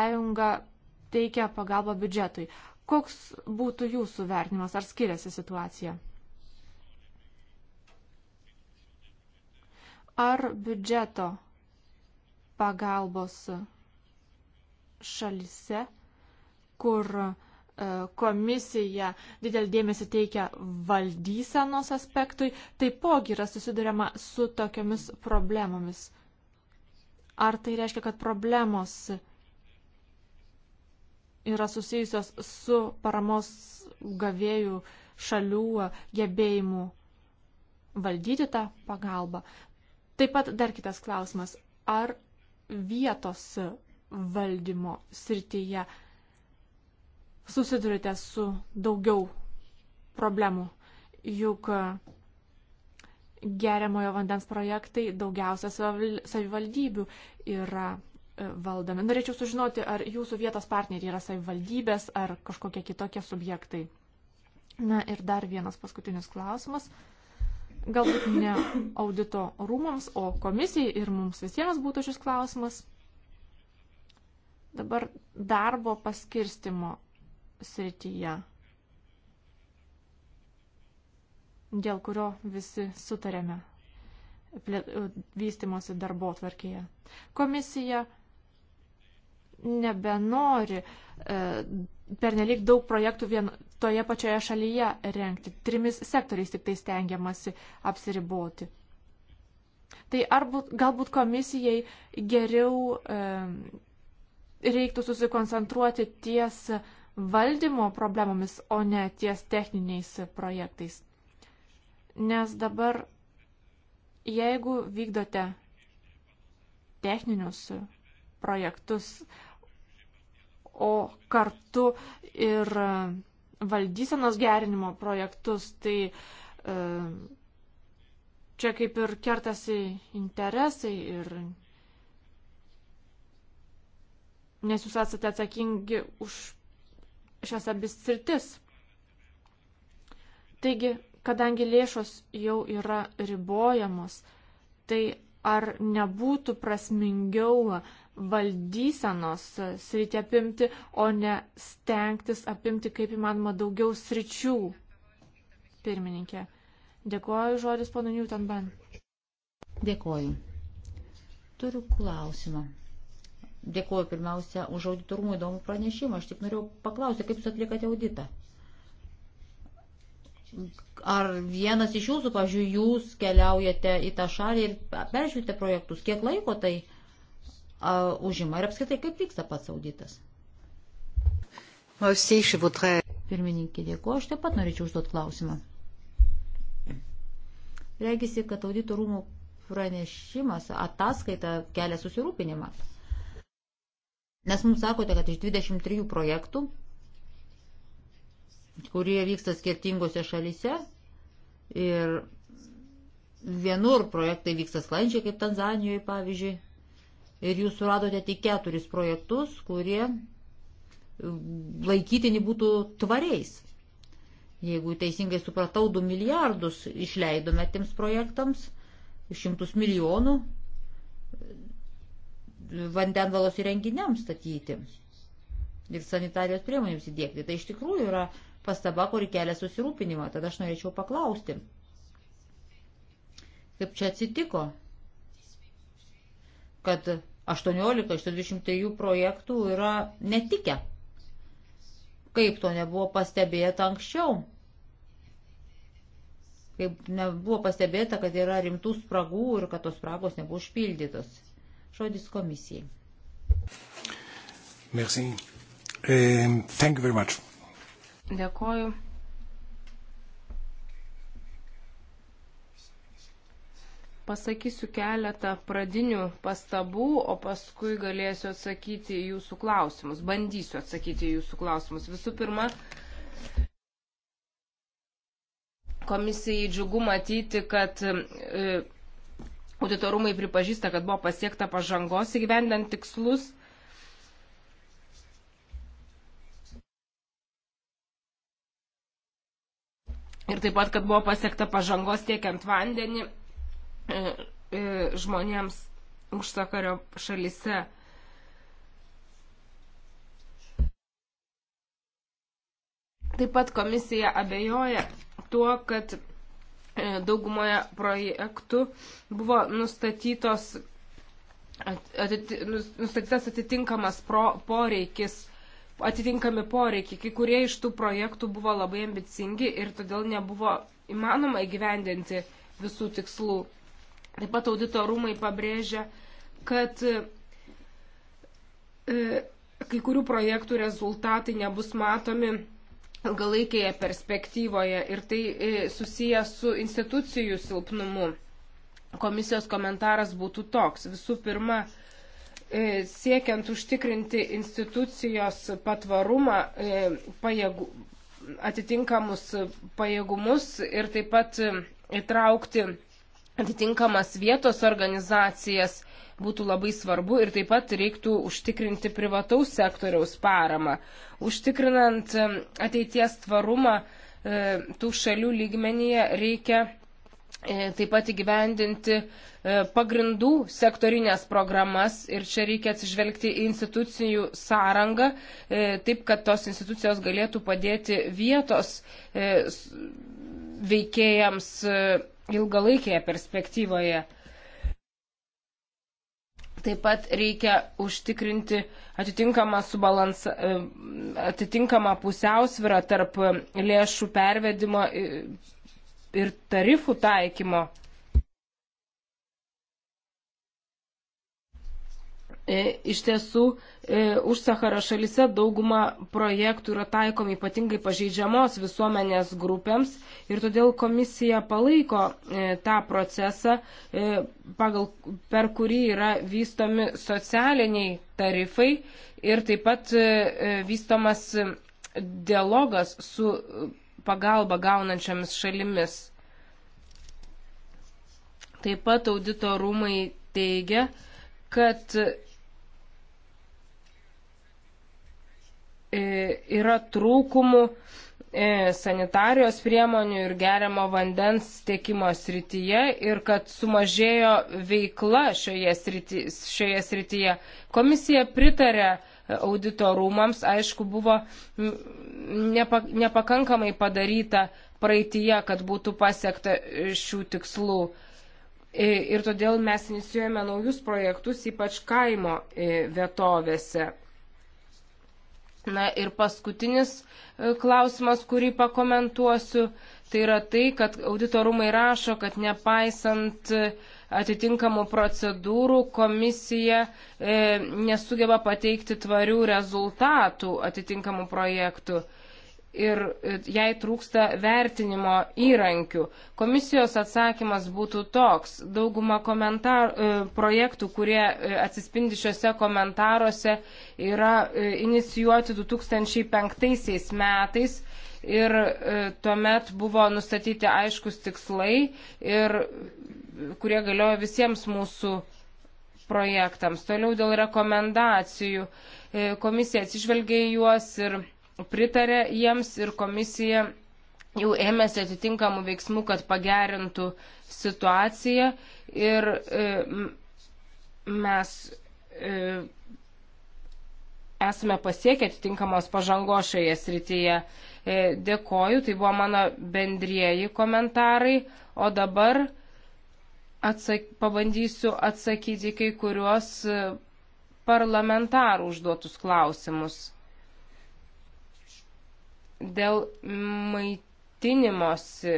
teikia pagalbą biudžetui. Koks būtų jūsų vertinimas, ar skiriasi situacija? Ar biudžeto pagalbos šalise? kur e, komisija didelį dėmesį teikia valdysenos aspektui, taipogi yra susidurima su tokiomis problemomis. Ar tai reiškia, kad problemos yra susijusios su paramos gavėjų šalių gebėjimu valdyti tą pagalbą? Taip pat dar kitas klausimas. Ar vietos valdymo srityje uh, susidurite su daugiau problemų, juk geriamojo vandens projektai daugiausia savivaldybių yra e, valdomi. Norėčiau sužinoti, ar jūsų vietos partneriai yra savivaldybės ar kažkokie kitokie subjektai. Na ir dar vienas paskutinis klausimas. Galbūt ne audito rūmams, o komisijai ir mums visiems būtų šis klausimas. Dabar darbo paskirstimo srityje, dėl kurio visi sutarėme vystimosi darbo tvarkėje. Komisija nebenori e, pernelik daug projektų vien toje pačioje šalyje renkti. Trimis sektoriais tik tai stengiamasi apsiriboti. Tai arbūt, galbūt komisijai geriau e, reiktų susikoncentruoti ties e, valdymo problemomis, o ne ties techniniais projektais. Nes dabar, jeigu vykdote techninius projektus, o kartu ir valdysenos gerinimo projektus, tai e, čia kaip ir kertasi interesai ir nes jūs esate atsakingi už šias abis sritis. Taigi, kadangi lėšos jau yra ribojamos, tai ar nebūtų prasmingiau valdysenos sritį apimti, o ne stengtis apimti kaip įmanoma daugiau sričių. Pirmininkė. Dėkuoju žodis pana Newton Ben. Dėkuoju. Turiu klausimą. Dėkuoju pirmiausia už auditorumų įdomų pranešimą. Aš tik norėjau paklausti, kaip jūs atliekate auditą? Ar vienas iš jūsų, pavyzdžiui, jūs keliaujate į tą šalį ir peržiūrite projektus? Kiek laiko tai a, užima? Ir apskritai, kaip vyksta pats auditas? Pirmininkė, dėkuoju. Aš taip pat norėčiau užduoti klausimą. Regisi, kad auditorumų pranešimas, ataskaita kelia susirūpinimą. Nes mums sakote, kad iš 23 projektų, kurie vyksta skirtingose šalise ir vienur projektai vyksta sklandžiai, kaip Tanzanijoje pavyzdžiui, ir jūs suradote tik keturis projektus, kurie laikytini būtų tvariais. Jeigu teisingai supratau, 2 milijardus išleidome tiems projektams, šimtus milijonų, vandenvalos įrenginiams statyti ir sanitarijos priemonėms įdėkti. Tai iš tikrųjų yra pastaba, kuri kelia susirūpinimą. Tada aš norėčiau paklausti, kaip čia atsitiko, kad 18 iš 23 projektų yra netikę. Kaip to nebuvo pastebėta anksčiau? Kaip nebuvo pastebėta, kad yra rimtų spragų ir kad tos spragos nebuvo užpildytos. Žodis komisijai. Merci. Um, thank you very much. Dėkoju. Pasakysiu keletą pradinių pastabų, o paskui galėsiu atsakyti į jūsų klausimus. Bandysiu atsakyti į jūsų klausimus. Visų pirma, komisijai džiugu matyti, kad e, Auditorumai pripažįsta, kad buvo pasiekta pažangos įgyvendant tikslus. Ir taip pat, kad buvo pasiekta pažangos tiekiant vandenį e, e, žmonėms užsakario šalise. Taip pat komisija abejoja tuo, kad E, daugumoje projektų buvo nustatytos, atiti, nustatytas atitinkamas pro, poreikis, atitinkami poreikiai. Kai kurie iš tų projektų buvo labai ambicingi ir todėl nebuvo įmanoma įgyvendinti visų tikslų. Taip pat audito rūmai pabrėžia, kad e, kai kurių projektų rezultatai nebus matomi ilgalaikėje perspektyvoje ir tai e, susiję su institucijų silpnumu. Komisijos komentaras būtų toks. Visų pirma, e, siekiant užtikrinti institucijos patvarumą, e, pajėgų, atitinkamus pajėgumus ir taip pat įtraukti atitinkamas vietos organizacijas būtų labai svarbu ir taip pat reiktų užtikrinti privataus sektoriaus paramą. Užtikrinant ateities tvarumą e, tų šalių lygmenyje reikia e, taip pat įgyvendinti e, pagrindų sektorinės programas ir čia reikia atsižvelgti į institucijų sąrangą, taip kad tos institucijos galėtų padėti vietos veikėjams ilgalaikėje perspektyvoje. Taip pat reikia užtikrinti atitinkamą, subalans, e, atitinkamą pusiausvyrą tarp lėšų pervedimo ir tarifų taikymo. E, iš tiesų, e, už Sahara šalise dauguma projektų yra taikomi ypatingai pažeidžiamos visuomenės grupėms ir todėl komisija palaiko e, tą procesą, pagal, per kurį yra vystomi socialiniai tarifai ir taip pat vystomas dialogas su pagalba gaunančiamis šalimis. Taip pat audito rūmai teigia, kad E, yra trūkumų e, sanitarijos priemonių ir geriamo vandens tiekimo srityje ir kad sumažėjo veikla šioje, srity, šioje srityje. Komisija pritarė auditorumams, aišku, buvo nepa, nepakankamai padaryta praeitie, kad būtų pasiekta šių tikslų. E, ir todėl mes inicijuojame naujus projektus, ypač kaimo vietovėse. Na ir paskutinis e, klausimas, kurį pakomentuosiu, tai yra tai, kad auditorumai rašo, kad nepaisant e, atitinkamų procedūrų komisija e, nesugeba pateikti tvarių rezultatų atitinkamų projektų. E, ir e, jai trūksta vertinimo įrankių. Komisijos atsakymas būtų toks. Dauguma komentar, e, projektų, kurie e, atsispindi šiuose komentaruose, yra inicijuoti 2005 metais ir tuomet buvo nustatyti aiškus tikslai, ir, kurie galioja visiems mūsų projektams. Toliau dėl rekomendacijų. Komisija atsižvelgia į juos ir pritarė jiems ir komisija jau ėmėsi atitinkamų veiksmų, kad pagerintų situaciją ir e, mes e, esame pasiekę atitinkamos pažangos šioje srityje. E, dėkoju, tai buvo mano bendrieji komentarai, o dabar atsak, pabandysiu atsakyti kai kuriuos e, parlamentarų užduotus klausimus. Dėl maitinimosi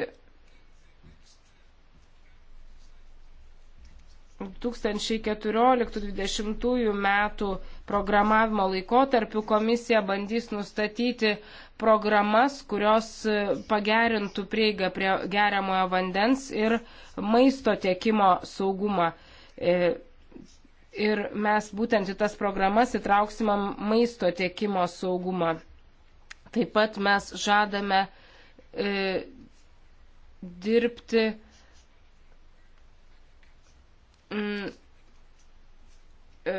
2014-2020 metų programavimo laikotarpiu komisija bandys nustatyti programas, kurios pagerintų prieigą prie geriamojo vandens ir maisto tiekimo saugumą. E, ir mes būtent į tas programas įtrauksime maisto tiekimo saugumą. Taip pat mes žadame e, dirbti m, mm, e,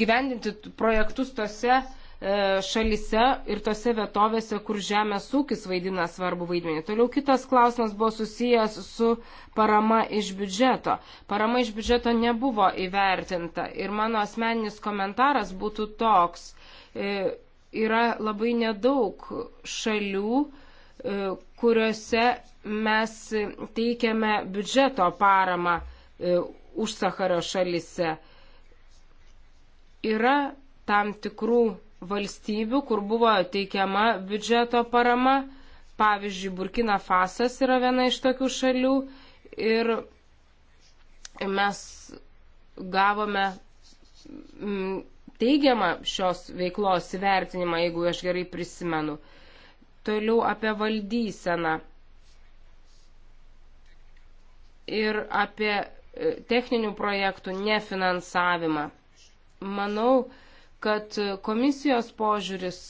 gyvendinti projektus tose e, šalise ir tose vietovėse, kur žemės ūkis vaidina svarbu vaidmenį. Toliau kitas klausimas buvo susijęs su parama iš biudžeto. Parama iš biudžeto nebuvo įvertinta ir mano asmeninis komentaras būtų toks. E, yra labai nedaug šalių, e, kuriuose mes teikiame biudžeto paramą e, už Sakario šalise. Yra tam tikrų valstybių, kur buvo teikiama biudžeto parama. Pavyzdžiui, Burkina Fasas yra viena iš tokių šalių ir mes gavome teigiamą šios veiklos įvertinimą, jeigu aš gerai prisimenu. Toliau apie valdyseną ir apie e, techninių projektų nefinansavimą. Manau, kad komisijos požiūris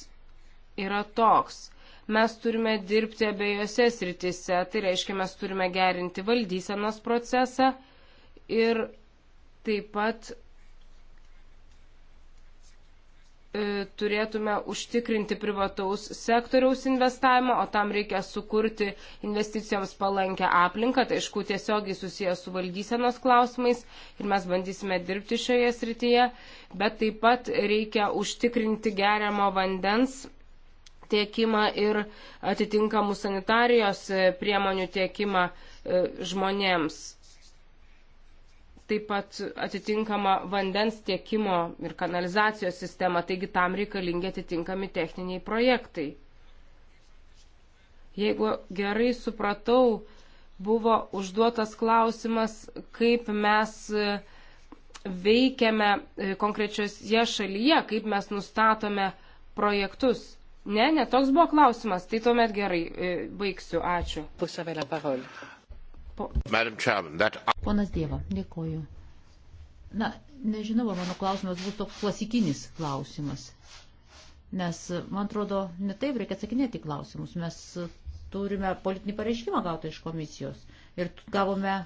yra toks. Mes turime dirbti abiejose sritise, tai reiškia, mes turime gerinti valdysenos procesą ir taip pat E, turėtume užtikrinti privataus sektoriaus investavimą, o tam reikia sukurti investicijoms palankę aplinką, tai aišku tiesiogiai susijęs su valdysenos klausimais ir mes bandysime dirbti šioje srityje, bet taip pat reikia užtikrinti geriamo vandens tiekimą ir atitinkamų sanitarijos e, priemonių tiekimą e, žmonėms taip pat atitinkama vandens tiekimo ir kanalizacijos sistema, taigi tam reikalingi atitinkami techniniai projektai. Jeigu gerai supratau, buvo užduotas klausimas, kaip mes e, veikiame e, konkrečioje šalyje, kaip mes nustatome projektus. Ne, netoks buvo klausimas, tai tuomet gerai, e, baigsiu, ačiū. Pusavėlę parolį. Po... Ponas Dieva, dėkoju. Na, nežinau, mano klausimas bus toks klasikinis klausimas. Nes, man atrodo, netaip reikia atsakinėti klausimus. Mes turime politinį pareiškimą gautą iš komisijos ir gavome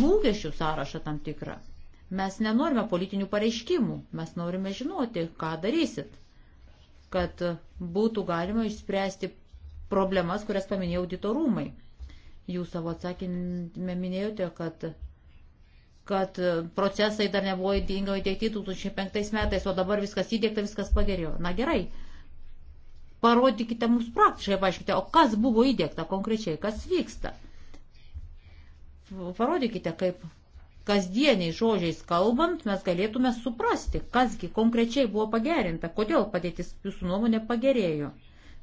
lūkesčių sąrašą tam tikrą. Mes nenorime politinių pareiškimų, mes norime žinoti, ką darysit, kad būtų galima išspręsti problemas, kurias paminėjo auditorumai. Jūs savo atsakymę minėjote, kad, kad procesai dar nebuvo įdingai įdėkti 2005 metais, o dabar viskas įdėkta, viskas pagerėjo. Na gerai, parodykite mums praktiškai, paaiškite, o kas buvo įdėkta konkrečiai, kas vyksta. Parodykite, kaip kasdieniai žodžiais kalbant mes galėtume suprasti, kasgi konkrečiai buvo pagerinta, kodėl padėtis jūsų nuomonė pagerėjo.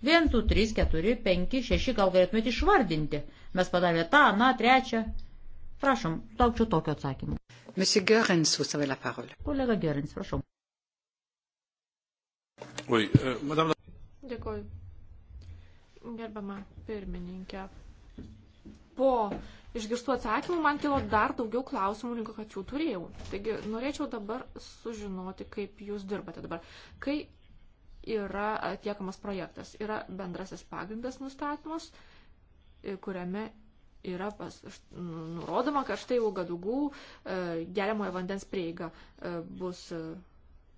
1, 2, 3, 4, 5, 6 gal galėtumėte išvardinti, mes padarė tą, na, trečią. Prašom, laukčiau tokio atsakymo. Monsieur Gerens, vous avez la parole. Kolega Gerens, prašom. Oui, euh, madame... Dėkuoju. Gerbama pirmininkė. Po išgirstų atsakymų man kilo dar daugiau klausimų, negu kad jų turėjau. Taigi norėčiau dabar sužinoti, kaip jūs dirbate dabar. Kai yra atliekamas projektas, yra bendrasis pagrindas nustatymas, uh, kuriame yra pas, nurodoma, kad štai Ugadugų e, geriamojo vandens prieiga e, bus e,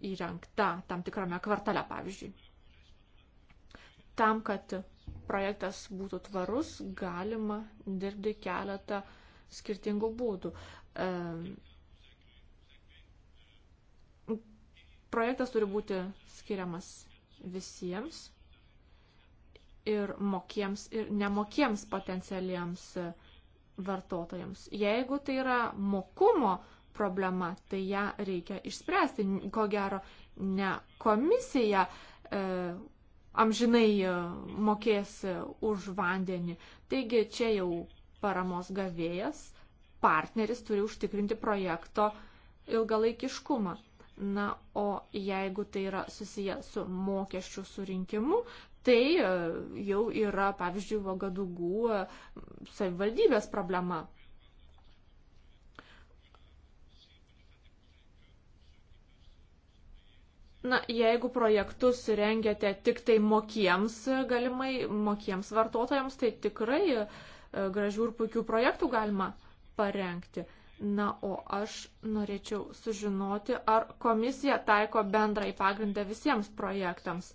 įrengta tam tikrame kvartale, pavyzdžiui. Tam, kad projektas būtų tvarus, galima dirbti keletą skirtingų būdų. Projektas turi būti skiriamas visiems ir mokiems, ir nemokiems potencialiems e, vartotojams. Jeigu tai yra mokumo problema, tai ją reikia išspręsti. Ko gero, ne komisija e, amžinai e, mokės e, už vandenį. Taigi čia jau paramos gavėjas, partneris turi užtikrinti projekto ilgalaikiškumą. Na, o jeigu tai yra susiję su mokesčių surinkimu, Tai e, jau yra, pavyzdžiui, Vogadugų e, savivaldybės problema. Na, jeigu projektus rengiate tik tai mokiems, e, galimai mokiems vartotojams, tai tikrai gražių ir puikių projektų galima parengti. Na, o aš norėčiau sužinoti, ar komisija taiko bendrai pagrindą visiems projektams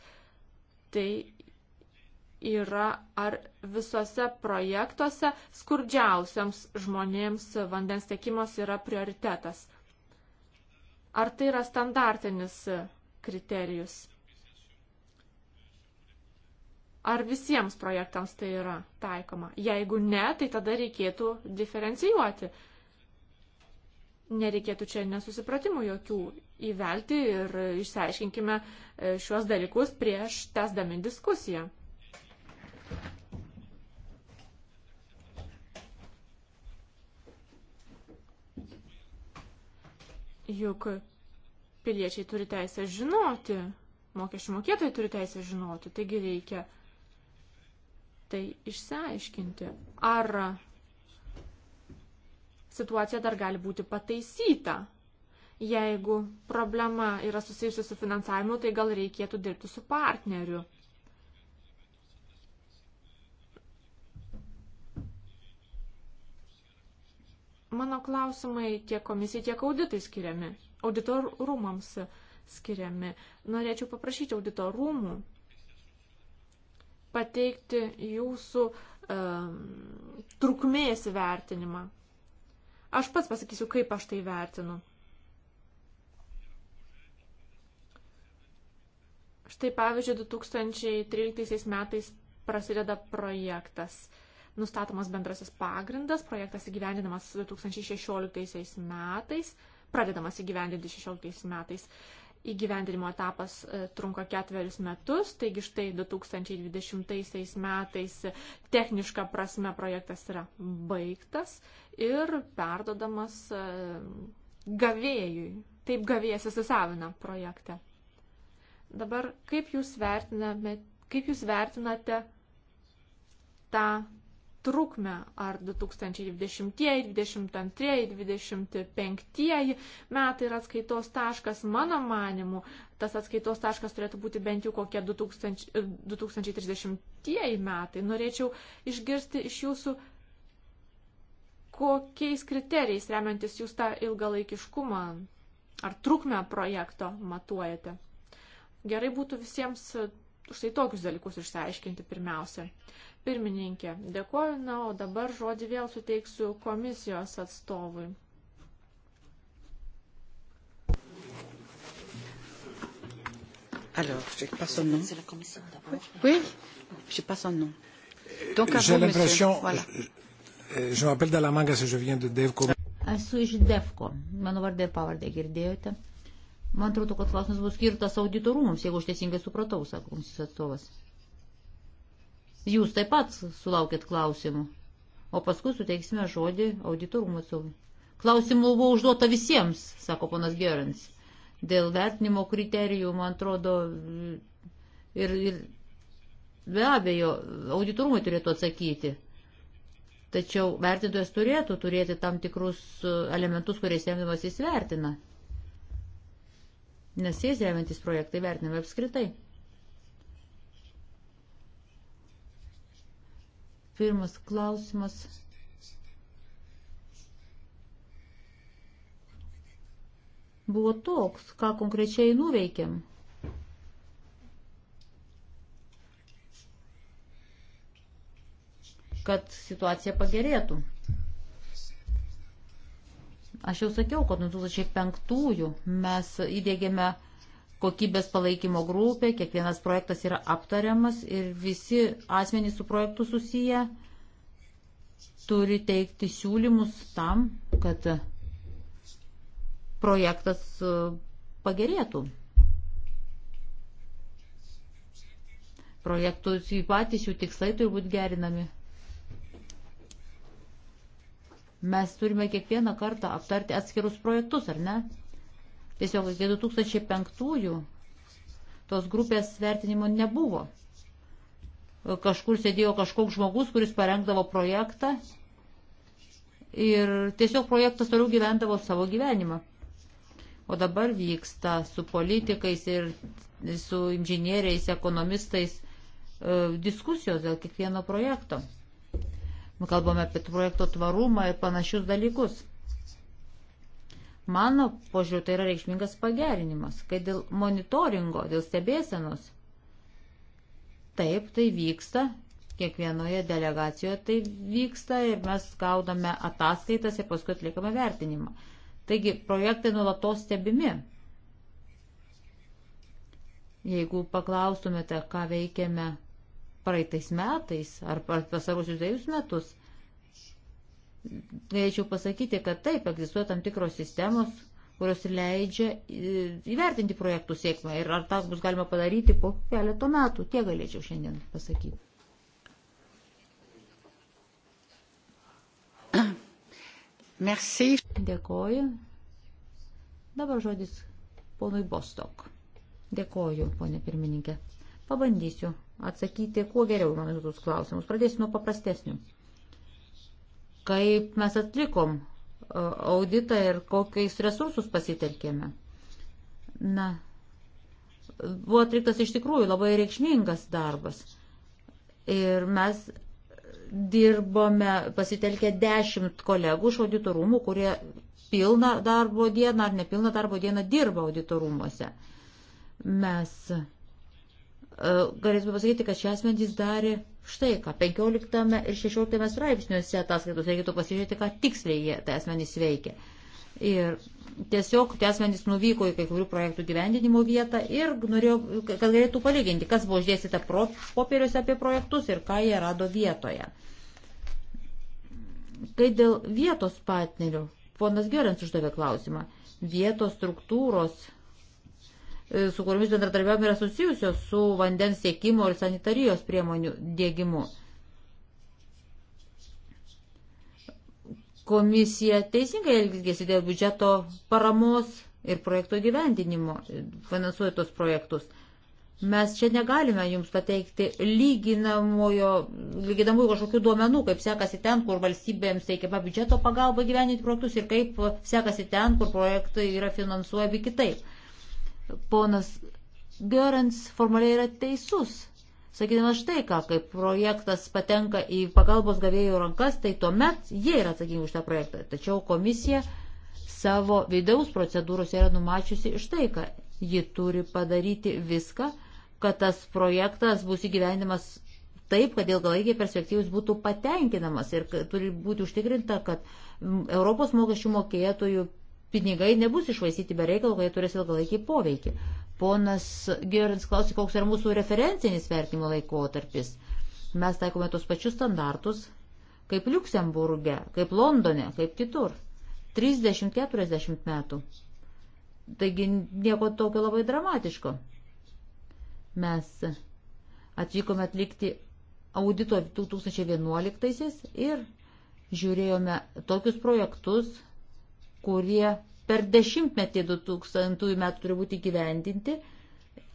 tai yra, ar visose projektuose skurdžiausiams žmonėms vandens tiekimas yra prioritetas. Ar tai yra standartinis kriterijus? Ar visiems projektams tai yra taikoma? Jeigu ne, tai tada reikėtų diferencijuoti nereikėtų čia nesusipratimų jokių įvelti ir išsiaiškinkime e, šiuos dalykus prieš tesdami diskusiją. Juk piliečiai turi teisę žinoti, mokesčių mokėtojai turi teisę žinoti, taigi reikia tai išsiaiškinti. Ar situacija dar gali būti pataisyta. Jeigu problema yra susijusi su finansavimu, tai gal reikėtų dirbti su partneriu. Mano klausimai tiek komisijai, tiek auditai skiriami, auditor rūmams skiriami. Norėčiau paprašyti auditor rūmų pateikti jūsų um, trukmės vertinimą. Aš pats pasakysiu, kaip aš tai vertinu. Štai pavyzdžiui, 2013 metais prasideda projektas. Nustatomas bendrasis pagrindas, projektas įgyvendinamas 2016 metais, pradedamas įgyvendinti 2016 metais. Įgyvendinimo etapas e, trunka ketverius metus, taigi štai 2020 metais techniška prasme projektas yra baigtas ir perdodamas e, gavėjui. Taip gavėjas įsisavina projekte. Dabar kaip jūs, kaip jūs vertinate tą trukmę, ar 2020, 2022, 2025 metai yra atskaitos taškas, mano manimu, tas atskaitos taškas turėtų būti bent jau kokie 2000, 2030 metai. Norėčiau išgirsti iš jūsų kokiais kriterijais remiantis jūs tą ilgalaikiškumą ar trukmę projekto matuojate. Gerai būtų visiems e, štai tokius dalykus išsiaiškinti pirmiausia. Pirmininkė, dėkoju, na, o dabar žodį vėl suteiksiu komisijos atstovui. Alors, je n'ai pas son nom. Oui, oui je n'ai pas son nom. Donc, J'ai l'impression, voilà. Euh, je m'appelle Dalamangas et je viens de Devco. Esu iš Devco. Mano vardą ir pavardę girdėjote. Man atrodo, kad klausimas bus skirtas auditorumams, jeigu aš teisingai supratau, sako mums atstovas. Jūs taip pat sulaukėt klausimų, o paskui suteiksime žodį auditorumų atstovui. Klausimų buvo užduota visiems, sako ponas Gerens. Dėl vertinimo kriterijų, man atrodo, ir, ir be abejo, auditorumai turėtų atsakyti. Tačiau vertintojas turėtų turėti tam tikrus e, elementus, kuriais remiamas jis vertina. Nes jais remiantis projektai vertinami apskritai. Pirmas klausimas. Buvo toks, ką konkrečiai nuveikėm. kad situacija pagerėtų. Aš jau sakiau, kad nuo 2005 mes įdėgėme kokybės palaikymo grupė, kiekvienas projektas yra aptariamas ir visi asmenys su projektu susiję turi teikti siūlymus tam, kad projektas e, pagerėtų. Projektus į patys jų tikslai turi būti gerinami. Mes turime kiekvieną kartą aptarti atskirus projektus, ar ne? Tiesiog iki 2005-ųjų tos grupės vertinimo nebuvo. Kažkur sėdėjo kažkoks žmogus, kuris parengdavo projektą ir tiesiog projektas toliau gyvendavo savo gyvenimą. O dabar vyksta su politikais ir su inžinieriais, ekonomistais e, diskusijos dėl kiekvieno projekto kalbame apie projekto tvarumą ir panašius dalykus. Mano požiūriu, tai yra reikšmingas pagerinimas, kai dėl monitoringo, dėl stebėsenos. Taip, tai vyksta, kiekvienoje delegacijoje tai vyksta ir mes gaudame ataskaitas ir paskui atliekame vertinimą. Taigi projektai nulatos stebimi. Jeigu paklaustumėte, ką veikiame praeitais metais ar pasarusius dviejus metus. Galėčiau pasakyti, kad taip, egzistuoja tam tikros sistemos, kurios leidžia e, įvertinti projektų sėkmę ir ar tą bus galima padaryti po keletą metų. Tie galėčiau šiandien pasakyti. Merci. Dėkoju. Dabar žodis ponui Bostok. Dėkoju, ponė pirmininkė. Pabandysiu atsakyti kuo geriau man visus klausimus. Pradėsiu nuo paprastesnių. Kaip mes atlikom e, auditą ir kokiais resursus pasitelkėme? Na, buvo atliktas iš tikrųjų labai reikšmingas darbas. Ir mes dirbome pasitelkę dešimt kolegų iš auditorumų, kurie pilną darbo dieną ar nepilną darbo dieną dirba auditorumuose. Mes E, galėtume pasakyti, kad šie asmenys darė štai ką 15 ir 16 straipsniuose ataskaitos reikėtų pasižiūrėti, ką tiksliai jie tai asmenys veikia. Ir tiesiog tie asmenys nuvyko į kai kurių projektų gyvendinimo vietą ir norėjo, kad galėtų palyginti, kas buvo išdėstyta popieriuose apie projektus ir ką jie rado vietoje. Kai dėl vietos partnerių, ponas Gerens uždavė klausimą, vietos struktūros E, su kuriomis bendradarbiavime yra susijusios su vandens tiekimo ir sanitarijos priemonių dėgymu. Komisija teisingai elgėsi dėl biudžeto paramos ir projekto gyvendinimo, e, finansuoja tos projektus. Mes čia negalime jums pateikti lyginamojo, lyginamųjų kažkokių duomenų, kaip sekasi ten, kur valstybėms teikiama biudžeto pagalba gyveninti projektus ir kaip sekasi ten, kur projektai yra finansuojami kitaip ponas Görans formaliai yra teisus. Sakydamas štai ką, kai projektas patenka į pagalbos gavėjų rankas, tai tuomet jie yra atsakingi už tą projektą. Tačiau komisija savo vidaus procedūros yra numačiusi štai ką. Ji turi padaryti viską, kad tas projektas bus įgyvendimas taip, kad ilgalaikiai perspektyvus būtų patenkinamas ir turi būti užtikrinta, kad Europos mokesčių mokėtojų pinigai nebus išvaistyti be reikalo, kai jie turės ilgalaikį poveikį. Ponas Gerins klausė, koks yra mūsų referencinis vertimo laikotarpis. Mes taikome tos pačius standartus kaip Luksemburge, kaip Londone, kaip kitur. 30-40 metų. Taigi nieko tokio labai dramatiško. Mes atvykome atlikti audito 2011 ir žiūrėjome tokius projektus, kurie per dešimtmetį 2000 metų turi būti gyvendinti.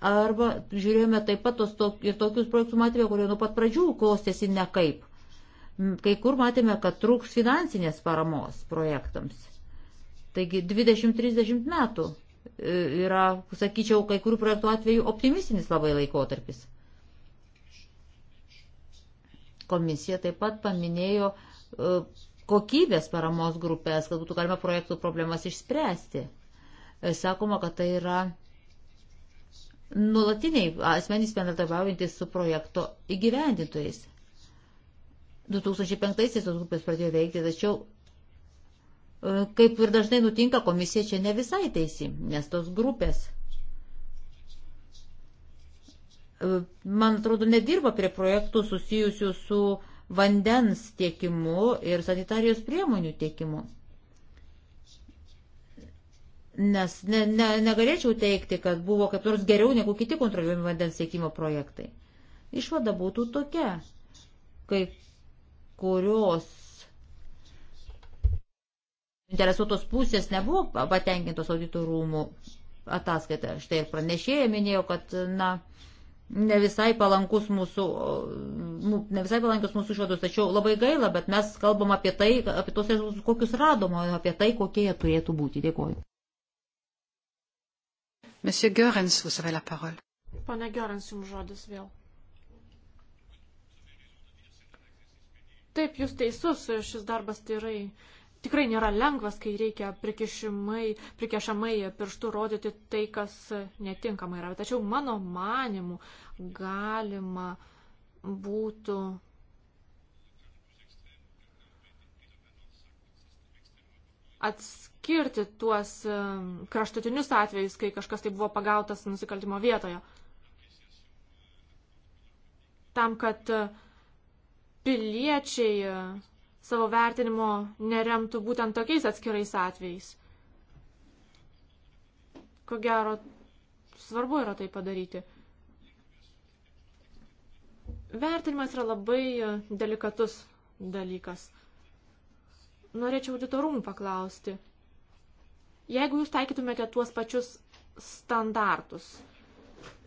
Arba žiūrėjome taip pat tos, to, ir tokius projektus matėme, kurie nuo pat pradžių klostėsi nekaip. Kai kur matėme, kad trūks finansinės paramos projektams. Taigi 20-30 metų e, yra, sakyčiau, kai kurių projektų atveju optimistinis labai laikotarpis. Komisija taip pat paminėjo e, kokybės paramos grupės, kad būtų galima projektų problemas išspręsti. E, sakoma, kad tai yra nulatiniai asmenys bendradarbiaujantis su projekto įgyvendintojais. 2005-aisiais tos grupės pradėjo veikti, tačiau e, kaip ir dažnai nutinka, komisija čia ne visai teisi, nes tos grupės, e, man atrodo, nedirba prie projektų susijusių su vandens tiekimu ir sanitarijos priemonių tiekimu. Nes ne, ne, negalėčiau teikti, kad buvo kaip nors geriau negu kiti kontroliuojami vandens tiekimo projektai. Išvada būtų tokia, kai kurios interesuotos pusės nebuvo patenkintos auditorų rūmų ataskaita. Štai ir pranešėja minėjo, kad, na, ne visai palankus mūsų, ne visai palankus mūsų išvados, tačiau labai gaila, bet mes kalbam apie tai, apie tos rezultatus, kokius radom, apie tai, kokie jie turėtų būti. Dėkuoju. Monsieur Görens, vous avez la parole. Pane Görens, jums žodis vėl. Taip, jūs teisus, šis darbas tyrai. Tai tikrai nėra lengvas, kai reikia prikešamai pirštų rodyti tai, kas netinkama yra. Tačiau mano manimu galima būtų atskirti tuos kraštutinius atvejus, kai kažkas tai buvo pagautas nusikaltimo vietoje. Tam, kad piliečiai savo vertinimo neremtų būtent tokiais atskirais atvejais. Ko gero, svarbu yra tai padaryti. Vertinimas yra labai delikatus dalykas. Norėčiau auditorumų paklausti. Jeigu jūs taikytumėte tuos pačius standartus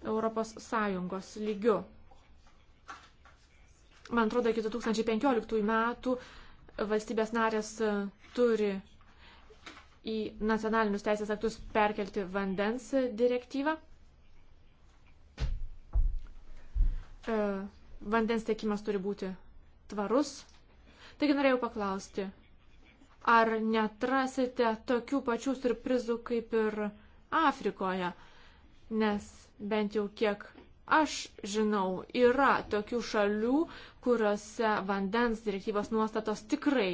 Europos Sąjungos lygiu, man atrodo, iki 2015 metų valstybės narės e, turi į nacionalinius teisės aktus perkelti vandens direktyvą. E, vandens tiekimas turi būti tvarus. Taigi norėjau paklausti, ar netrasite tokių pačių surprizų kaip ir Afrikoje, nes bent jau kiek aš žinau, yra tokių šalių, kuriuose vandens direktyvos nuostatos tikrai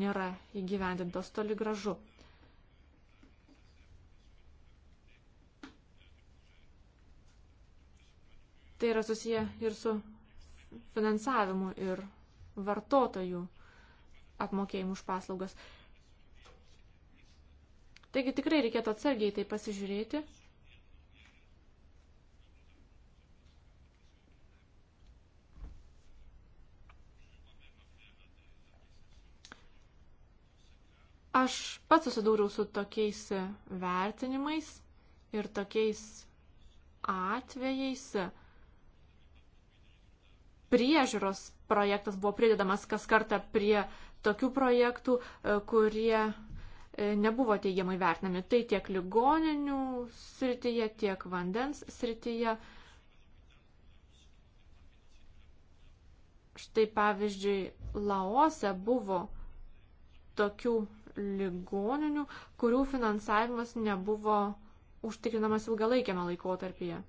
nėra įgyvendintos toli gražu. Tai yra susiję ir su finansavimu ir vartotojų apmokėjimu už paslaugas. Taigi tikrai reikėtų atsargiai tai pasižiūrėti. Aš pats susidūriau su tokiais vertinimais ir tokiais atvejais. Priežiūros projektas buvo pridedamas kas kartą prie tokių projektų, e, kurie e, nebuvo teigiamai vertinami. Tai tiek ligoninių srityje, tiek vandens srityje. Štai pavyzdžiui, Laose buvo tokių ligoninių, kurių finansavimas nebuvo užtikrinamas ilgalaikiame laikotarpyje.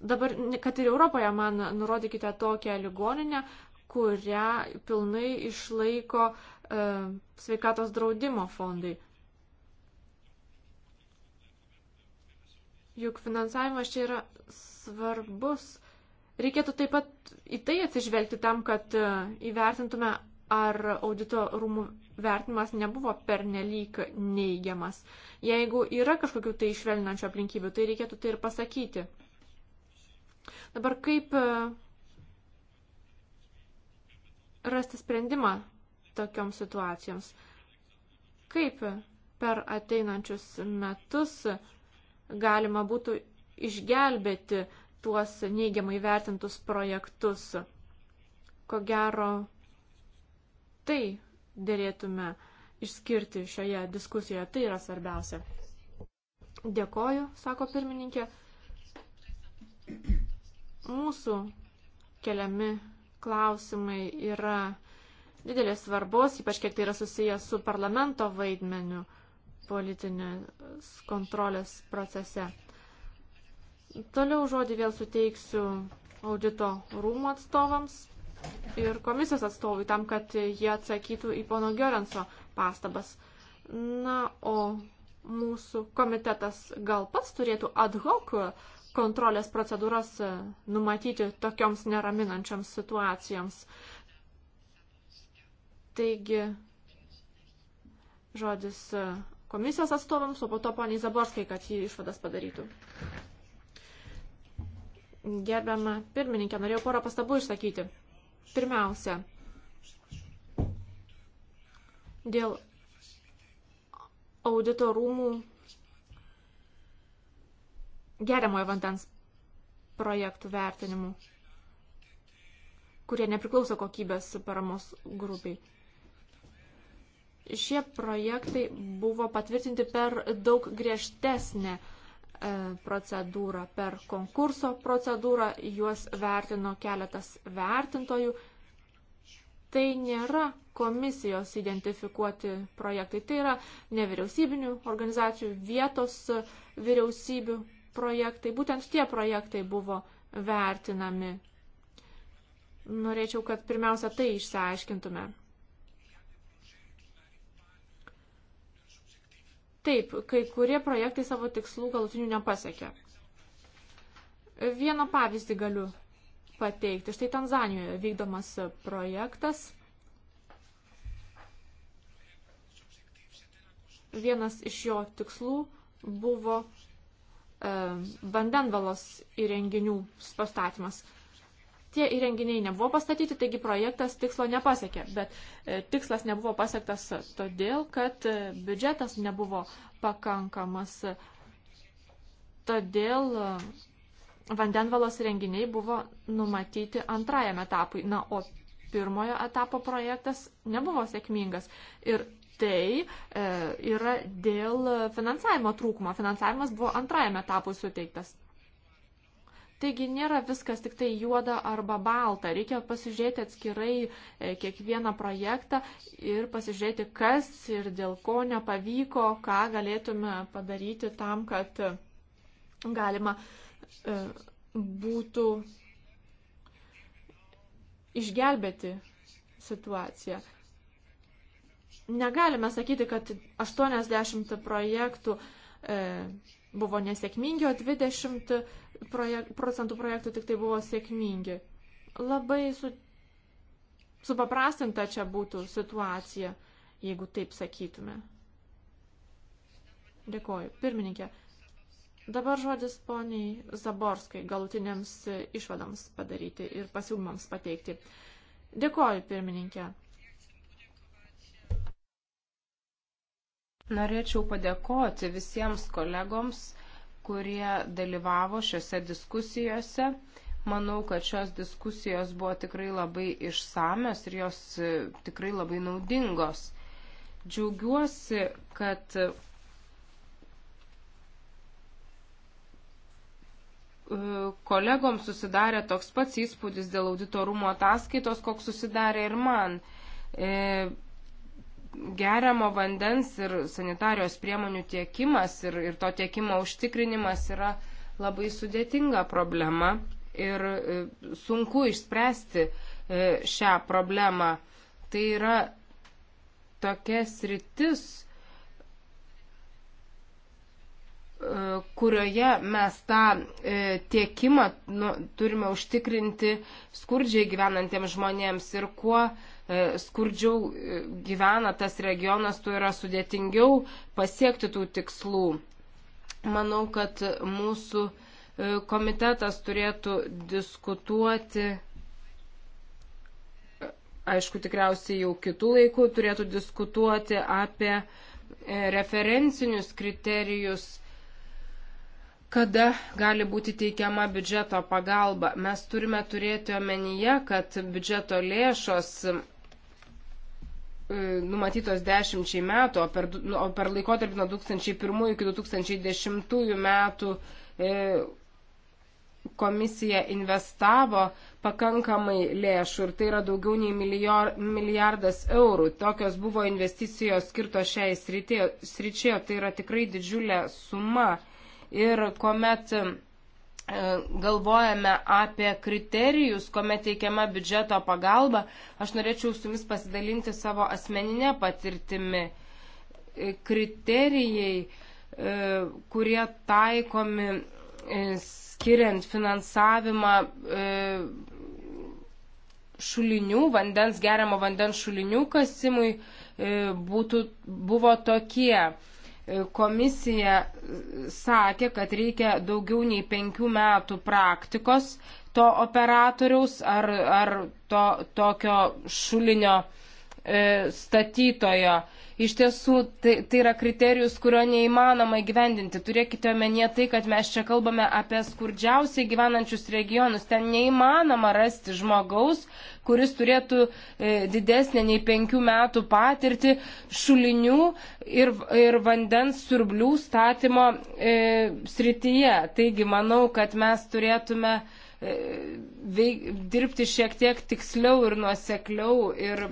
Dabar, kad ir Europoje man nurodykite tokią ligoninę, kurią pilnai išlaiko e, sveikatos draudimo fondai. Juk finansavimas čia yra svarbus. Reikėtų taip pat į tai atsižvelgti tam, kad e, įvertintume, ar audito rūmų vertinimas nebuvo pernelyg neigiamas. Jeigu yra kažkokių tai išvelninančių aplinkybių, tai reikėtų tai ir pasakyti. Dabar kaip e, rasti sprendimą tokioms situacijoms? Kaip per ateinančius metus galima būtų išgelbėti tuos neigiamai vertintus projektus? Ko gero, tai dėlėtume išskirti šioje diskusijoje. Tai yra svarbiausia. Dėkoju, sako pirmininkė. Mūsų keliami klausimai yra didelės svarbos, ypač kiek tai yra susijęs su parlamento vaidmeniu politinės kontrolės procese. Toliau žodį vėl suteiksiu audito rūmų atstovams ir komisijos atstovui tam, kad jie atsakytų į pono Gerenso pastabas. Na, o mūsų komitetas gal pats turėtų ad hoc kontrolės procedūras e, numatyti tokioms neraminančioms situacijoms. Taigi, žodis e, komisijos atstovams, o po to poniai Zaborskai, kad jį išvadas padarytų. Gerbiamą pirmininkę, norėjau porą pastabų išsakyti. Pirmiausia, dėl audito rūmų geriamojo vandens projektų vertinimų, kurie nepriklauso kokybės paramos grupiai. Šie projektai buvo patvirtinti per daug griežtesnę uh, E, procedūrą, per konkurso procedūrą, juos vertino keletas vertintojų. Tai nėra komisijos identifikuoti projektai, tai yra nevyriausybinių organizacijų, vietos vyriausybių projektai. Būtent tie projektai buvo vertinami. Norėčiau, kad pirmiausia tai išsiaiškintume. Taip, kai kurie projektai savo tikslų galutinių nepasiekia. Vieną pavyzdį galiu pateikti. Štai Tanzanijoje vykdomas projektas. Vienas iš jo tikslų buvo e, vandenvalos įrenginių pastatymas. Tie įrenginiai nebuvo pastatyti, taigi projektas tikslo nepasiekė. Bet e, tikslas nebuvo pasiektas todėl, kad e, biudžetas nebuvo pakankamas. Todėl e, vandenvalos renginiai buvo numatyti antrajam etapui. Na, o pirmojo etapo projektas nebuvo sėkmingas. Ir tai e, yra dėl finansavimo trūkumo. Finansavimas buvo antrajam etapui suteiktas. Taigi nėra viskas tik tai juoda arba balta. Reikia pasižiūrėti atskirai e, kiekvieną projektą ir pasižiūrėti, kas ir dėl ko nepavyko, ką galėtume padaryti tam, kad galima e, būtų išgelbėti situaciją negalime sakyti, kad 80 projektų e, buvo nesėkmingi, o 20 projek procentų projektų tik tai buvo sėkmingi. Labai su, supaprastinta čia būtų situacija, jeigu taip sakytume. Dėkoju. Pirmininkė. Dabar žodis poniai Zaborskai galutiniams išvadams padaryti ir pasiūlymams pateikti. Dėkoju, pirmininkė. Norėčiau padėkoti visiems kolegoms, kurie dalyvavo šiuose diskusijose. Manau, kad šios diskusijos buvo tikrai labai išsamios ir jos e, tikrai labai naudingos. Džiaugiuosi, kad e, kolegom susidarė toks pats įspūdis dėl auditorumo ataskaitos, koks susidarė ir man e, geriamo vandens ir sanitarijos priemonių tiekimas ir, ir to tiekimo užtikrinimas yra labai sudėtinga problema ir e, sunku išspręsti e, šią problemą. Tai yra tokia sritis, e, kurioje mes tą tiekimą nu, turime užtikrinti skurdžiai gyvenantiems žmonėms ir kuo uh, E, skurdžiau e, gyvena tas regionas, tuo yra sudėtingiau pasiekti tų tikslų. Manau, kad mūsų e, komitetas turėtų diskutuoti, aišku, tikriausiai jau kitų laikų turėtų diskutuoti apie referencinius kriterijus kada gali būti teikiama biudžeto pagalba. Mes turime turėti omenyje, kad biudžeto lėšos E, numatytos dešimčiai metų, o per, nu, o per laikotarpį nuo 2001 iki 2010 metų e, komisija investavo pakankamai lėšų ir tai yra daugiau nei milijardas eurų. Tokios buvo investicijos skirtos šiai sričiai, o tai yra tikrai didžiulė suma. Ir kuomet E, galvojame apie kriterijus, kuomet teikiama biudžeto pagalba, aš norėčiau su jumis pasidalinti savo asmeninę patirtimi. E, kriterijai, e, kurie taikomi skiriant finansavimą šulinių, vandens, geriamo vandens šulinių kasimui, būtų, buvo tokie Komisija sakė, kad reikia daugiau nei penkių metų praktikos to operatoriaus ar, ar to tokio šulinio e, statytojo. Iš tiesų, tai, tai yra kriterijus, kurio neįmanoma įgyvendinti. Turėkite omenyje tai, kad mes čia kalbame apie skurdžiausiai gyvenančius regionus. Ten neįmanoma rasti žmogaus, kuris turėtų e, didesnę nei penkių metų patirtį šulinių ir, ir vandens siurblių statymo e, srityje. Taigi, manau, kad mes turėtume e, veik, dirbti šiek tiek tiksliau ir nuosekliau ir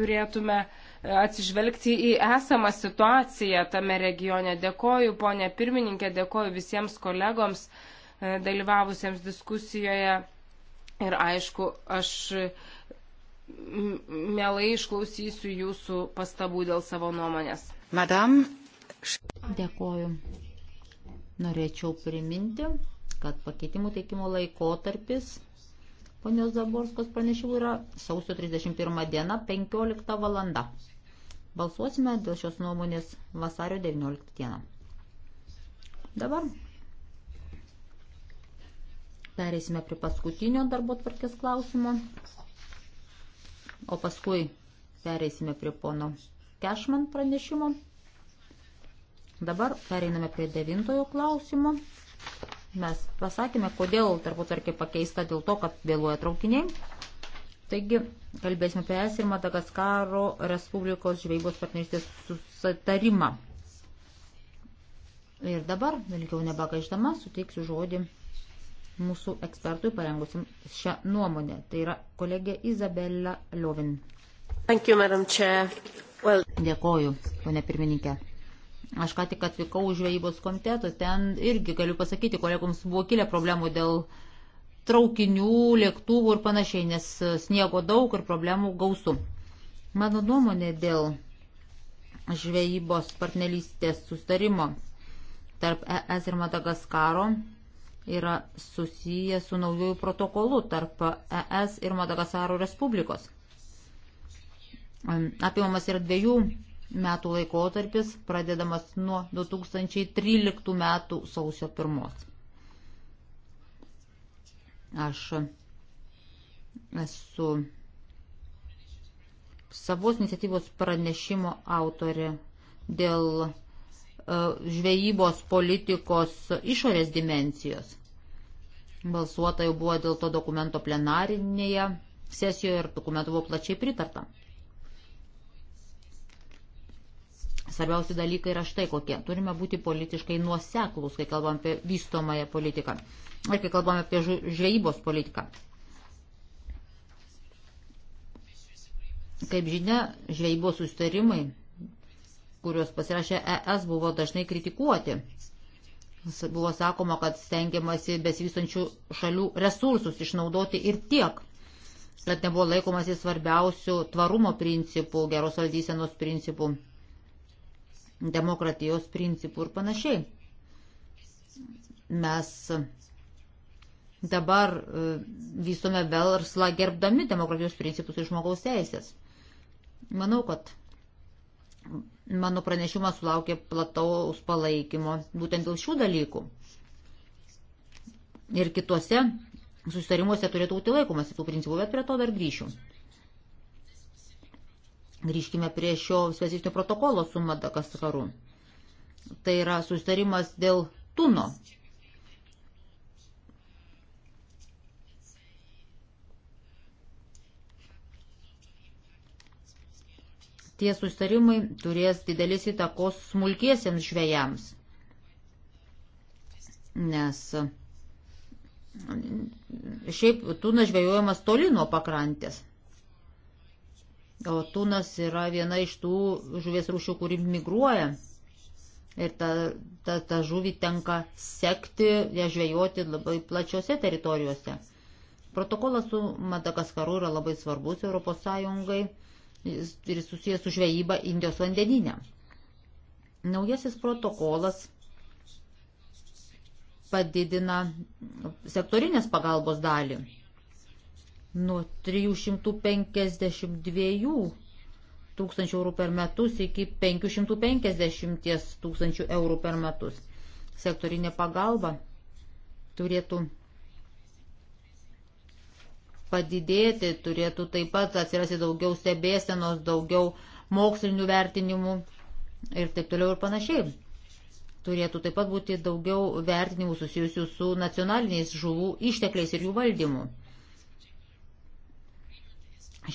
turėtume e, atsižvelgti į esamą situaciją tame regione. Dėkoju, ponė pirmininkė, dėkoju visiems kolegoms e, dalyvavusiems diskusijoje. Ir aišku, aš mielai išklausysiu jūsų pastabų dėl savo nuomonės. Madam. Dėkoju. Norėčiau priminti, kad pakeitimų teikimo laikotarpis ponios Zaborskos pranešimų yra sausio 31 diena 15 valanda. Balsuosime dėl šios nuomonės vasario 19 dieną. Dabar pereisime prie paskutinio darbo tvarkės klausimo, o paskui pereisime prie pono Kešman pranešimo. Dabar pereiname prie devintojo klausimo. Mes pasakėme, kodėl tarputvarkė pakeista dėl to, kad vėluoja traukiniai. Taigi, kalbėsime apie ES ir Madagaskaro Respublikos žvejybos partnerystės susitarimą. Ir dabar, vėliau nebagaiždama, suteiksiu žodį mūsų ekspertui parengusim šią nuomonę. Tai yra kolegė Izabela Liovin. Thank you, Madam Chair. Well... Dėkoju, ponė pirmininkė. Aš ką tik atvykau žvejybos komiteto, ten irgi galiu pasakyti, kolegoms buvo kilę problemų dėl uh, traukinių, lėktuvų ir panašiai, nes e, sniego daug ir problemų gausu. Mano nuomonė dėl žvejybos partnerystės sustarimo tarp ES ir Madagaskaro yra susijęs su naujųjų protokolu tarp ES ir Madagaskaro Respublikos. Apimamas yra dviejų metų laikotarpis, pradedamas nuo 2013 metų sausio 1. Aš esu savos iniciatyvos pranešimo autorė dėl e, žvejybos politikos išorės dimencijos. Balsuota jau buvo dėl to dokumento plenarinėje sesijoje ir dokumentų buvo plačiai pritarta. Svarbiausi dalykai yra štai kokie. Turime būti politiškai nuoseklus, kai kalbam apie vystomąją politiką ir kai kalbame apie žvejybos politiką. Kaip žinia, žvejybos sustarimai, kuriuos pasirašė ES, buvo dažnai kritikuoti. Buvo sakoma, kad stengiamasi besivystančių šalių resursus išnaudoti ir tiek, kad nebuvo laikomasi svarbiausių tvarumo principų, geros valdysenos principų, demokratijos principų ir panašiai. Mes dabar e, vystome verslą gerbdami demokratijos principus ir žmogaus teisės. Manau, kad mano pranešimas sulaukė plataus palaikymo būtent dėl šių dalykų. Ir kituose susitarimuose turėtų būti laikomasi tų principų, bet prie to dar grįšiu. Grįžkime prie šio specifinio protokolo su Madagaskaru. Tai yra susitarimas dėl Tuno tie sustarimai turės didelis įtakos smulkiesiems žvėjams. Nes mm, šiaip tūnas žvejojamas toli nuo pakrantės. O tūnas yra viena iš tų žuvies rūšių, kuri migruoja. Ir tą, tą, tą žuvį tenka sekti, ją žvejoti labai plačiose teritorijose. Protokolas su Madagaskaru yra labai svarbus ES ir susijęs su žvejyba Indijos vandeninė. Naujasis protokolas padidina sektorinės pagalbos dalį nuo 352 tūkstančių eurų per metus iki 550 tūkstančių eurų per metus. Sektorinė pagalba turėtų padidėti, turėtų taip pat atsirasti daugiau stebėsenos, daugiau mokslinių vertinimų ir taip toliau ir panašiai. Turėtų taip pat būti daugiau vertinimų susijusių su nacionaliniais žuvų ištekliais ir jų valdymu.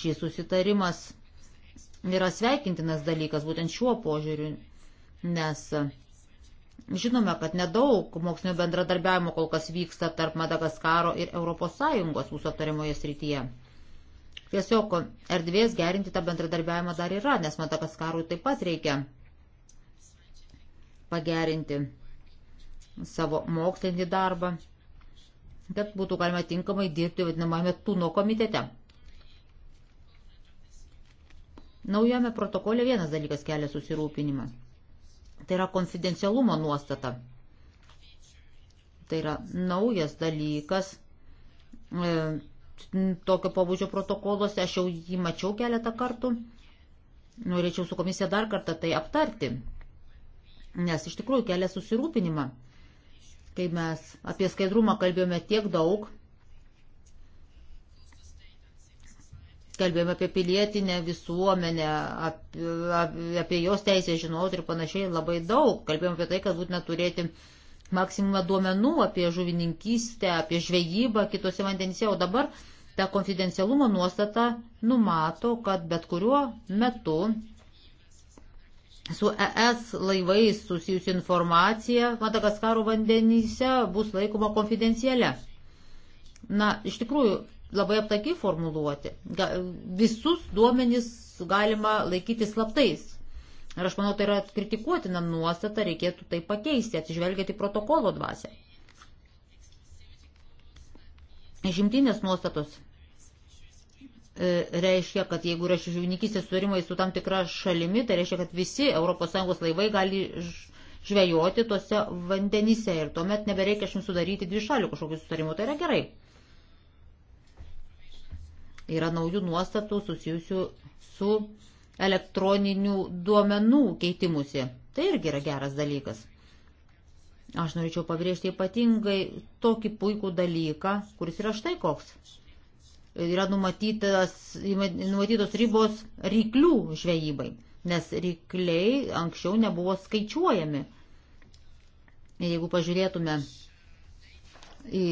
Šis susitarimas yra sveikintinas dalykas būtent šiuo požiūriu, nes Žinome, kad nedaug mokslinio bendradarbiavimo kol kas vyksta tarp Madagaskaro ir ES mūsų aptariamoje srityje. Tiesiog erdvės gerinti tą bendradarbiavimą dar yra, nes Madagaskarui taip pat reikia pagerinti savo mokslinį darbą, kad būtų galima tinkamai dirbti vadinamame Tuno komitete. Naujame protokole vienas dalykas kelia susirūpinimą. Tai yra konfidencialumo nuostata. Tai yra naujas dalykas e, tokio pabudžio protokoluose. Aš jau jį mačiau keletą kartų. Norėčiau su komisija dar kartą tai aptarti. Nes iš tikrųjų kelia susirūpinimą, kai mes apie skaidrumą kalbėjome tiek daug kalbėjome apie pilietinę visuomenę, apie, apie jos teisę žinoti ir panašiai labai daug. Kalbėjome apie tai, kad būtina turėti maksimumą duomenų apie žuvininkystę, apie žvejybą kitose vandenyse, o dabar ta konfidencialumo nuostata numato, kad bet kuriuo metu su ES laivais susijusi informacija Madagaskaro vandenyse bus laikoma konfidencialia. Na, iš tikrųjų, labai aptakiai formuluoti. Visus duomenys galima laikyti slaptais. Ir aš manau, tai yra kritikuotina nuostata, reikėtų tai pakeisti, atsižvelgiant į protokolo dvasę. Žimtinės nuostatos e, reiškia, kad jeigu yra žuvininkystės sutarimai su tam tikra šalimi, tai reiškia, kad visi ES laivai gali žvejoti tose vandenyse ir tuomet nebereikia šiandien sudaryti dvi šalių kažkokių sutarimų. Tai yra gerai. Yra naujų nuostatų susijusių su elektroninių duomenų keitimusi. Tai irgi yra geras dalykas. Aš norėčiau pabrėžti ypatingai tokį puikų dalyką, kuris yra štai koks. Yra numatytos ribos ryklių žvejybai, nes rykliai anksčiau nebuvo skaičiuojami. Jeigu pažiūrėtume į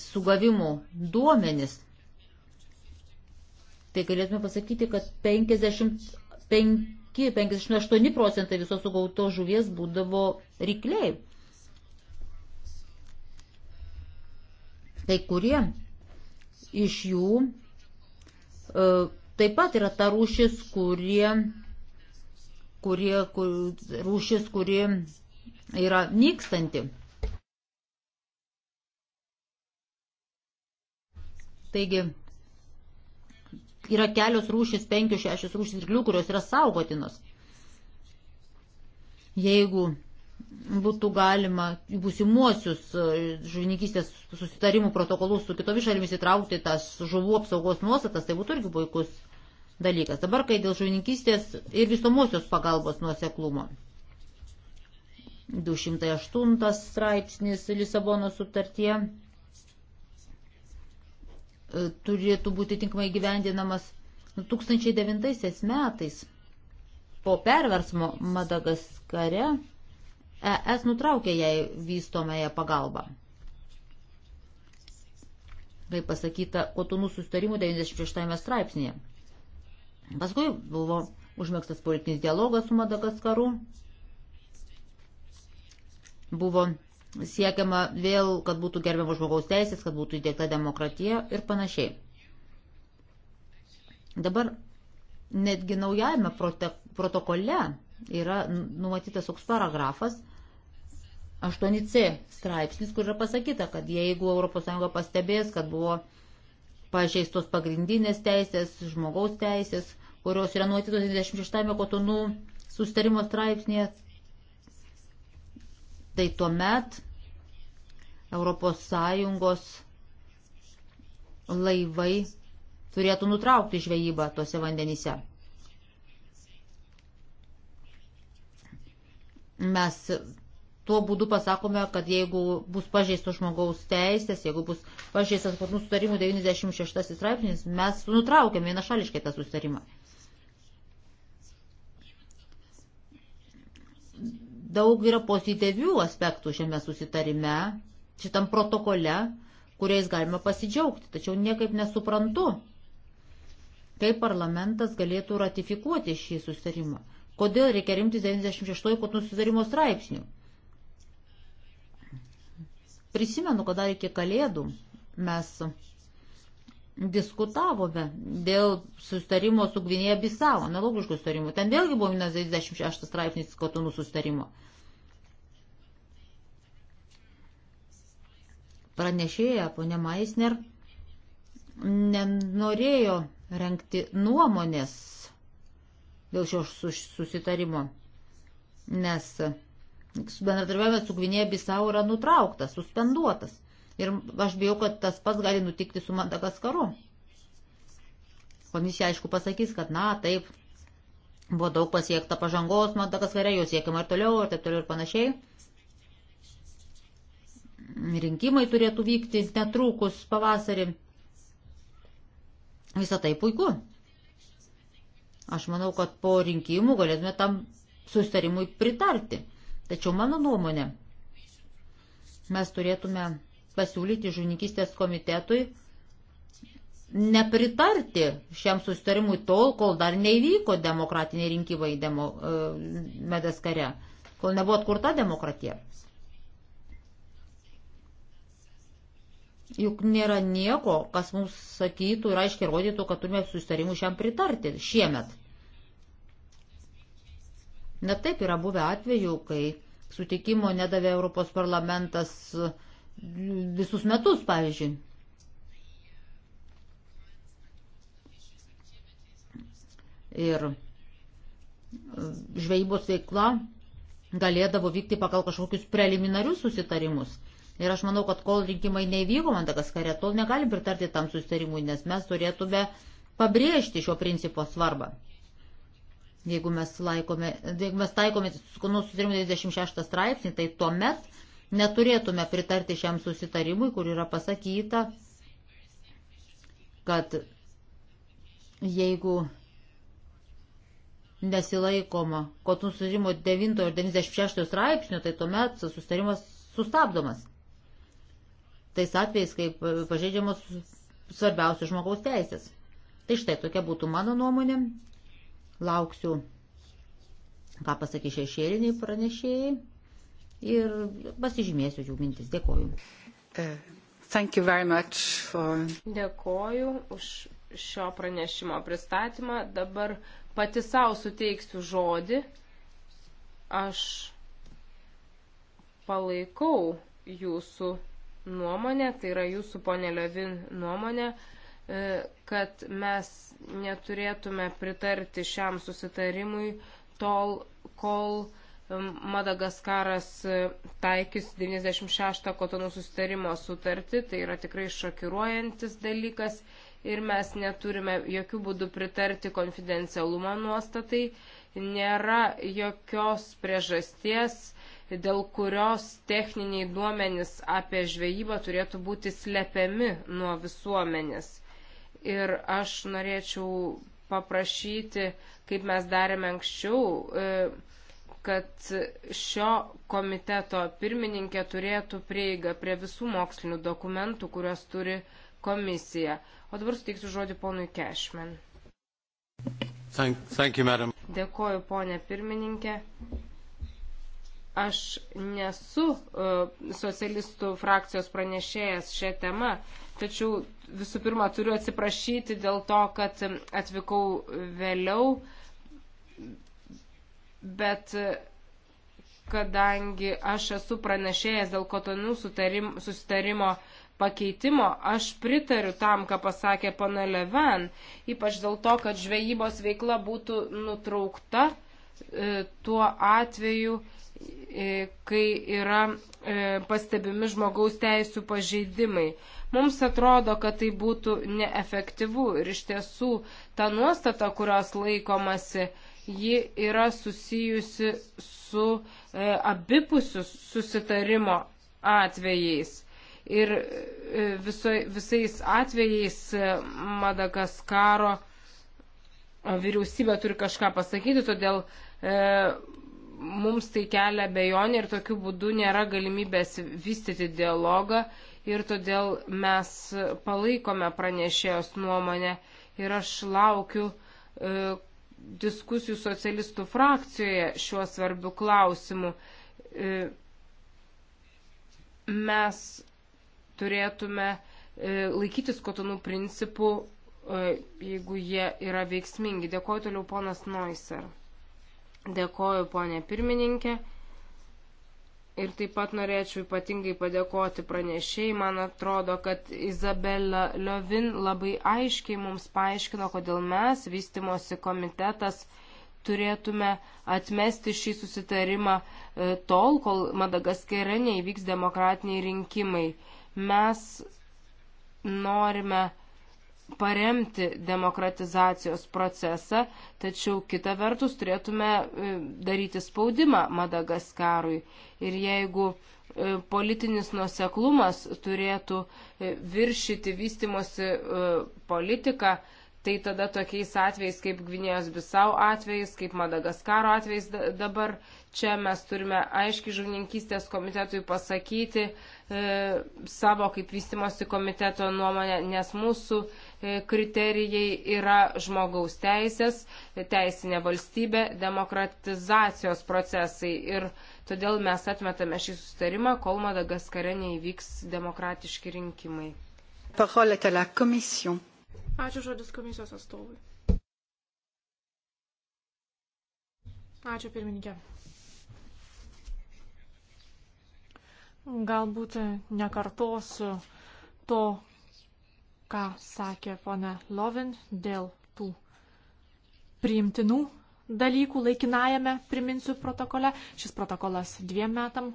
sugavimų duomenis, tai galėtume pasakyti, kad 55-58 procentai visos sugautos žuvies būdavo rykliai. Kai kurie iš jų e, taip pat yra ta rūšis, kurie, kurie, kur, rūšis, kurie yra nykstanti. Taigi, yra kelios rūšys, penkios, šešios rūšys ryklių, kurios yra saugotinos. Jeigu būtų galima būsimuosius e, žuvininkystės susitarimų protokolus su kitomis šalimis įtraukti tas žuvų apsaugos nuostatas, tai būtų irgi puikus dalykas. Dabar, kai dėl žuvininkystės ir visomosios pagalbos nuoseklumo. 208 straipsnis Lisabono sutartie turėtų būti tinkamai gyvendinamas 2009 nu, metais. Po perversmo Madagaskare ES nutraukė jai vystomąją pagalbą. Kaip pasakyta, kotonų sustarimų 96 straipsnėje. Paskui buvo užmėgstas politinis dialogas su Madagaskaru. Buvo siekiama vėl, kad būtų gerbiamo žmogaus teisės, kad būtų įdėkta demokratija ir panašiai. Dabar netgi naujajame protokole yra numatytas toks paragrafas 8c straipsnis, kur yra pasakyta, kad jeigu ES pastebės, kad buvo pažeistos pagrindinės teisės, žmogaus teisės, kurios yra numatytos 26 kotonų sustarimo straipsnėje, tai tuomet ES laivai turėtų nutraukti žvejybą tuose vandenyse. Mes tuo būdu pasakome, kad jeigu bus pažeistos žmogaus teisės, jeigu bus pažeistas partnų sutarimų 96 straipsnis, mes nutraukėme vienašališkai tą sutarimą. Daug yra pozityvių aspektų šiame susitarime, šitam protokole, kuriais galima pasidžiaugti. Tačiau niekaip nesuprantu, kaip parlamentas galėtų ratifikuoti šį susitarimą. Kodėl reikia rimtis 96 kotų susitarimo straipsnių? Prisimenu, kad dar iki kalėdų mes diskutavome dėl sustarimo su Gvinėja Bisau, analogiškų sustarimų. Ten vėlgi buvo 96 straipsnis kotonų sustarimo. Pranešėja, ponė Maisner, nenorėjo renkti nuomonės dėl šio susitarimo, nes bendradarbiavimas su Gvinėje Bisau yra nutrauktas, suspenduotas. Ir aš bijau, kad tas pats gali nutikti su Madagaskaru. Komisija aišku pasakys, kad na, taip, buvo daug pasiekta pažangos Madagaskare, jos siekiama ir toliau, ir taip toliau ir panašiai rinkimai turėtų vykti netrukus pavasarį. Visą tai puiku. Aš manau, kad po rinkimų galėtume tam sustarimui pritarti. Tačiau mano nuomonė, mes turėtume pasiūlyti žuvininkystės komitetui nepritarti šiam sustarimui tol, kol dar neįvyko demokratiniai rinkimai demo, e, Medaskare, kol nebuvo atkurta demokratija. Juk nėra nieko, kas mums sakytų ir aiškiai rodytų, kad turime susitarimų šiam pritarti šiemet. Net taip yra buvę atveju, kai sutikimo nedavė Europos parlamentas e, visus metus, pavyzdžiui. Ir e, žvejybos veikla galėdavo vykti pagal kažkokius preliminarius susitarimus. Ir aš manau, kad kol rinkimai nevyko Madagaskare, tol negalim pritarti tam sustarimui, nes mes turėtume pabrėžti šio principo svarbą. Jeigu mes, laikome, jeigu mes taikome nu, susitarimo 26 straipsnį, tai tuomet neturėtume pritarti šiam susitarimui, kur yra pasakyta, kad jeigu nesilaikoma, kad susitarimo 9 ir 96 straipsnių, tai tuomet susitarimas sustabdomas tais atvejais, kai pažeidžiamos svarbiausios žmogaus teisės. Tai štai tokia būtų mano nuomonė. Lauksiu, ką pasakys šešėliniai pranešėjai ir pasižymėsiu jų mintis. Dėkoju. Uh, for... Dėkoju už šio pranešimo pristatymą. Dabar pati savo suteiksiu žodį. Aš palaikau jūsų nuomonė, tai yra jūsų ponė Levin nuomonė, e, kad mes neturėtume pritarti šiam susitarimui tol, kol Madagaskaras e, taikys 96 kotonų susitarimo sutartį, tai yra tikrai šokiruojantis dalykas ir mes neturime jokių būdų pritarti konfidencialumo nuostatai, nėra jokios priežasties Tai dėl kurios techniniai duomenys apie žvejybą turėtų būti slepiami nuo visuomenės. Ir aš norėčiau paprašyti, kaip mes darėme anksčiau, e, kad šio komiteto pirmininkė turėtų prieigą prie visų mokslinių dokumentų, kuriuos turi komisija. O dabar suteiksiu žodį ponui Kešmen. Thank, thank you, madam. Dėkoju, ponė pirmininkė. Aš nesu e, socialistų frakcijos pranešėjas šią temą, tačiau visų pirma turiu atsiprašyti dėl to, kad atvykau vėliau, bet e, kadangi aš esu pranešėjęs dėl kotonų susitarimo pakeitimo, aš pritariu tam, ką pasakė pana Leven, ypač dėl to, kad žvejybos veikla būtų nutraukta e, tuo atveju, E, kai yra e, pastebimi žmogaus teisų pažeidimai. Mums atrodo, kad tai būtų neefektyvu ir iš tiesų ta nuostata, kurios laikomasi, ji yra susijusi su e, abipusiu susitarimo atvejais. Ir e, viso, visais atvejais Madagaskaro vyriausybė turi kažką pasakyti, todėl e, mums tai kelia bejonį ir tokiu būdu nėra galimybės vystyti dialogą ir todėl mes palaikome pranešėjos nuomonę ir aš laukiu e, diskusijų socialistų frakcijoje šiuo svarbiu klausimu. E, mes turėtume e, laikytis kotonų principų, e, jeigu jie yra veiksmingi. Dėkuoju toliau ponas Noiser. Dėkoju, ponė pirmininkė. Ir taip pat norėčiau ypatingai padėkoti pranešėjai. Man atrodo, kad Izabela Liovin labai aiškiai mums paaiškino, kodėl mes, vystimosi komitetas, turėtume atmesti šį susitarimą e, tol, kol Madagaskare neįvyks demokratiniai rinkimai. Mes norime paremti demokratizacijos procesą, tačiau kita vertus turėtume e, daryti spaudimą Madagaskarui. Ir jeigu e, politinis nuseklumas turėtų e, viršyti vystimosi politiką, tai tada tokiais atvejais kaip Gvinėjos Bisau atvejais, kaip Madagaskaro atvejais dabar čia mes turime aiškiai žuvininkystės komitetui pasakyti e, savo kaip vystimosi komiteto nuomonę, nes mūsų kriterijai yra žmogaus teisės, teisinė valstybė, demokratizacijos procesai. Ir todėl mes atmetame šį sustarimą, kol Madagaskare neįvyks demokratiški rinkimai. Ačiū žodis komisijos atstovui. Ačiū pirmininkė. Galbūt nekartosiu to, ką sakė ponė Lovin dėl tų priimtinų dalykų laikinajame, priminsiu, protokole. Šis protokolas dviem metam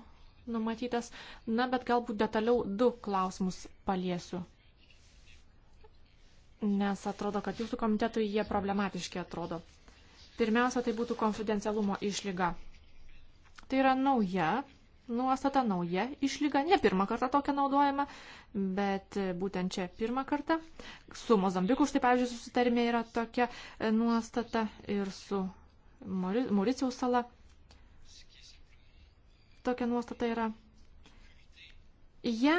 numatytas. Na, bet galbūt detaliau du klausimus paliesiu. Nes atrodo, kad jūsų komitetui jie problematiški atrodo. Pirmiausia, tai būtų konfidencialumo išlyga. Tai yra nauja nuostata, nauja išlyga. Ne pirmą kartą tokią naudojame, bet būtent čia pirmą kartą. Su Mozambiku štai, pavyzdžiui, susitarime yra tokia e, nuostata ir su Mauricijos sala tokia nuostata yra. Jie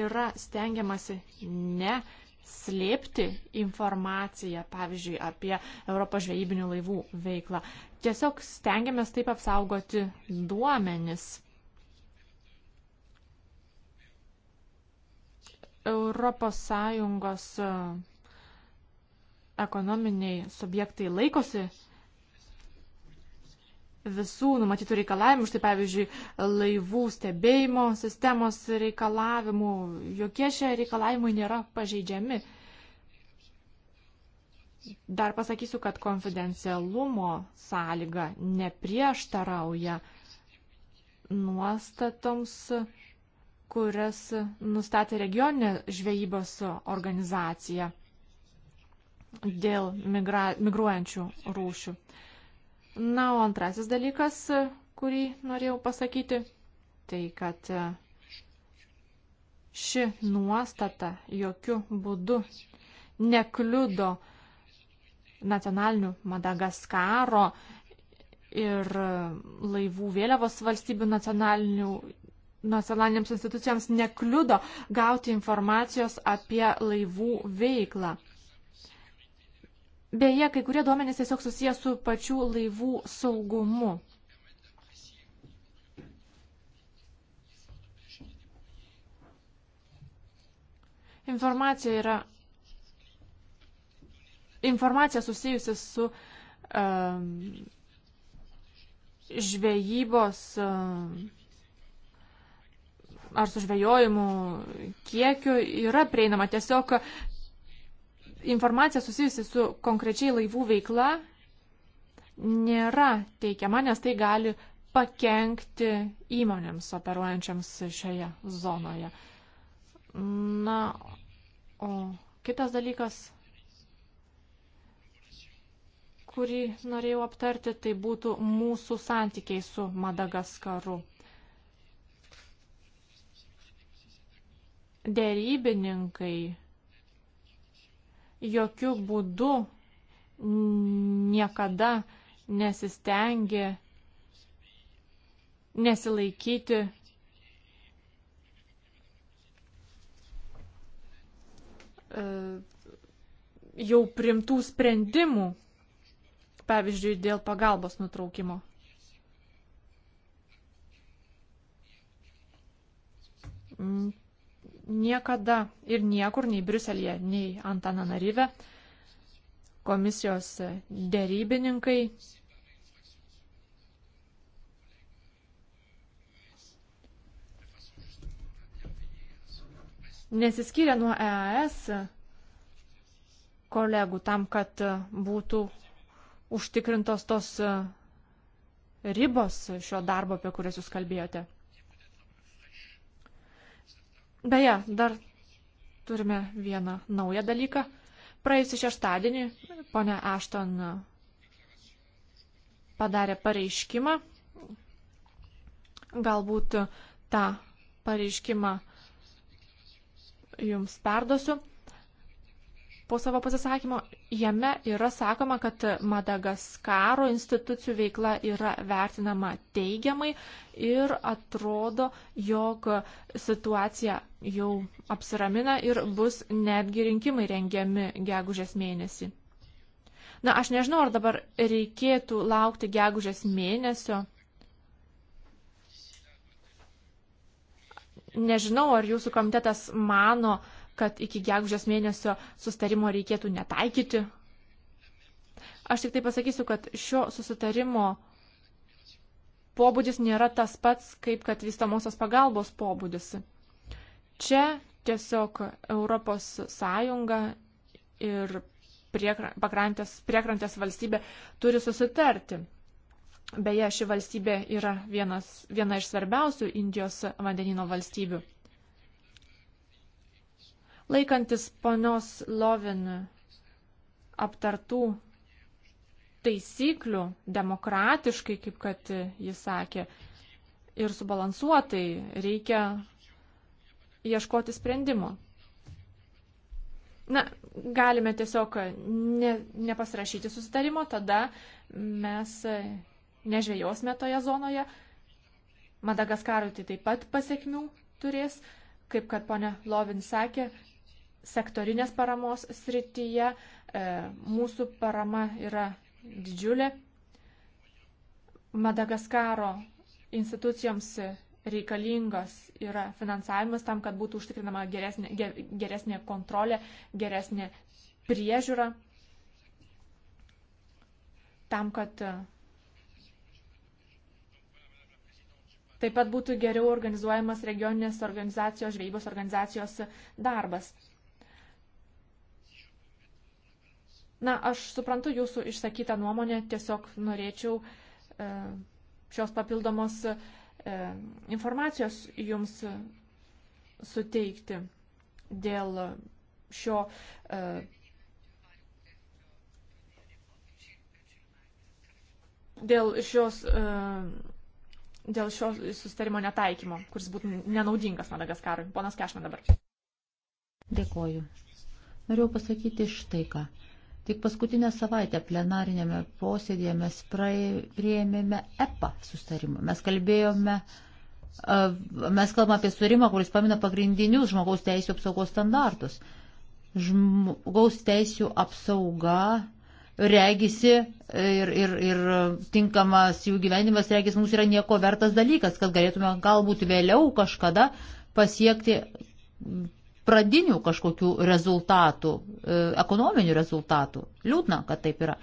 yra stengiamasi ne slėpti informaciją, pavyzdžiui, apie Europos žvejybinių laivų veiklą. Tiesiog stengiamės taip apsaugoti duomenis. Europos Sąjungos e, ekonominiai subjektai laikosi visų numatytų reikalavimų, štai pavyzdžiui, laivų stebėjimo sistemos reikalavimų, jokie šie reikalavimai nėra pažeidžiami. Dar pasakysiu, kad konfidencialumo sąlyga neprieštarauja nuostatoms, kurias nustatė regioninė žvejybos organizacija dėl migra, migruojančių rūšių. Na, o antrasis dalykas, kurį norėjau pasakyti, tai kad ši nuostata jokių būdų nekliudo uh, nacionalinių Madagaskaro ir laivų vėliavos valstybių nacionalinių nacionalinėms institucijoms nekliudo gauti informacijos apie laivų veiklą. Beje, kai kurie duomenys tiesiog susijęs su pačių laivų saugumu. Informacija yra informacija susijusi su um, žvejybos um, ar su žvejojimu kiekiu yra prieinama. Tiesiog informacija susijusi su konkrečiai laivų veikla nėra teikiama, nes tai gali pakengti įmonėms operuojančiams šioje zonoje. Na, o kitas dalykas kurį norėjau aptarti, tai būtų mūsų santykiai su Madagaskaru. Dėrybininkai jokių būdų niekada nesistengė nesilaikyti e, jau primtų sprendimų pavyzdžiui, dėl pagalbos nutraukimo. Niekada ir niekur, nei Briuselėje, nei Antananaryve, komisijos dėrybininkai nesiskyrė nuo EAS kolegų tam, kad būtų užtikrintos tos e, ribos šio darbo, apie kurias jūs kalbėjote. Beje, dar turime vieną naują dalyką. Praėjusį šeštadienį ponia Ašton padarė pareiškimą. Galbūt tą pareiškimą jums perdosiu po savo pasisakymo. Jame yra sakoma, kad Madagaskaro institucijų veikla yra vertinama teigiamai ir atrodo, jog situacija jau apsiramina ir bus netgi rinkimai rengiami gegužės mėnesį. Na, aš nežinau, ar dabar reikėtų laukti gegužės mėnesio. Nežinau, ar jūsų komitetas mano, kad iki gegužės mėnesio sustarimo reikėtų netaikyti. Aš tik tai pasakysiu, kad šio susitarimo pobūdis nėra tas pats, kaip kad vystamosios pagalbos pobūdis. Čia tiesiog Europos Sąjunga ir priekrantės, priekrantės valstybė turi susitarti. Beje, ši valstybė yra vienas, viena iš svarbiausių Indijos vandenino valstybių. Laikantis ponios Lovin aptartų taisyklių demokratiškai, kaip kad jis sakė, ir subalansuotai reikia ieškoti sprendimo. Na, galime tiesiog ne, nepasirašyti susitarimo, tada mes nežvėjosime toje zonoje. Madagaskarui tai taip pat pasiekmių turės, kaip kad ponė Lovin sakė, sektorinės paramos srityje. E, mūsų parama yra didžiulė. Madagaskaro institucijoms reikalingas yra finansavimas tam, kad būtų užtikrinama geresnė, geresnė kontrolė, geresnė priežiūra, tam, kad e, taip pat būtų geriau organizuojamas regioninės organizacijos, žvejybos organizacijos darbas. Na, aš suprantu jūsų išsakytą nuomonę, tiesiog norėčiau e, šios papildomos e, informacijos jums suteikti dėl šio e, dėl šios e, dėl šio sustarimo netaikymo, kuris būtų nenaudingas Madagaskarui. Ponas Kešman dabar. Dėkoju. Norėjau pasakyti štai ką. Tik paskutinę savaitę plenarinėme posėdėje mes prieėmėme EPA sustarimą. Mes kalbėjome, mes kalbame apie sustarimą, kuris pamina pagrindinius žmogaus teisų apsaugos standartus. Žmogaus teisų apsauga regisi ir, ir, ir tinkamas jų gyvenimas regis mums yra nieko vertas dalykas, kad galėtume galbūt vėliau kažkada pasiekti pradinių kažkokių rezultatų, e, ekonominių rezultatų. Liūdna, kad taip yra.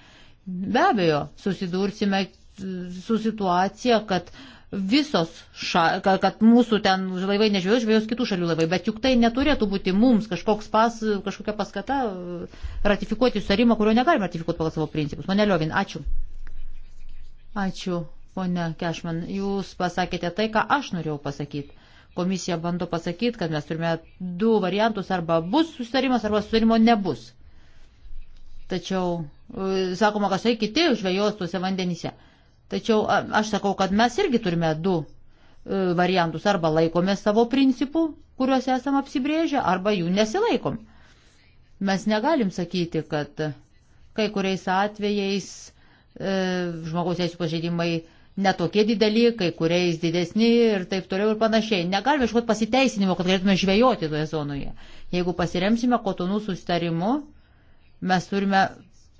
Be abejo, susidursime su situacija, kad visos, ša, kad, kad mūsų ten laivai nežvėjus, žvėjus kitų šalių laivai, bet juk tai neturėtų būti mums kažkoks pas, kažkokia paskata e, ratifikuoti sustarimą, kurio negalime ratifikuoti pagal savo principus. Mane Liovin, ačiū. Ačiū, ponia Kešman, jūs pasakėte tai, ką aš norėjau pasakyti. Komisija bando pasakyti, kad mes turime du variantus, arba bus susitarimas, arba susitarimo nebus. Tačiau, e, sakoma, kažkai kiti žvejos tuose vandenyse. Tačiau aš sakau, kad mes irgi turime du e, variantus, arba laikomės savo principų, kuriuos esam apsibrėžę, arba jų nesilaikom. Mes negalim sakyti, kad kai kuriais atvejais e, žmogaus teisų pažeidimai netokie dideli, kai kuriais didesni ir taip toliau ir panašiai. Negalime iškoti pasiteisinimo, kad galėtume žvejoti toje zonoje. Jeigu pasiremsime kotonų sustarimu, mes turime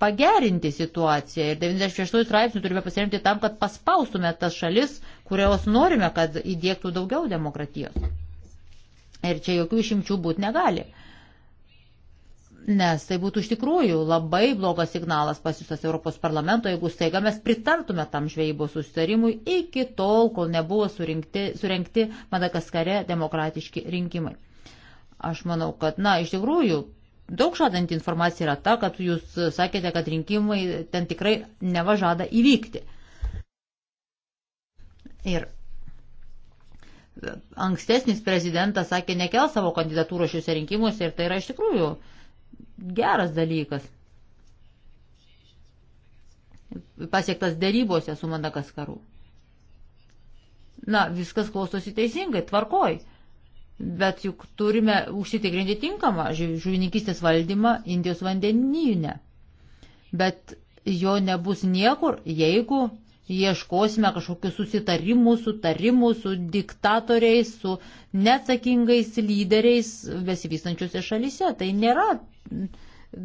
pagerinti situaciją ir 96 straipsnių turime pasiremti tam, kad paspaustume tas šalis, kurios norime, kad įdėktų daugiau demokratijos. Ir čia jokių išimčių būti negali. Nes tai būtų iš tikrųjų labai blogas signalas pasisas Europos parlamento, jeigu staiga mes pritartume tam žvejybos susitarimui iki tol, kol nebuvo surinkti, surinkti Madagaskare demokratiški rinkimai. Aš manau, kad, na, iš tikrųjų, daug žadanti informacija yra ta, kad jūs sakėte, kad rinkimai ten tikrai neva žada įvykti. Ir ankstesnis prezidentas sakė, nekel savo kandidatūros šiuose rinkimuose ir tai yra iš tikrųjų geras dalykas. Pasiektas dėrybose su Madagaskaru. Na, viskas klostosi teisingai, tvarkoj. Bet juk turime užsitikrinti tinkamą žuvininkistės valdymą Indijos vandenyne. Bet jo nebus niekur, jeigu ieškosime kažkokių susitarimų, sutarimų su diktatoriais, su neatsakingais lyderiais besivystančiuose šalyse. Tai nėra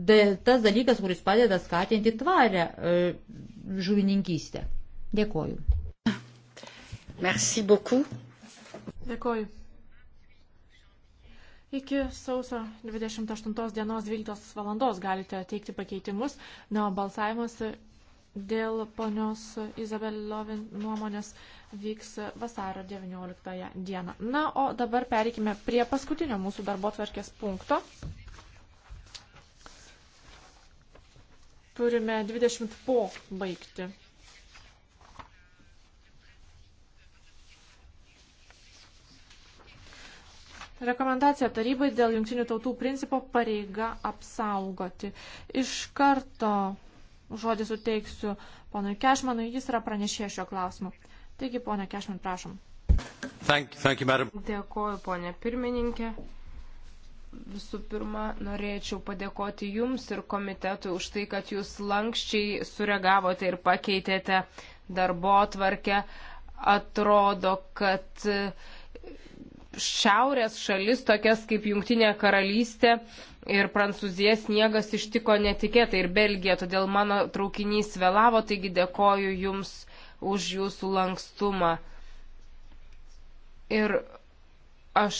tai tas dalykas, kuris padeda skatinti tvarę e, žuvininkystę. Dėkoju. Merci beaucoup. Dėkoju. Iki sausio 28 dienos 12 valandos galite teikti pakeitimus, na, o balsavimas dėl ponios Izabel Lovin nuomonės vyks vasaro 19 dieną. Na, o dabar pereikime prie paskutinio mūsų darbo tvarkės punkto. Turime 20 po baigti. Rekomendacija tarybai dėl jungtinių tautų principo pareiga apsaugoti. Iš karto žodį suteiksiu ponui Kešmanui, jis yra pranešėjęs šio klausimu. Taigi, ponė Kešman, prašom. Thank, thank you, madam. Dėkoju, ponė pirmininkė. Visų pirma, norėčiau padėkoti Jums ir komitetui už tai, kad Jūs lankščiai sureagavote ir pakeitėte darbo tvarkę. Atrodo, kad uh, šiaurės šalis, tokias kaip Jungtinė karalystė ir Prancūzija sniegas ištiko netikėtai ir Belgija, todėl mano traukinys vėlavo, taigi dėkoju Jums už Jūsų lankstumą. Ir aš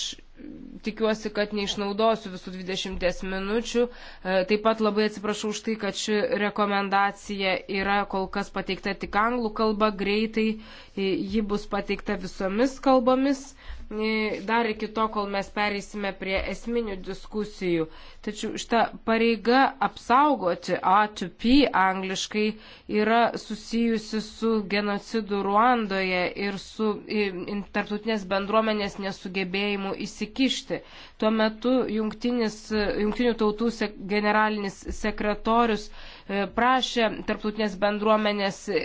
tikiuosi, kad neišnaudosiu visų 20 minučių. E, taip pat labai atsiprašau už tai, kad ši rekomendacija yra kol kas pateikta tik anglų kalba, greitai e, ji bus pateikta visomis kalbomis dar iki to, kol mes pereisime prie esminių diskusijų. Tačiau šita pareiga apsaugoti A2P angliškai yra susijusi su genocidu Ruandoje ir su tarptautinės bendruomenės nesugebėjimu įsikišti. Tuo metu jungtinių tautų sek generalinis sekretorius e, prašė tarptautinės bendruomenės e,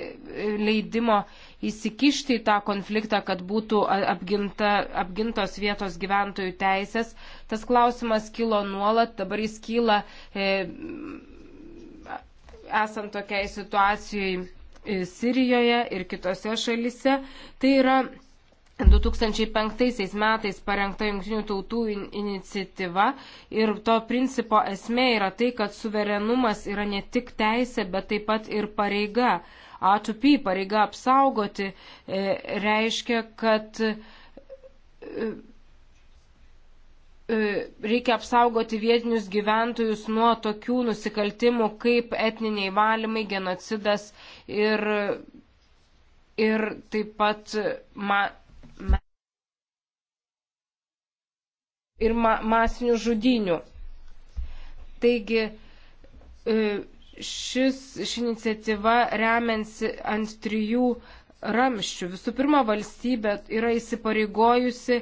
leidimo įsikišti į tą konfliktą, kad būtų apginta, apgintos vietos gyventojų teisės. Tas klausimas kilo nuolat, dabar jis kyla e, esant tokiai situacijai e, Sirijoje ir kitose šalise. Tai yra 2005 metais parengta Junktinių tautų in iniciatyva ir to principo esmė yra tai, kad suverenumas yra ne tik teisė, bet taip pat ir pareiga. A2P pareiga apsaugoti e, reiškia, kad e, e, reikia apsaugoti vietinius gyventojus nuo tokių nusikaltimų kaip etniniai valymai, genocidas ir, ir taip pat ma, ma, ir ma, masinių žudinių. Taigi, e, Šis, ši iniciatyva remiansi ant trijų ramščių. Visų pirma, valstybė yra įsipareigojusi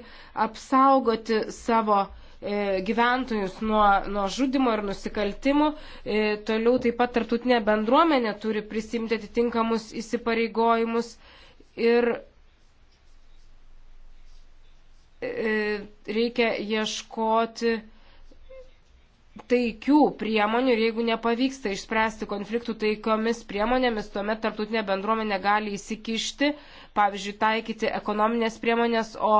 apsaugoti savo e, gyventojus nuo, nuo žudimo ir nusikaltimų. E, toliau taip pat tartutinė bendruomenė turi prisimti atitinkamus įsipareigojimus ir e, reikia ieškoti taikių priemonių ir jeigu nepavyksta išspręsti konfliktų taikomis priemonėmis, tuomet tarptautinė bendruomenė gali įsikišti, pavyzdžiui, taikyti ekonominės priemonės, o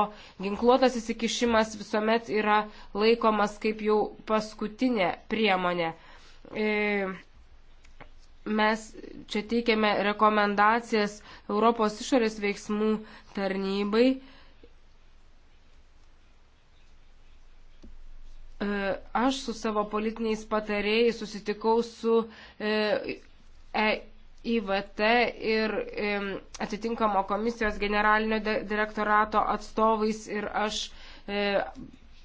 ginkluotas įsikišimas visuomet yra laikomas kaip jau paskutinė priemonė. E, mes čia teikiame rekomendacijas Europos išorės veiksmų tarnybai E, aš su savo politiniais patarėjais susitikau su EIVT e, ir e, atitinkamo komisijos generalinio direktorato atstovais ir aš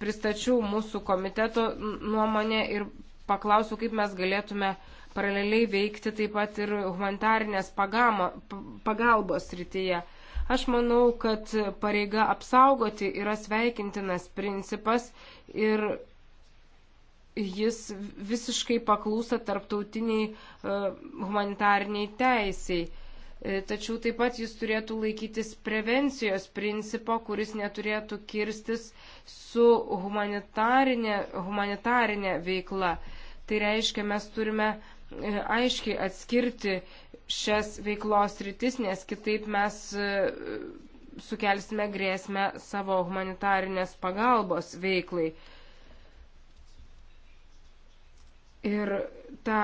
pristačiau mūsų komiteto nuomonę ir paklausiau, kaip mes galėtume paraleliai veikti taip pat ir humanitarinės pagamo, pagalbos rytyje. Aš manau, kad pareiga apsaugoti yra sveikintinas principas ir jis visiškai paklūsta tarptautiniai e, humanitariniai teisiai. E, tačiau taip pat jis turėtų laikytis prevencijos principo, kuris neturėtų kirstis su humanitarinė, humanitarinė veikla. Tai reiškia, mes turime e, aiškiai atskirti šias veiklos rytis, nes kitaip mes sukelsime grėsmę savo humanitarinės pagalbos veiklai. Ir ta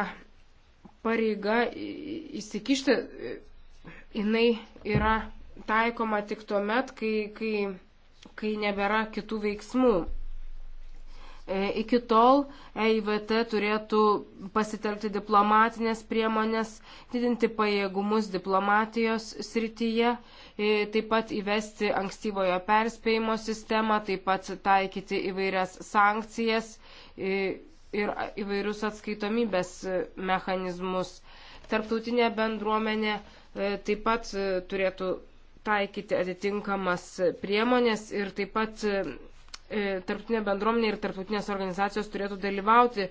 pareiga įsikišti, jinai yra taikoma tik tuo met, kai, kai, kai nebėra kitų veiksmų. E, iki tol EIVT turėtų pasitelkti diplomatinės priemonės, didinti pajėgumus diplomatijos srityje, e, taip pat įvesti ankstyvojo perspėjimo sistemą, taip pat taikyti įvairias sankcijas e, ir įvairius atskaitomybės mechanizmus. Tarptautinė bendruomenė e, taip pat e, turėtų taikyti atitinkamas priemonės ir taip pat e, tarptautinė bendruomenė ir tarptautinės organizacijos turėtų dalyvauti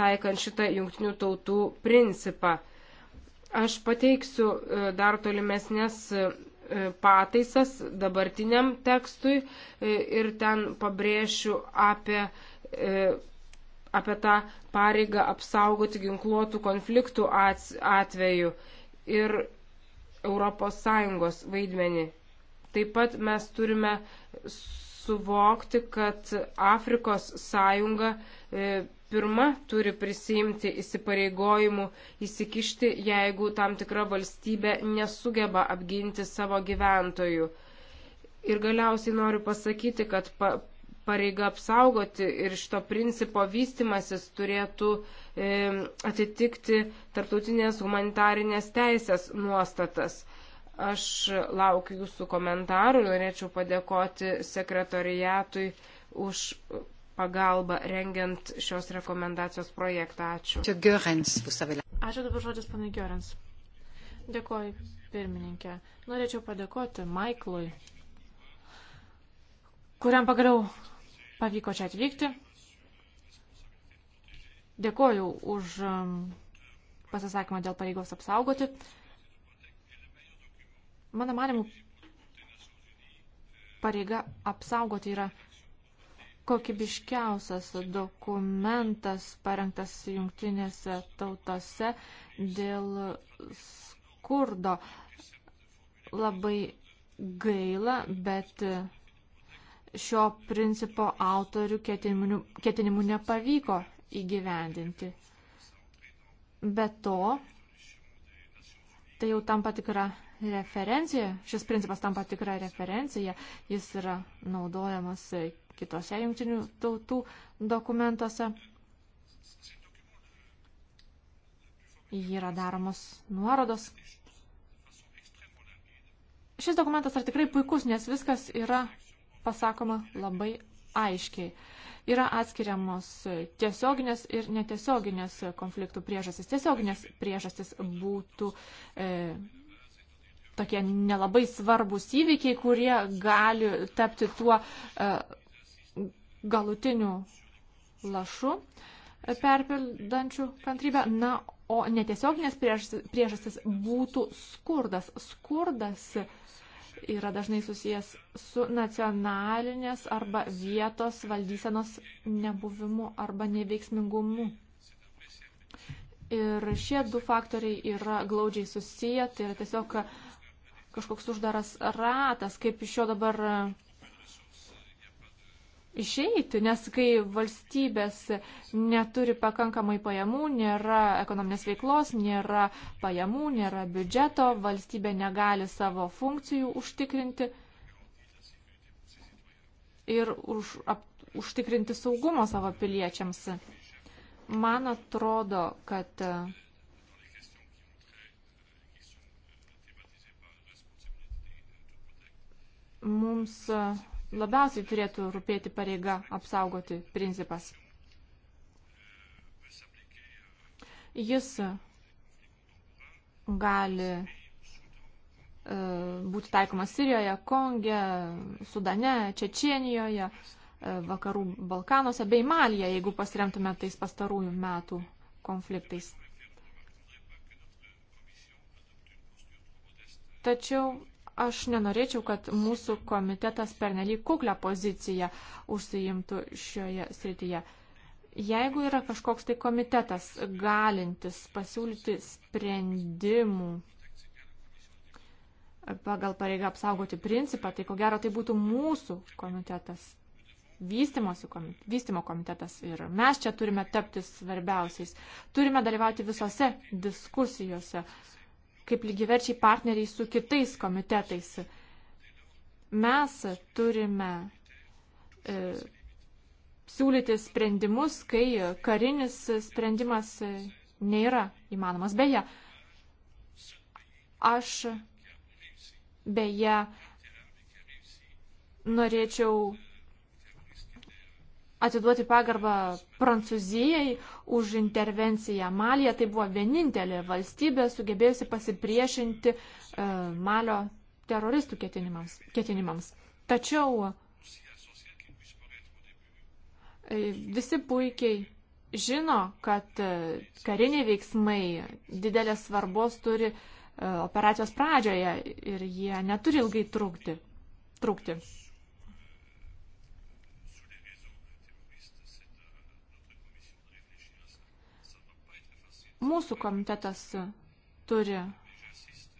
taikant šitą jungtinių tautų principą. Aš pateiksiu dar tolimesnės pataisas dabartiniam tekstui ir ten pabrėšiu apie apie tą pareigą apsaugoti ginkluotų konfliktų atveju ir ES vaidmenį. Taip pat mes turime suvokti, kad Afrikos sąjunga e, pirma turi prisimti įsipareigojimų įsikišti, jeigu tam tikra valstybė nesugeba apginti savo gyventojų. Ir galiausiai noriu pasakyti, kad pa pareiga apsaugoti ir šito principo vystimasis turėtų e, atitikti tarptautinės humanitarinės teisės nuostatas. Aš laukiu jūsų komentarų ir norėčiau padėkoti sekretoriatui už pagalbą rengiant šios rekomendacijos projektą. Ačiū. Ačiū dabar žodis panai Gerens. Dėkoju, pirmininkė. Norėčiau padėkoti Maiklui kuriam pagaliau pavyko čia atvykti. Dėkoju už um, pasisakymą dėl pareigos apsaugoti. Mano manimu, pareiga apsaugoti yra kokybiškiausias dokumentas parengtas jungtinėse tautose dėl skurdo. Labai gaila, bet šio principo autorių ketinimų, ketinimų nepavyko įgyvendinti. Be to, tai jau tampa tikra referencija, šis principas tampa tikra referencija, jis yra naudojamas kitose jungtinių tautų dokumentuose. Jį yra daromos nuorodos. Šis dokumentas yra tikrai puikus, nes viskas yra pasakoma labai aiškiai. Yra atskiriamos tiesioginės ir netiesioginės konfliktų priežastis. Tiesioginės priežastis būtų e, tokie nelabai svarbus įvykiai, kurie gali tapti tuo e, galutiniu lašu perpildančių kantrybę. Na, o netiesioginės priežastis, priežastis būtų skurdas. Skurdas. E, yra dažnai susijęs su nacionalinės arba vietos valdysenos nebuvimu arba neveiksmingumu. Ir šie du faktoriai yra glaudžiai susiję, tai yra tiesiog kažkoks uždaras ratas, kaip iš jo dabar išeiti, nes kai valstybės neturi pakankamai pajamų, nėra ekonominės veiklos, nėra pajamų, nėra biudžeto, valstybė negali savo funkcijų užtikrinti ir už, ap, užtikrinti saugumo savo piliečiams. Man atrodo, kad e, mums uh, labiausiai turėtų rūpėti pareiga apsaugoti principas. Jis gali e, būti taikomas Sirijoje, Konge, Sudane, Čečienijoje, e, Vakarų Balkanuose bei Malija, jeigu pasiremtume tais pastarųjų metų konfliktais. Tačiau Aš nenorėčiau, kad mūsų komitetas pernelyg kuklę poziciją užsiimtų šioje srityje. Jeigu yra kažkoks tai komitetas galintis pasiūlyti sprendimų pagal pareigą apsaugoti principą, tai ko gero tai būtų mūsų komitetas, komite, vystimo komitetas ir mes čia turime tapti svarbiausiais. Turime dalyvauti visose diskusijose kaip lygiverčiai partneriai su kitais komitetais. Mes turime e, siūlyti sprendimus, kai karinis sprendimas nėra įmanomas. Beje, aš beje norėčiau atiduoti pagarbą Prancūzijai už intervenciją Malyje. Tai buvo vienintelė valstybė sugebėjusi pasipriešinti e, Malio teroristų ketinimams. ketinimams. Tačiau e, visi puikiai žino, kad e, kariniai veiksmai didelės svarbos turi e, operacijos pradžioje ir jie neturi ilgai trukti. trukti. Mūsų komitetas turi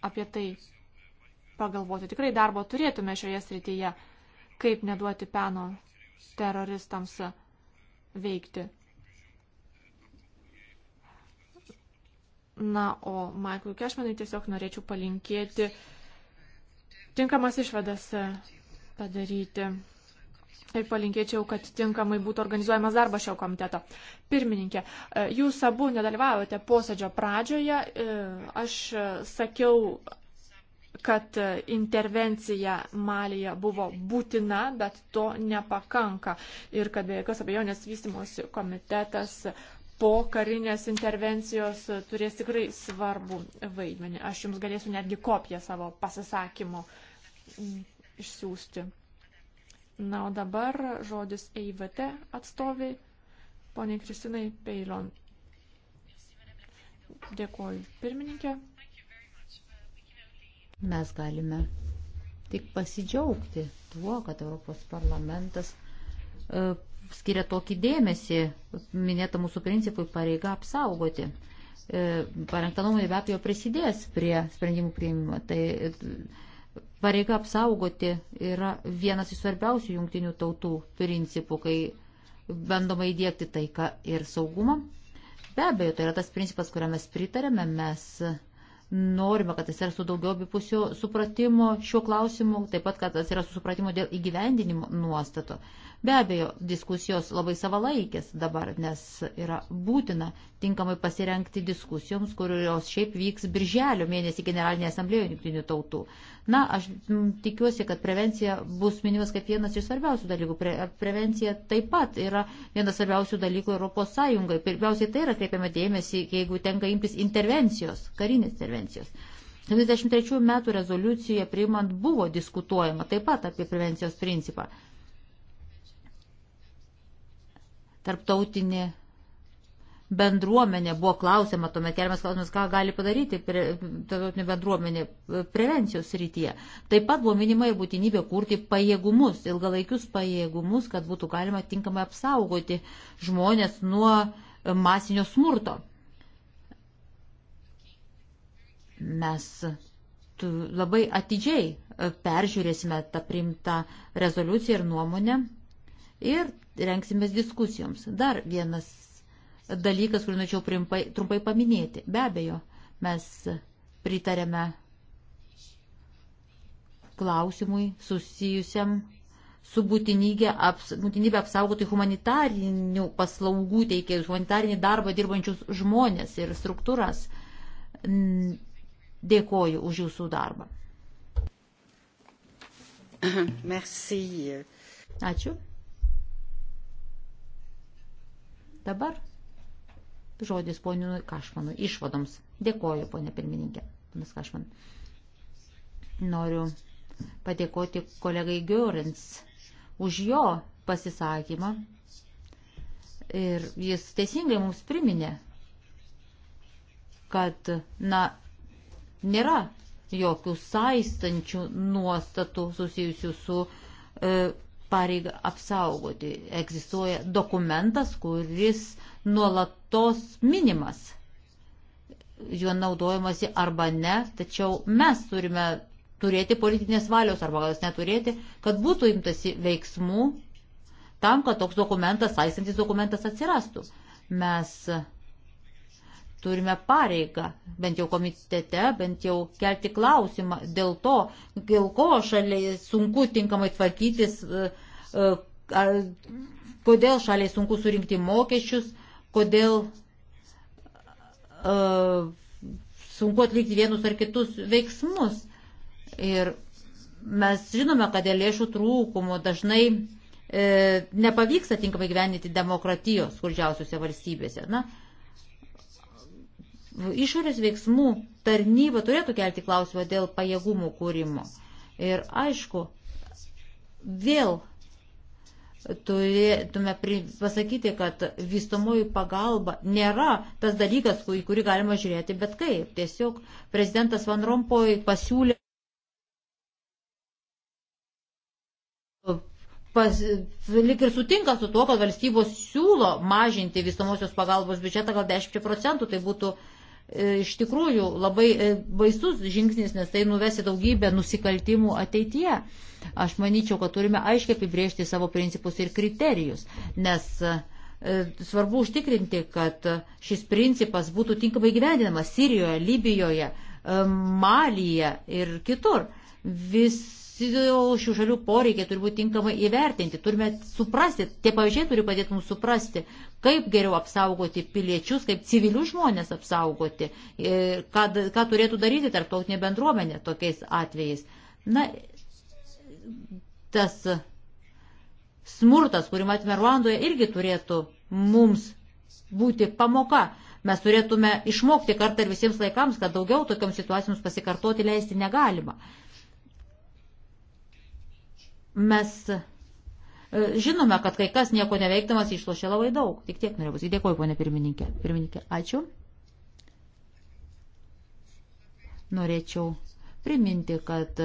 apie tai pagalvoti. Tikrai darbo turėtume šioje srityje, kaip neduoti peno teroristams veikti. Na, o Michaelui Kešmanui tiesiog norėčiau palinkėti tinkamas išvadas padaryti ir palinkėčiau, kad tinkamai būtų organizuojamas darbas šio komiteto. Pirmininkė, e, jūs abu nedalyvavote posėdžio pradžioje. E, aš e, sakiau, kad intervencija Malija buvo būtina, bet to nepakanka. Ir kad be jokios abejonės vystimosi komitetas po karinės intervencijos turės tikrai svarbų vaidmenį. Aš jums galėsiu netgi kopiją savo pasisakymo išsiųsti. Na, o dabar žodis EIVT atstoviai, poniai Kristinai Peilon. Dėkuoju, pirmininkė. Mes galime tik pasidžiaugti tuo, kad Europos parlamentas e, skiria tokį dėmesį minėtą mūsų principui pareiga apsaugoti. E, parengta nuomonė be abejo prisidės prie sprendimų prieimimo. Tai, e, pareiga apsaugoti yra vienas iš svarbiausių jungtinių tautų principų, kai bandoma įdėkti taiką ir saugumą. Be abejo, tai yra tas principas, kuriam mes pritarėme, mes Norime, kad atsirastų daugiau abipusio supratimo šiuo klausimu, taip pat, kad atsirastų supratimo dėl įgyvendinimo nuostato. Be abejo, diskusijos labai savalaikės dabar, nes yra būtina tinkamai pasirenkti diskusijoms, kurios šiaip vyks birželio mėnesį Generalinėje asamblėjoje jungtinių tautų. Na, aš m, tikiuosi, kad prevencija bus minimas kaip vienas iš svarbiausių dalykų. Pre, prevencija taip pat yra vienas svarbiausių dalykų Europos Sąjungai. Pirmiausiai tai yra kreipiama dėmesį, jeigu tenka imtis intervencijos, karinės intervencijos prevencijos. 73 metų rezoliucijoje priimant buvo diskutuojama taip pat apie prevencijos principą. Tarptautinė bendruomenė buvo klausima, tuomet keliamas klausimas, ką gali padaryti pre, tarptautinė bendruomenė e, prevencijos rytyje. Taip pat buvo minima ir būtinybė kurti pajėgumus, ilgalaikius pajėgumus, kad būtų galima tinkamai apsaugoti žmonės nuo e, masinio smurto. Mes labai atidžiai e, peržiūrėsime tą primtą rezoliuciją ir nuomonę ir renksimės diskusijoms. Dar vienas dalykas, kurį norėčiau trumpai, trumpai paminėti. Be abejo, mes pritarėme klausimui susijusiam su būtinybė, aps, būtinybė apsaugoti humanitarinių paslaugų teikėjus, humanitarinį darbą dirbančius žmonės ir struktūras. Dėkoju už jūsų darbą. Merci. Ačiū. Dabar žodis poniu Kašmanui išvadoms. Dėkoju, ponė pirmininkė. Panas Kašman. Noriu padėkoti kolegai Giorins už jo pasisakymą. Ir jis teisingai mums priminė, kad, na, nėra jokių saistančių nuostatų susijusių su e, pareiga apsaugoti. Egzistuoja dokumentas, kuris nuolatos minimas. Juo naudojamasi arba ne, tačiau mes turime turėti politinės valios arba gal jos neturėti, kad būtų imtasi veiksmų tam, kad toks dokumentas, saistantis dokumentas atsirastų. Mes turime pareigą, bent jau komitete, bent jau kelti klausimą dėl to, dėl ko šaliai sunku tinkamai tvarkytis, e, e, ar, kodėl šaliai sunku surinkti mokesčius, kodėl uh, sunku atlikti vienus ar kitus veiksmus. Ir mes žinome, kad dėl lėšų trūkumo dažnai e, nepavyksta tinkamai gyveninti demokratijos skurdžiausiose valstybėse. Na, Išorės veiksmų tarnyba turėtų kelti klausimą dėl pajėgumų kūrimo. Ir aišku, vėl turėtume pasakyti, kad vystomoji pagalba nėra tas dalykas, į kurį galima žiūrėti bet kaip. Tiesiog prezidentas Van Rompoj pasiūlė. Pas, lik ir sutinka su tuo, kad valstybos siūlo mažinti vystamosios pagalbos biudžetą gal 10 procentų, tai būtų uh, E, iš tikrųjų labai e, baisus žingsnis, nes tai nuvesi daugybę nusikaltimų ateityje. Aš manyčiau, kad turime aiškiai apibriežti savo principus ir kriterijus, nes e, svarbu užtikrinti, kad šis principas būtų tinkamai gyvendinamas Sirijoje, Libijoje, Malyje ir kitur. Vis šių šalių poreikiai turi būti tinkamai įvertinti, turime suprasti, tie pavyzdžiai turi padėti mums suprasti, kaip geriau apsaugoti piliečius, kaip civilius žmonės apsaugoti, ką, ką turėtų daryti tarptautinė bendruomenė tokiais atvejais. Na, tas smurtas, kurį matėme Ruandoje, irgi turėtų mums būti pamoka. Mes turėtume išmokti kartą ir visiems laikams, kad daugiau tokiams situacijoms pasikartoti leisti negalima. Mes e, žinome, kad kai kas nieko neveikdamas išlošia labai daug. Tik tiek norėjau pasakyti. Dėkuoju, ponė pirmininkė. Pirmininkė, ačiū. Norėčiau priminti, kad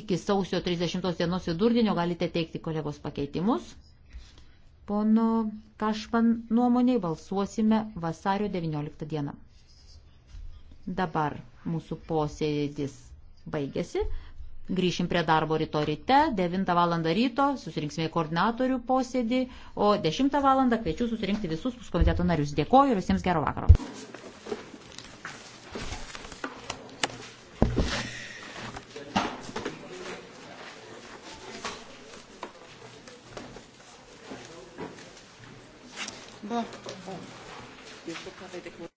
iki sausio 30 dienos vidurdienio galite teikti kolegos pakeitimus. Pono Kašpan nuomoniai balsuosime vasario 19 dieną. Dabar mūsų posėdis baigėsi. Grįšim prie darbo ryto ryte, 9 val. ryto susirinksime į koordinatorių posėdį, o 10 val. kviečiu susirinkti visus puskomiteto narius. Dėkoju ir visiems gero vakaro. Bon. Bon. Il faut parler des